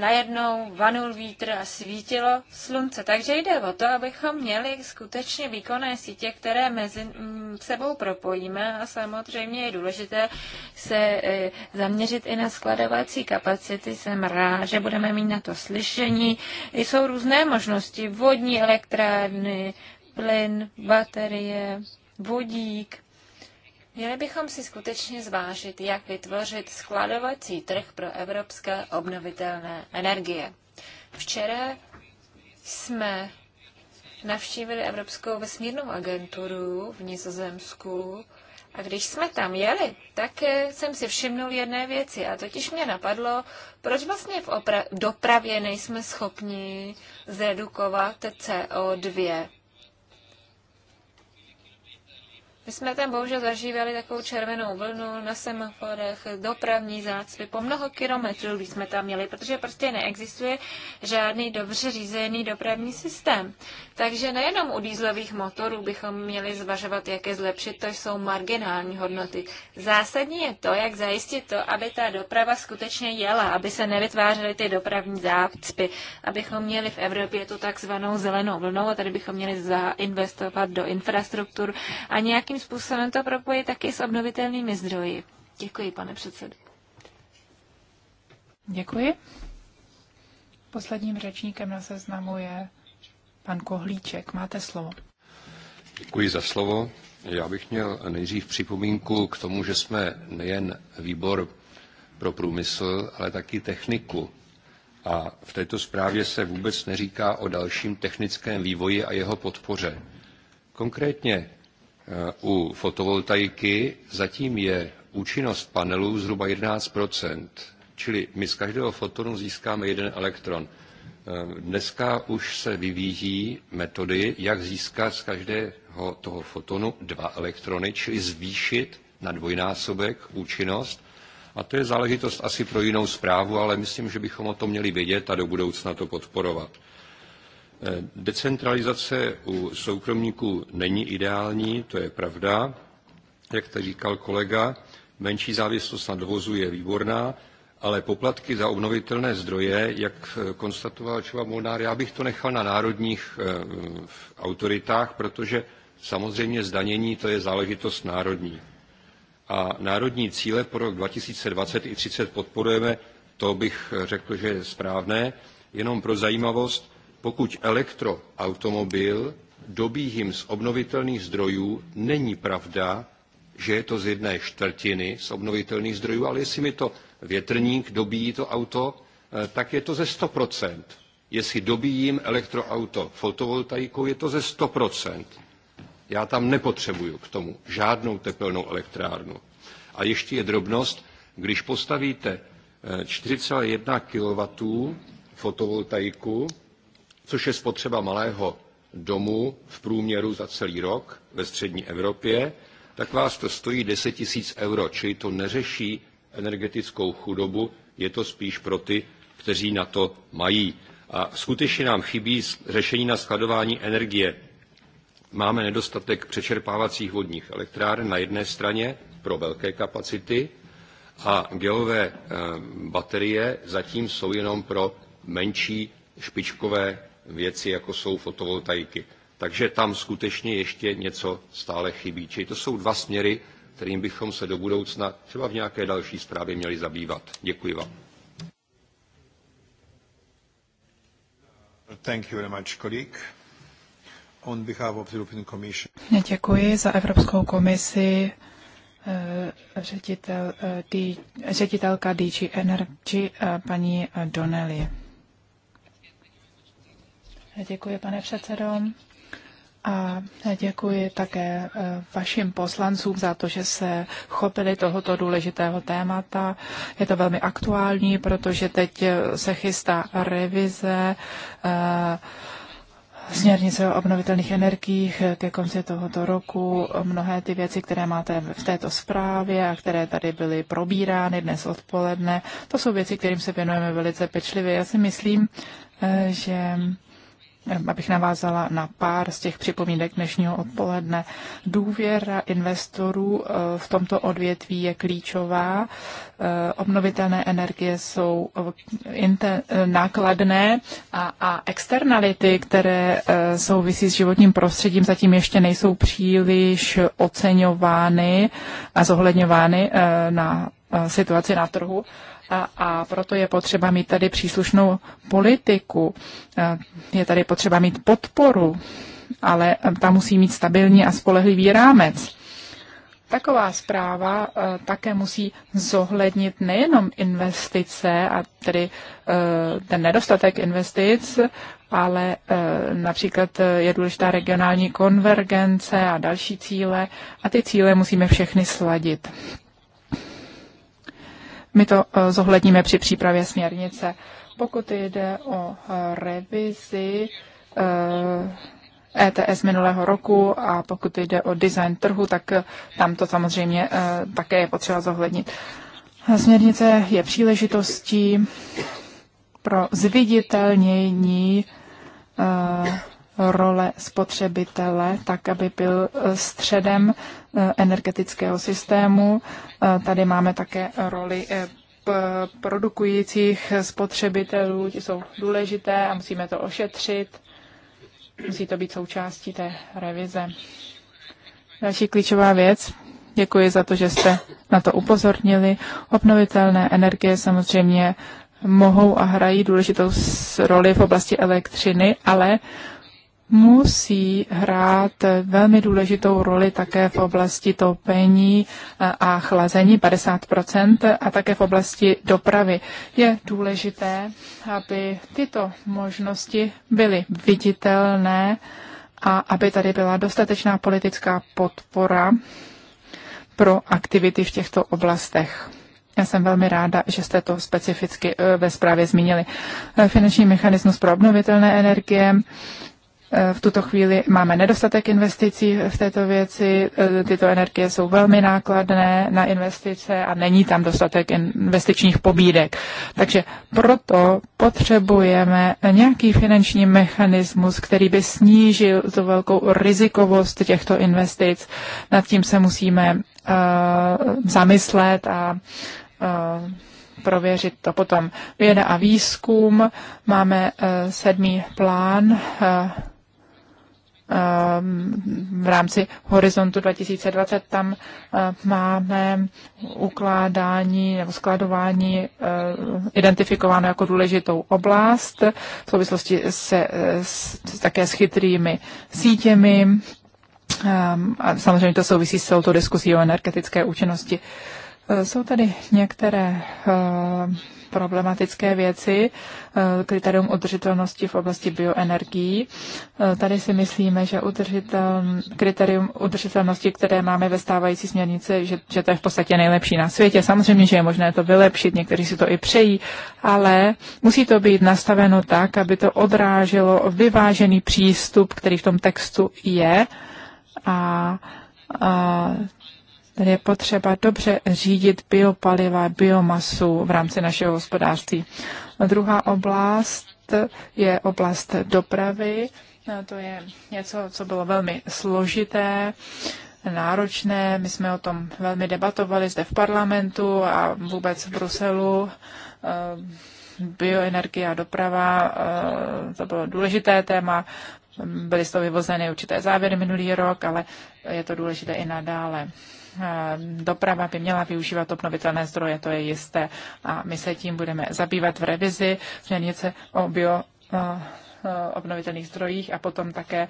najednou vanul vítr a svítilo slunce. Takže jde o to, abychom měli skutečně výkonné sítě, které mezi sebou propojíme a samozřejmě je důležité se e, zaměřit i na skladovací kapacity. Jsem rád, že budeme mít na to slyšení. Jsou různé možnosti, vodní elektrárny, plyn, baterie, vodík. Měli bychom si skutečně zvážit, jak vytvořit skladovací trh pro evropské obnovitelné energie. Včera jsme navštívili Evropskou vesmírnou agenturu v Nizozemsku a když jsme tam jeli, tak eh, jsem si všimnul jedné věci a totiž mě napadlo, proč vlastně v dopravě nejsme schopni zredukovat CO2. My jsme tam bohužel zažívali takovou červenou vlnu na semaforech, dopravní zácpy, po mnoho kilometrů když jsme tam měli, protože prostě neexistuje žádný dobře řízený dopravní systém. Takže nejenom u dýzlových motorů bychom měli zvažovat, jak je zlepšit, to jsou marginální hodnoty. Zásadní je to, jak zajistit to, aby ta doprava skutečně jela, aby se nevytvářely ty dopravní zácpy, abychom měli v Evropě tu takzvanou zelenou vlnu a tady bychom měli zainvestovat do infrastruktur a nějakým nějakým způsobem to propojit taky s obnovitelnými zdroji. Děkuji, pane předsedo. Děkuji. Posledním řečníkem na seznamu je pan Kohlíček. Máte slovo. Děkuji za slovo. Já bych měl nejdřív připomínku k tomu, že jsme nejen výbor pro průmysl, ale taky techniku. A v této zprávě se vůbec neříká o dalším technickém vývoji a jeho podpoře. Konkrétně Eh, u fotovoltaiky zatím je účinnost panelů zhruba 11 čili my z každého fotonu získáme jeden elektron. Eh, dneska už se vyvíjí metody, jak získat z každého toho fotonu dva elektrony, čili zvýšit na dvojnásobek účinnost. A to je záležitost asi pro jinou zprávu, ale myslím, že bychom o tom měli vědět a do budoucna to podporovat. Eh, decentralizace u soukromníků není ideální, to je pravda. Jak to říkal kolega, menší závislost na dovozu je výborná, ale poplatky za obnovitelné zdroje, jak eh, konstatoval Čova Molnár, já bych to nechal na národních eh, autoritách, protože samozřejmě zdanění to je záležitost národní. A národní cíle pro rok 2020 i 2030 podporujeme, to bych řekl, že je správné. Jenom pro zajímavost, pokud elektroautomobil dobíhím z obnovitelných zdrojů, není pravda, že je to z jedné čtvrtiny z obnovitelných zdrojů, ale jestli mi to větrník dobíjí to auto, eh, tak je to ze 100%. Jestli dobíjím elektroauto fotovoltaikou, je to ze 100%. Já tam nepotřebuju k tomu žádnou tepelnou elektrárnu. A ještě je drobnost, když postavíte 4,1 eh, kW fotovoltaiku, což je spotřeba malého domu v průměru za celý rok ve střední Evropě, tak vás to stojí 10 000 euro, čili to neřeší energetickou chudobu, je to spíš pro ty, kteří na to mají. A skutečně nám chybí řešení na skladování energie. Máme nedostatek přečerpávacích vodních elektráren na jedné straně pro velké kapacity a geové eh, baterie zatím jsou jenom pro menší špičkové věci, jako jsou fotovoltaiky. Takže tam skutečně ještě něco stále chybí. Čili to jsou dva směry, kterým bychom se do budoucna třeba v nějaké další zprávě měli zabývat. Děkuji vám. Thank you very much, On behalf of the European Commission. Děkuji za Evropskou komisi eh, ředitel, eh, ředitelka DG Energy eh, paní Donnelly. Děkuji, pane předsedo. A děkuji také e, vašim poslancům za to, že se chopili tohoto důležitého témata. Je to velmi aktuální, protože teď e, se chystá revize e, směrnice o obnovitelných energiích ke konci tohoto roku. Mnohé ty věci, které máte v této zprávě a které tady byly probírány dnes odpoledne, to jsou věci, kterým se věnujeme velice pečlivě. Já si myslím, že abych navázala na pár z těch připomínek dnešního odpoledne. Důvěra investorů eh, v tomto odvětví je klíčová. Eh, obnovitelné energie jsou eh, nákladné a, a externality, které souvisí s životním prostředím, zatím ještě nejsou příliš oceňovány a zohledňovány na situaci na trhu a, a proto je potřeba mít tady příslušnou politiku, e, je tady potřeba mít podporu, ale e, ta musí mít stabilní a spolehlivý rámec. Taková zpráva e, také musí zohlednit nejenom investice a tedy ten nedostatek investic, ale například je důležitá regionální konvergence a další cíle a ty cíle musíme všechny sladit. My to eh, zohledníme při přípravě směrnice. Pokud jde o eh, revizi ETS eh, e minulého roku a pokud jde o design trhu, tak tam to samozřejmě také je potřeba zohlednit. Směrnice je příležitostí pro zviditelnění role spotřebitele, tak aby byl eh, středem eh, energetického systému. Eh, tady máme také roli produkujících spotřebitelů, ty jsou důležité a musíme to ošetřit. Musí to být součástí té revize. Další klíčová věc. Děkuji za to, že jste na to upozornili. Obnovitelné energie samozřejmě mohou a hrají důležitou roli v oblasti elektřiny, ale musí hrát velmi důležitou roli také v oblasti topení eh, a chlazení 50 a také v oblasti dopravy. Je důležité, aby tyto možnosti byly viditelné a aby tady byla dostatečná politická podpora pro aktivity v těchto oblastech. Já jsem velmi ráda, že jste to specificky eh, ve zprávě zmínili. Eh, finanční mechanismus pro obnovitelné energie, Eh, v tuto chvíli máme nedostatek investicí v této věci. Eh, tyto energie jsou velmi nákladné na investice a není tam dostatek investičních pobídek. Takže proto potřebujeme nějaký finanční mechanismus, který by snížil tu velkou rizikovost těchto investic. Nad tím se musíme uh, zamyslet a uh, prověřit to potom. Věda a výzkum, máme uh, sedmý plán uh, Ehm, v rámci Horizontu 2020. Tam eh, máme ukládání nebo skladování eh, identifikováno jako důležitou oblast v souvislosti se, eh, s, také s chytrými sítěmi. Ehm, a samozřejmě to souvisí s celou diskusí o energetické účinnosti. Eh, jsou tady některé eh, problematické věci, eh, kritérium udržitelnosti v oblasti bioenergií. Tady si myslíme, že udržitel, kritérium udržitelnosti, které máme ve stávající směrnici, že, že to je v podstatě nejlepší na světě. Samozřejmě, že je možné to vylepšit, někteří si to i přejí, ale musí to být nastaveno tak, aby to odráželo vyvážený přístup, který v tom textu je. A, a Tady je potřeba dobře řídit biopaliva, biomasu v rámci našeho hospodářství. A druhá oblast je oblast dopravy. A to je něco, co bylo velmi složité náročné. My jsme o tom velmi debatovali zde v parlamentu a vůbec v Bruselu. Ehm, bioenergie a doprava, ehm, to bylo důležité téma. Byly z toho vyvozeny určité závěry minulý rok, ale je to důležité i nadále. Eh, doprava by měla využívat obnovitelné zdroje, to je jisté. A my se tím budeme zabývat v revizi směrnice o bio eh, eh, obnovitelných zdrojích a potom také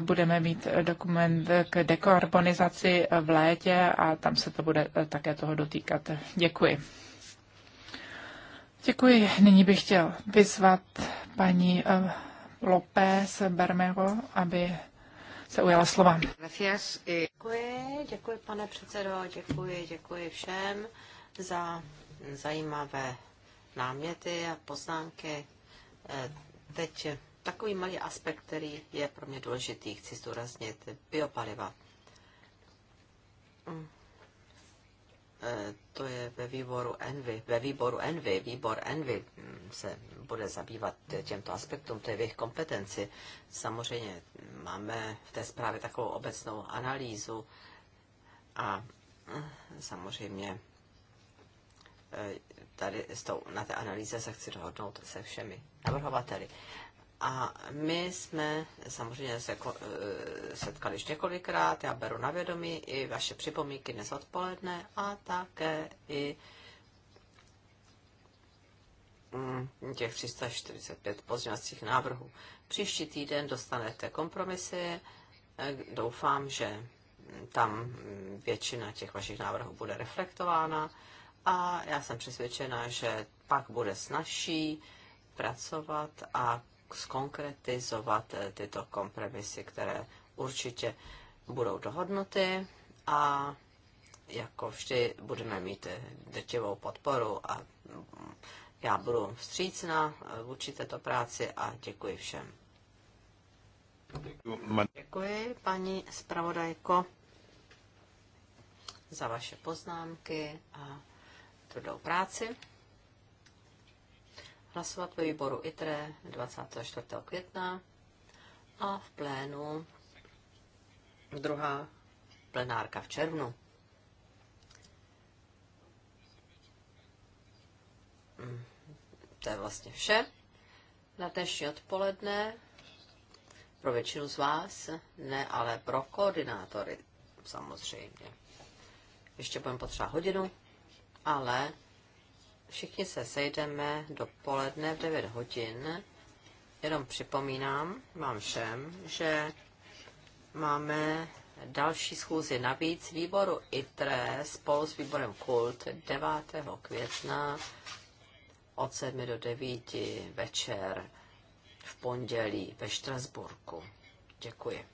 budeme mít dokument k dekarbonizaci v létě a tam se to bude také toho dotýkat. Děkuji. Děkuji. Nyní bych chtěl vyzvat paní López Bermero, aby se ujala slova. Děkuji, děkuji pane předsedo, děkuji, děkuji všem za zajímavé náměty a poznámky. Eh, teď takový malý aspekt, který je pro mě důležitý, chci zdůraznit, biopaliva. Mm. Eh, to je ve výboru Envy. Ve výboru Envy, výbor Envy hm, se bude zabývat těmto aspektům, to je v jejich kompetenci. Samozřejmě máme v té zprávě takovou obecnou analýzu a hm, samozřejmě eh, tady s tou, na té analýze se chci dohodnout se všemi navrhovateli. A my jsme samozřejmě se e, setkali ještě několikrát, já beru na vědomí i vaše připomínky dnes odpoledne a také i mm, těch 345 pozměňovacích návrhů. Příští týden dostanete kompromisy. E, doufám, že tam většina těch vašich návrhů bude reflektována a já jsem přesvědčena, že pak bude snažší pracovat a skonkretizovat eh, tyto kompromisy, které určitě budou dohodnuty a jako vždy budeme mít eh, drtivou podporu a mm, já budu vstřícná eh, vůči této práci a děkuji všem. Děkuji, paní zpravodajko, za vaše poznámky a trudou práci hlasovat ve výboru ITRE 24. května a v plénu druhá plenárka v červnu. Mm, to je vlastně vše na dnešní odpoledne. Pro většinu z vás, ne, ale pro koordinátory samozřejmě. Ještě budeme potřebovat hodinu, ale všichni se sejdeme dopoledne v 9 hodin. Jenom připomínám vám všem, že máme další schůzi navíc výboru ITRE spolu s výborem KULT 9. května od 7 do 9 večer v pondělí ve Štrasburku. Děkuji.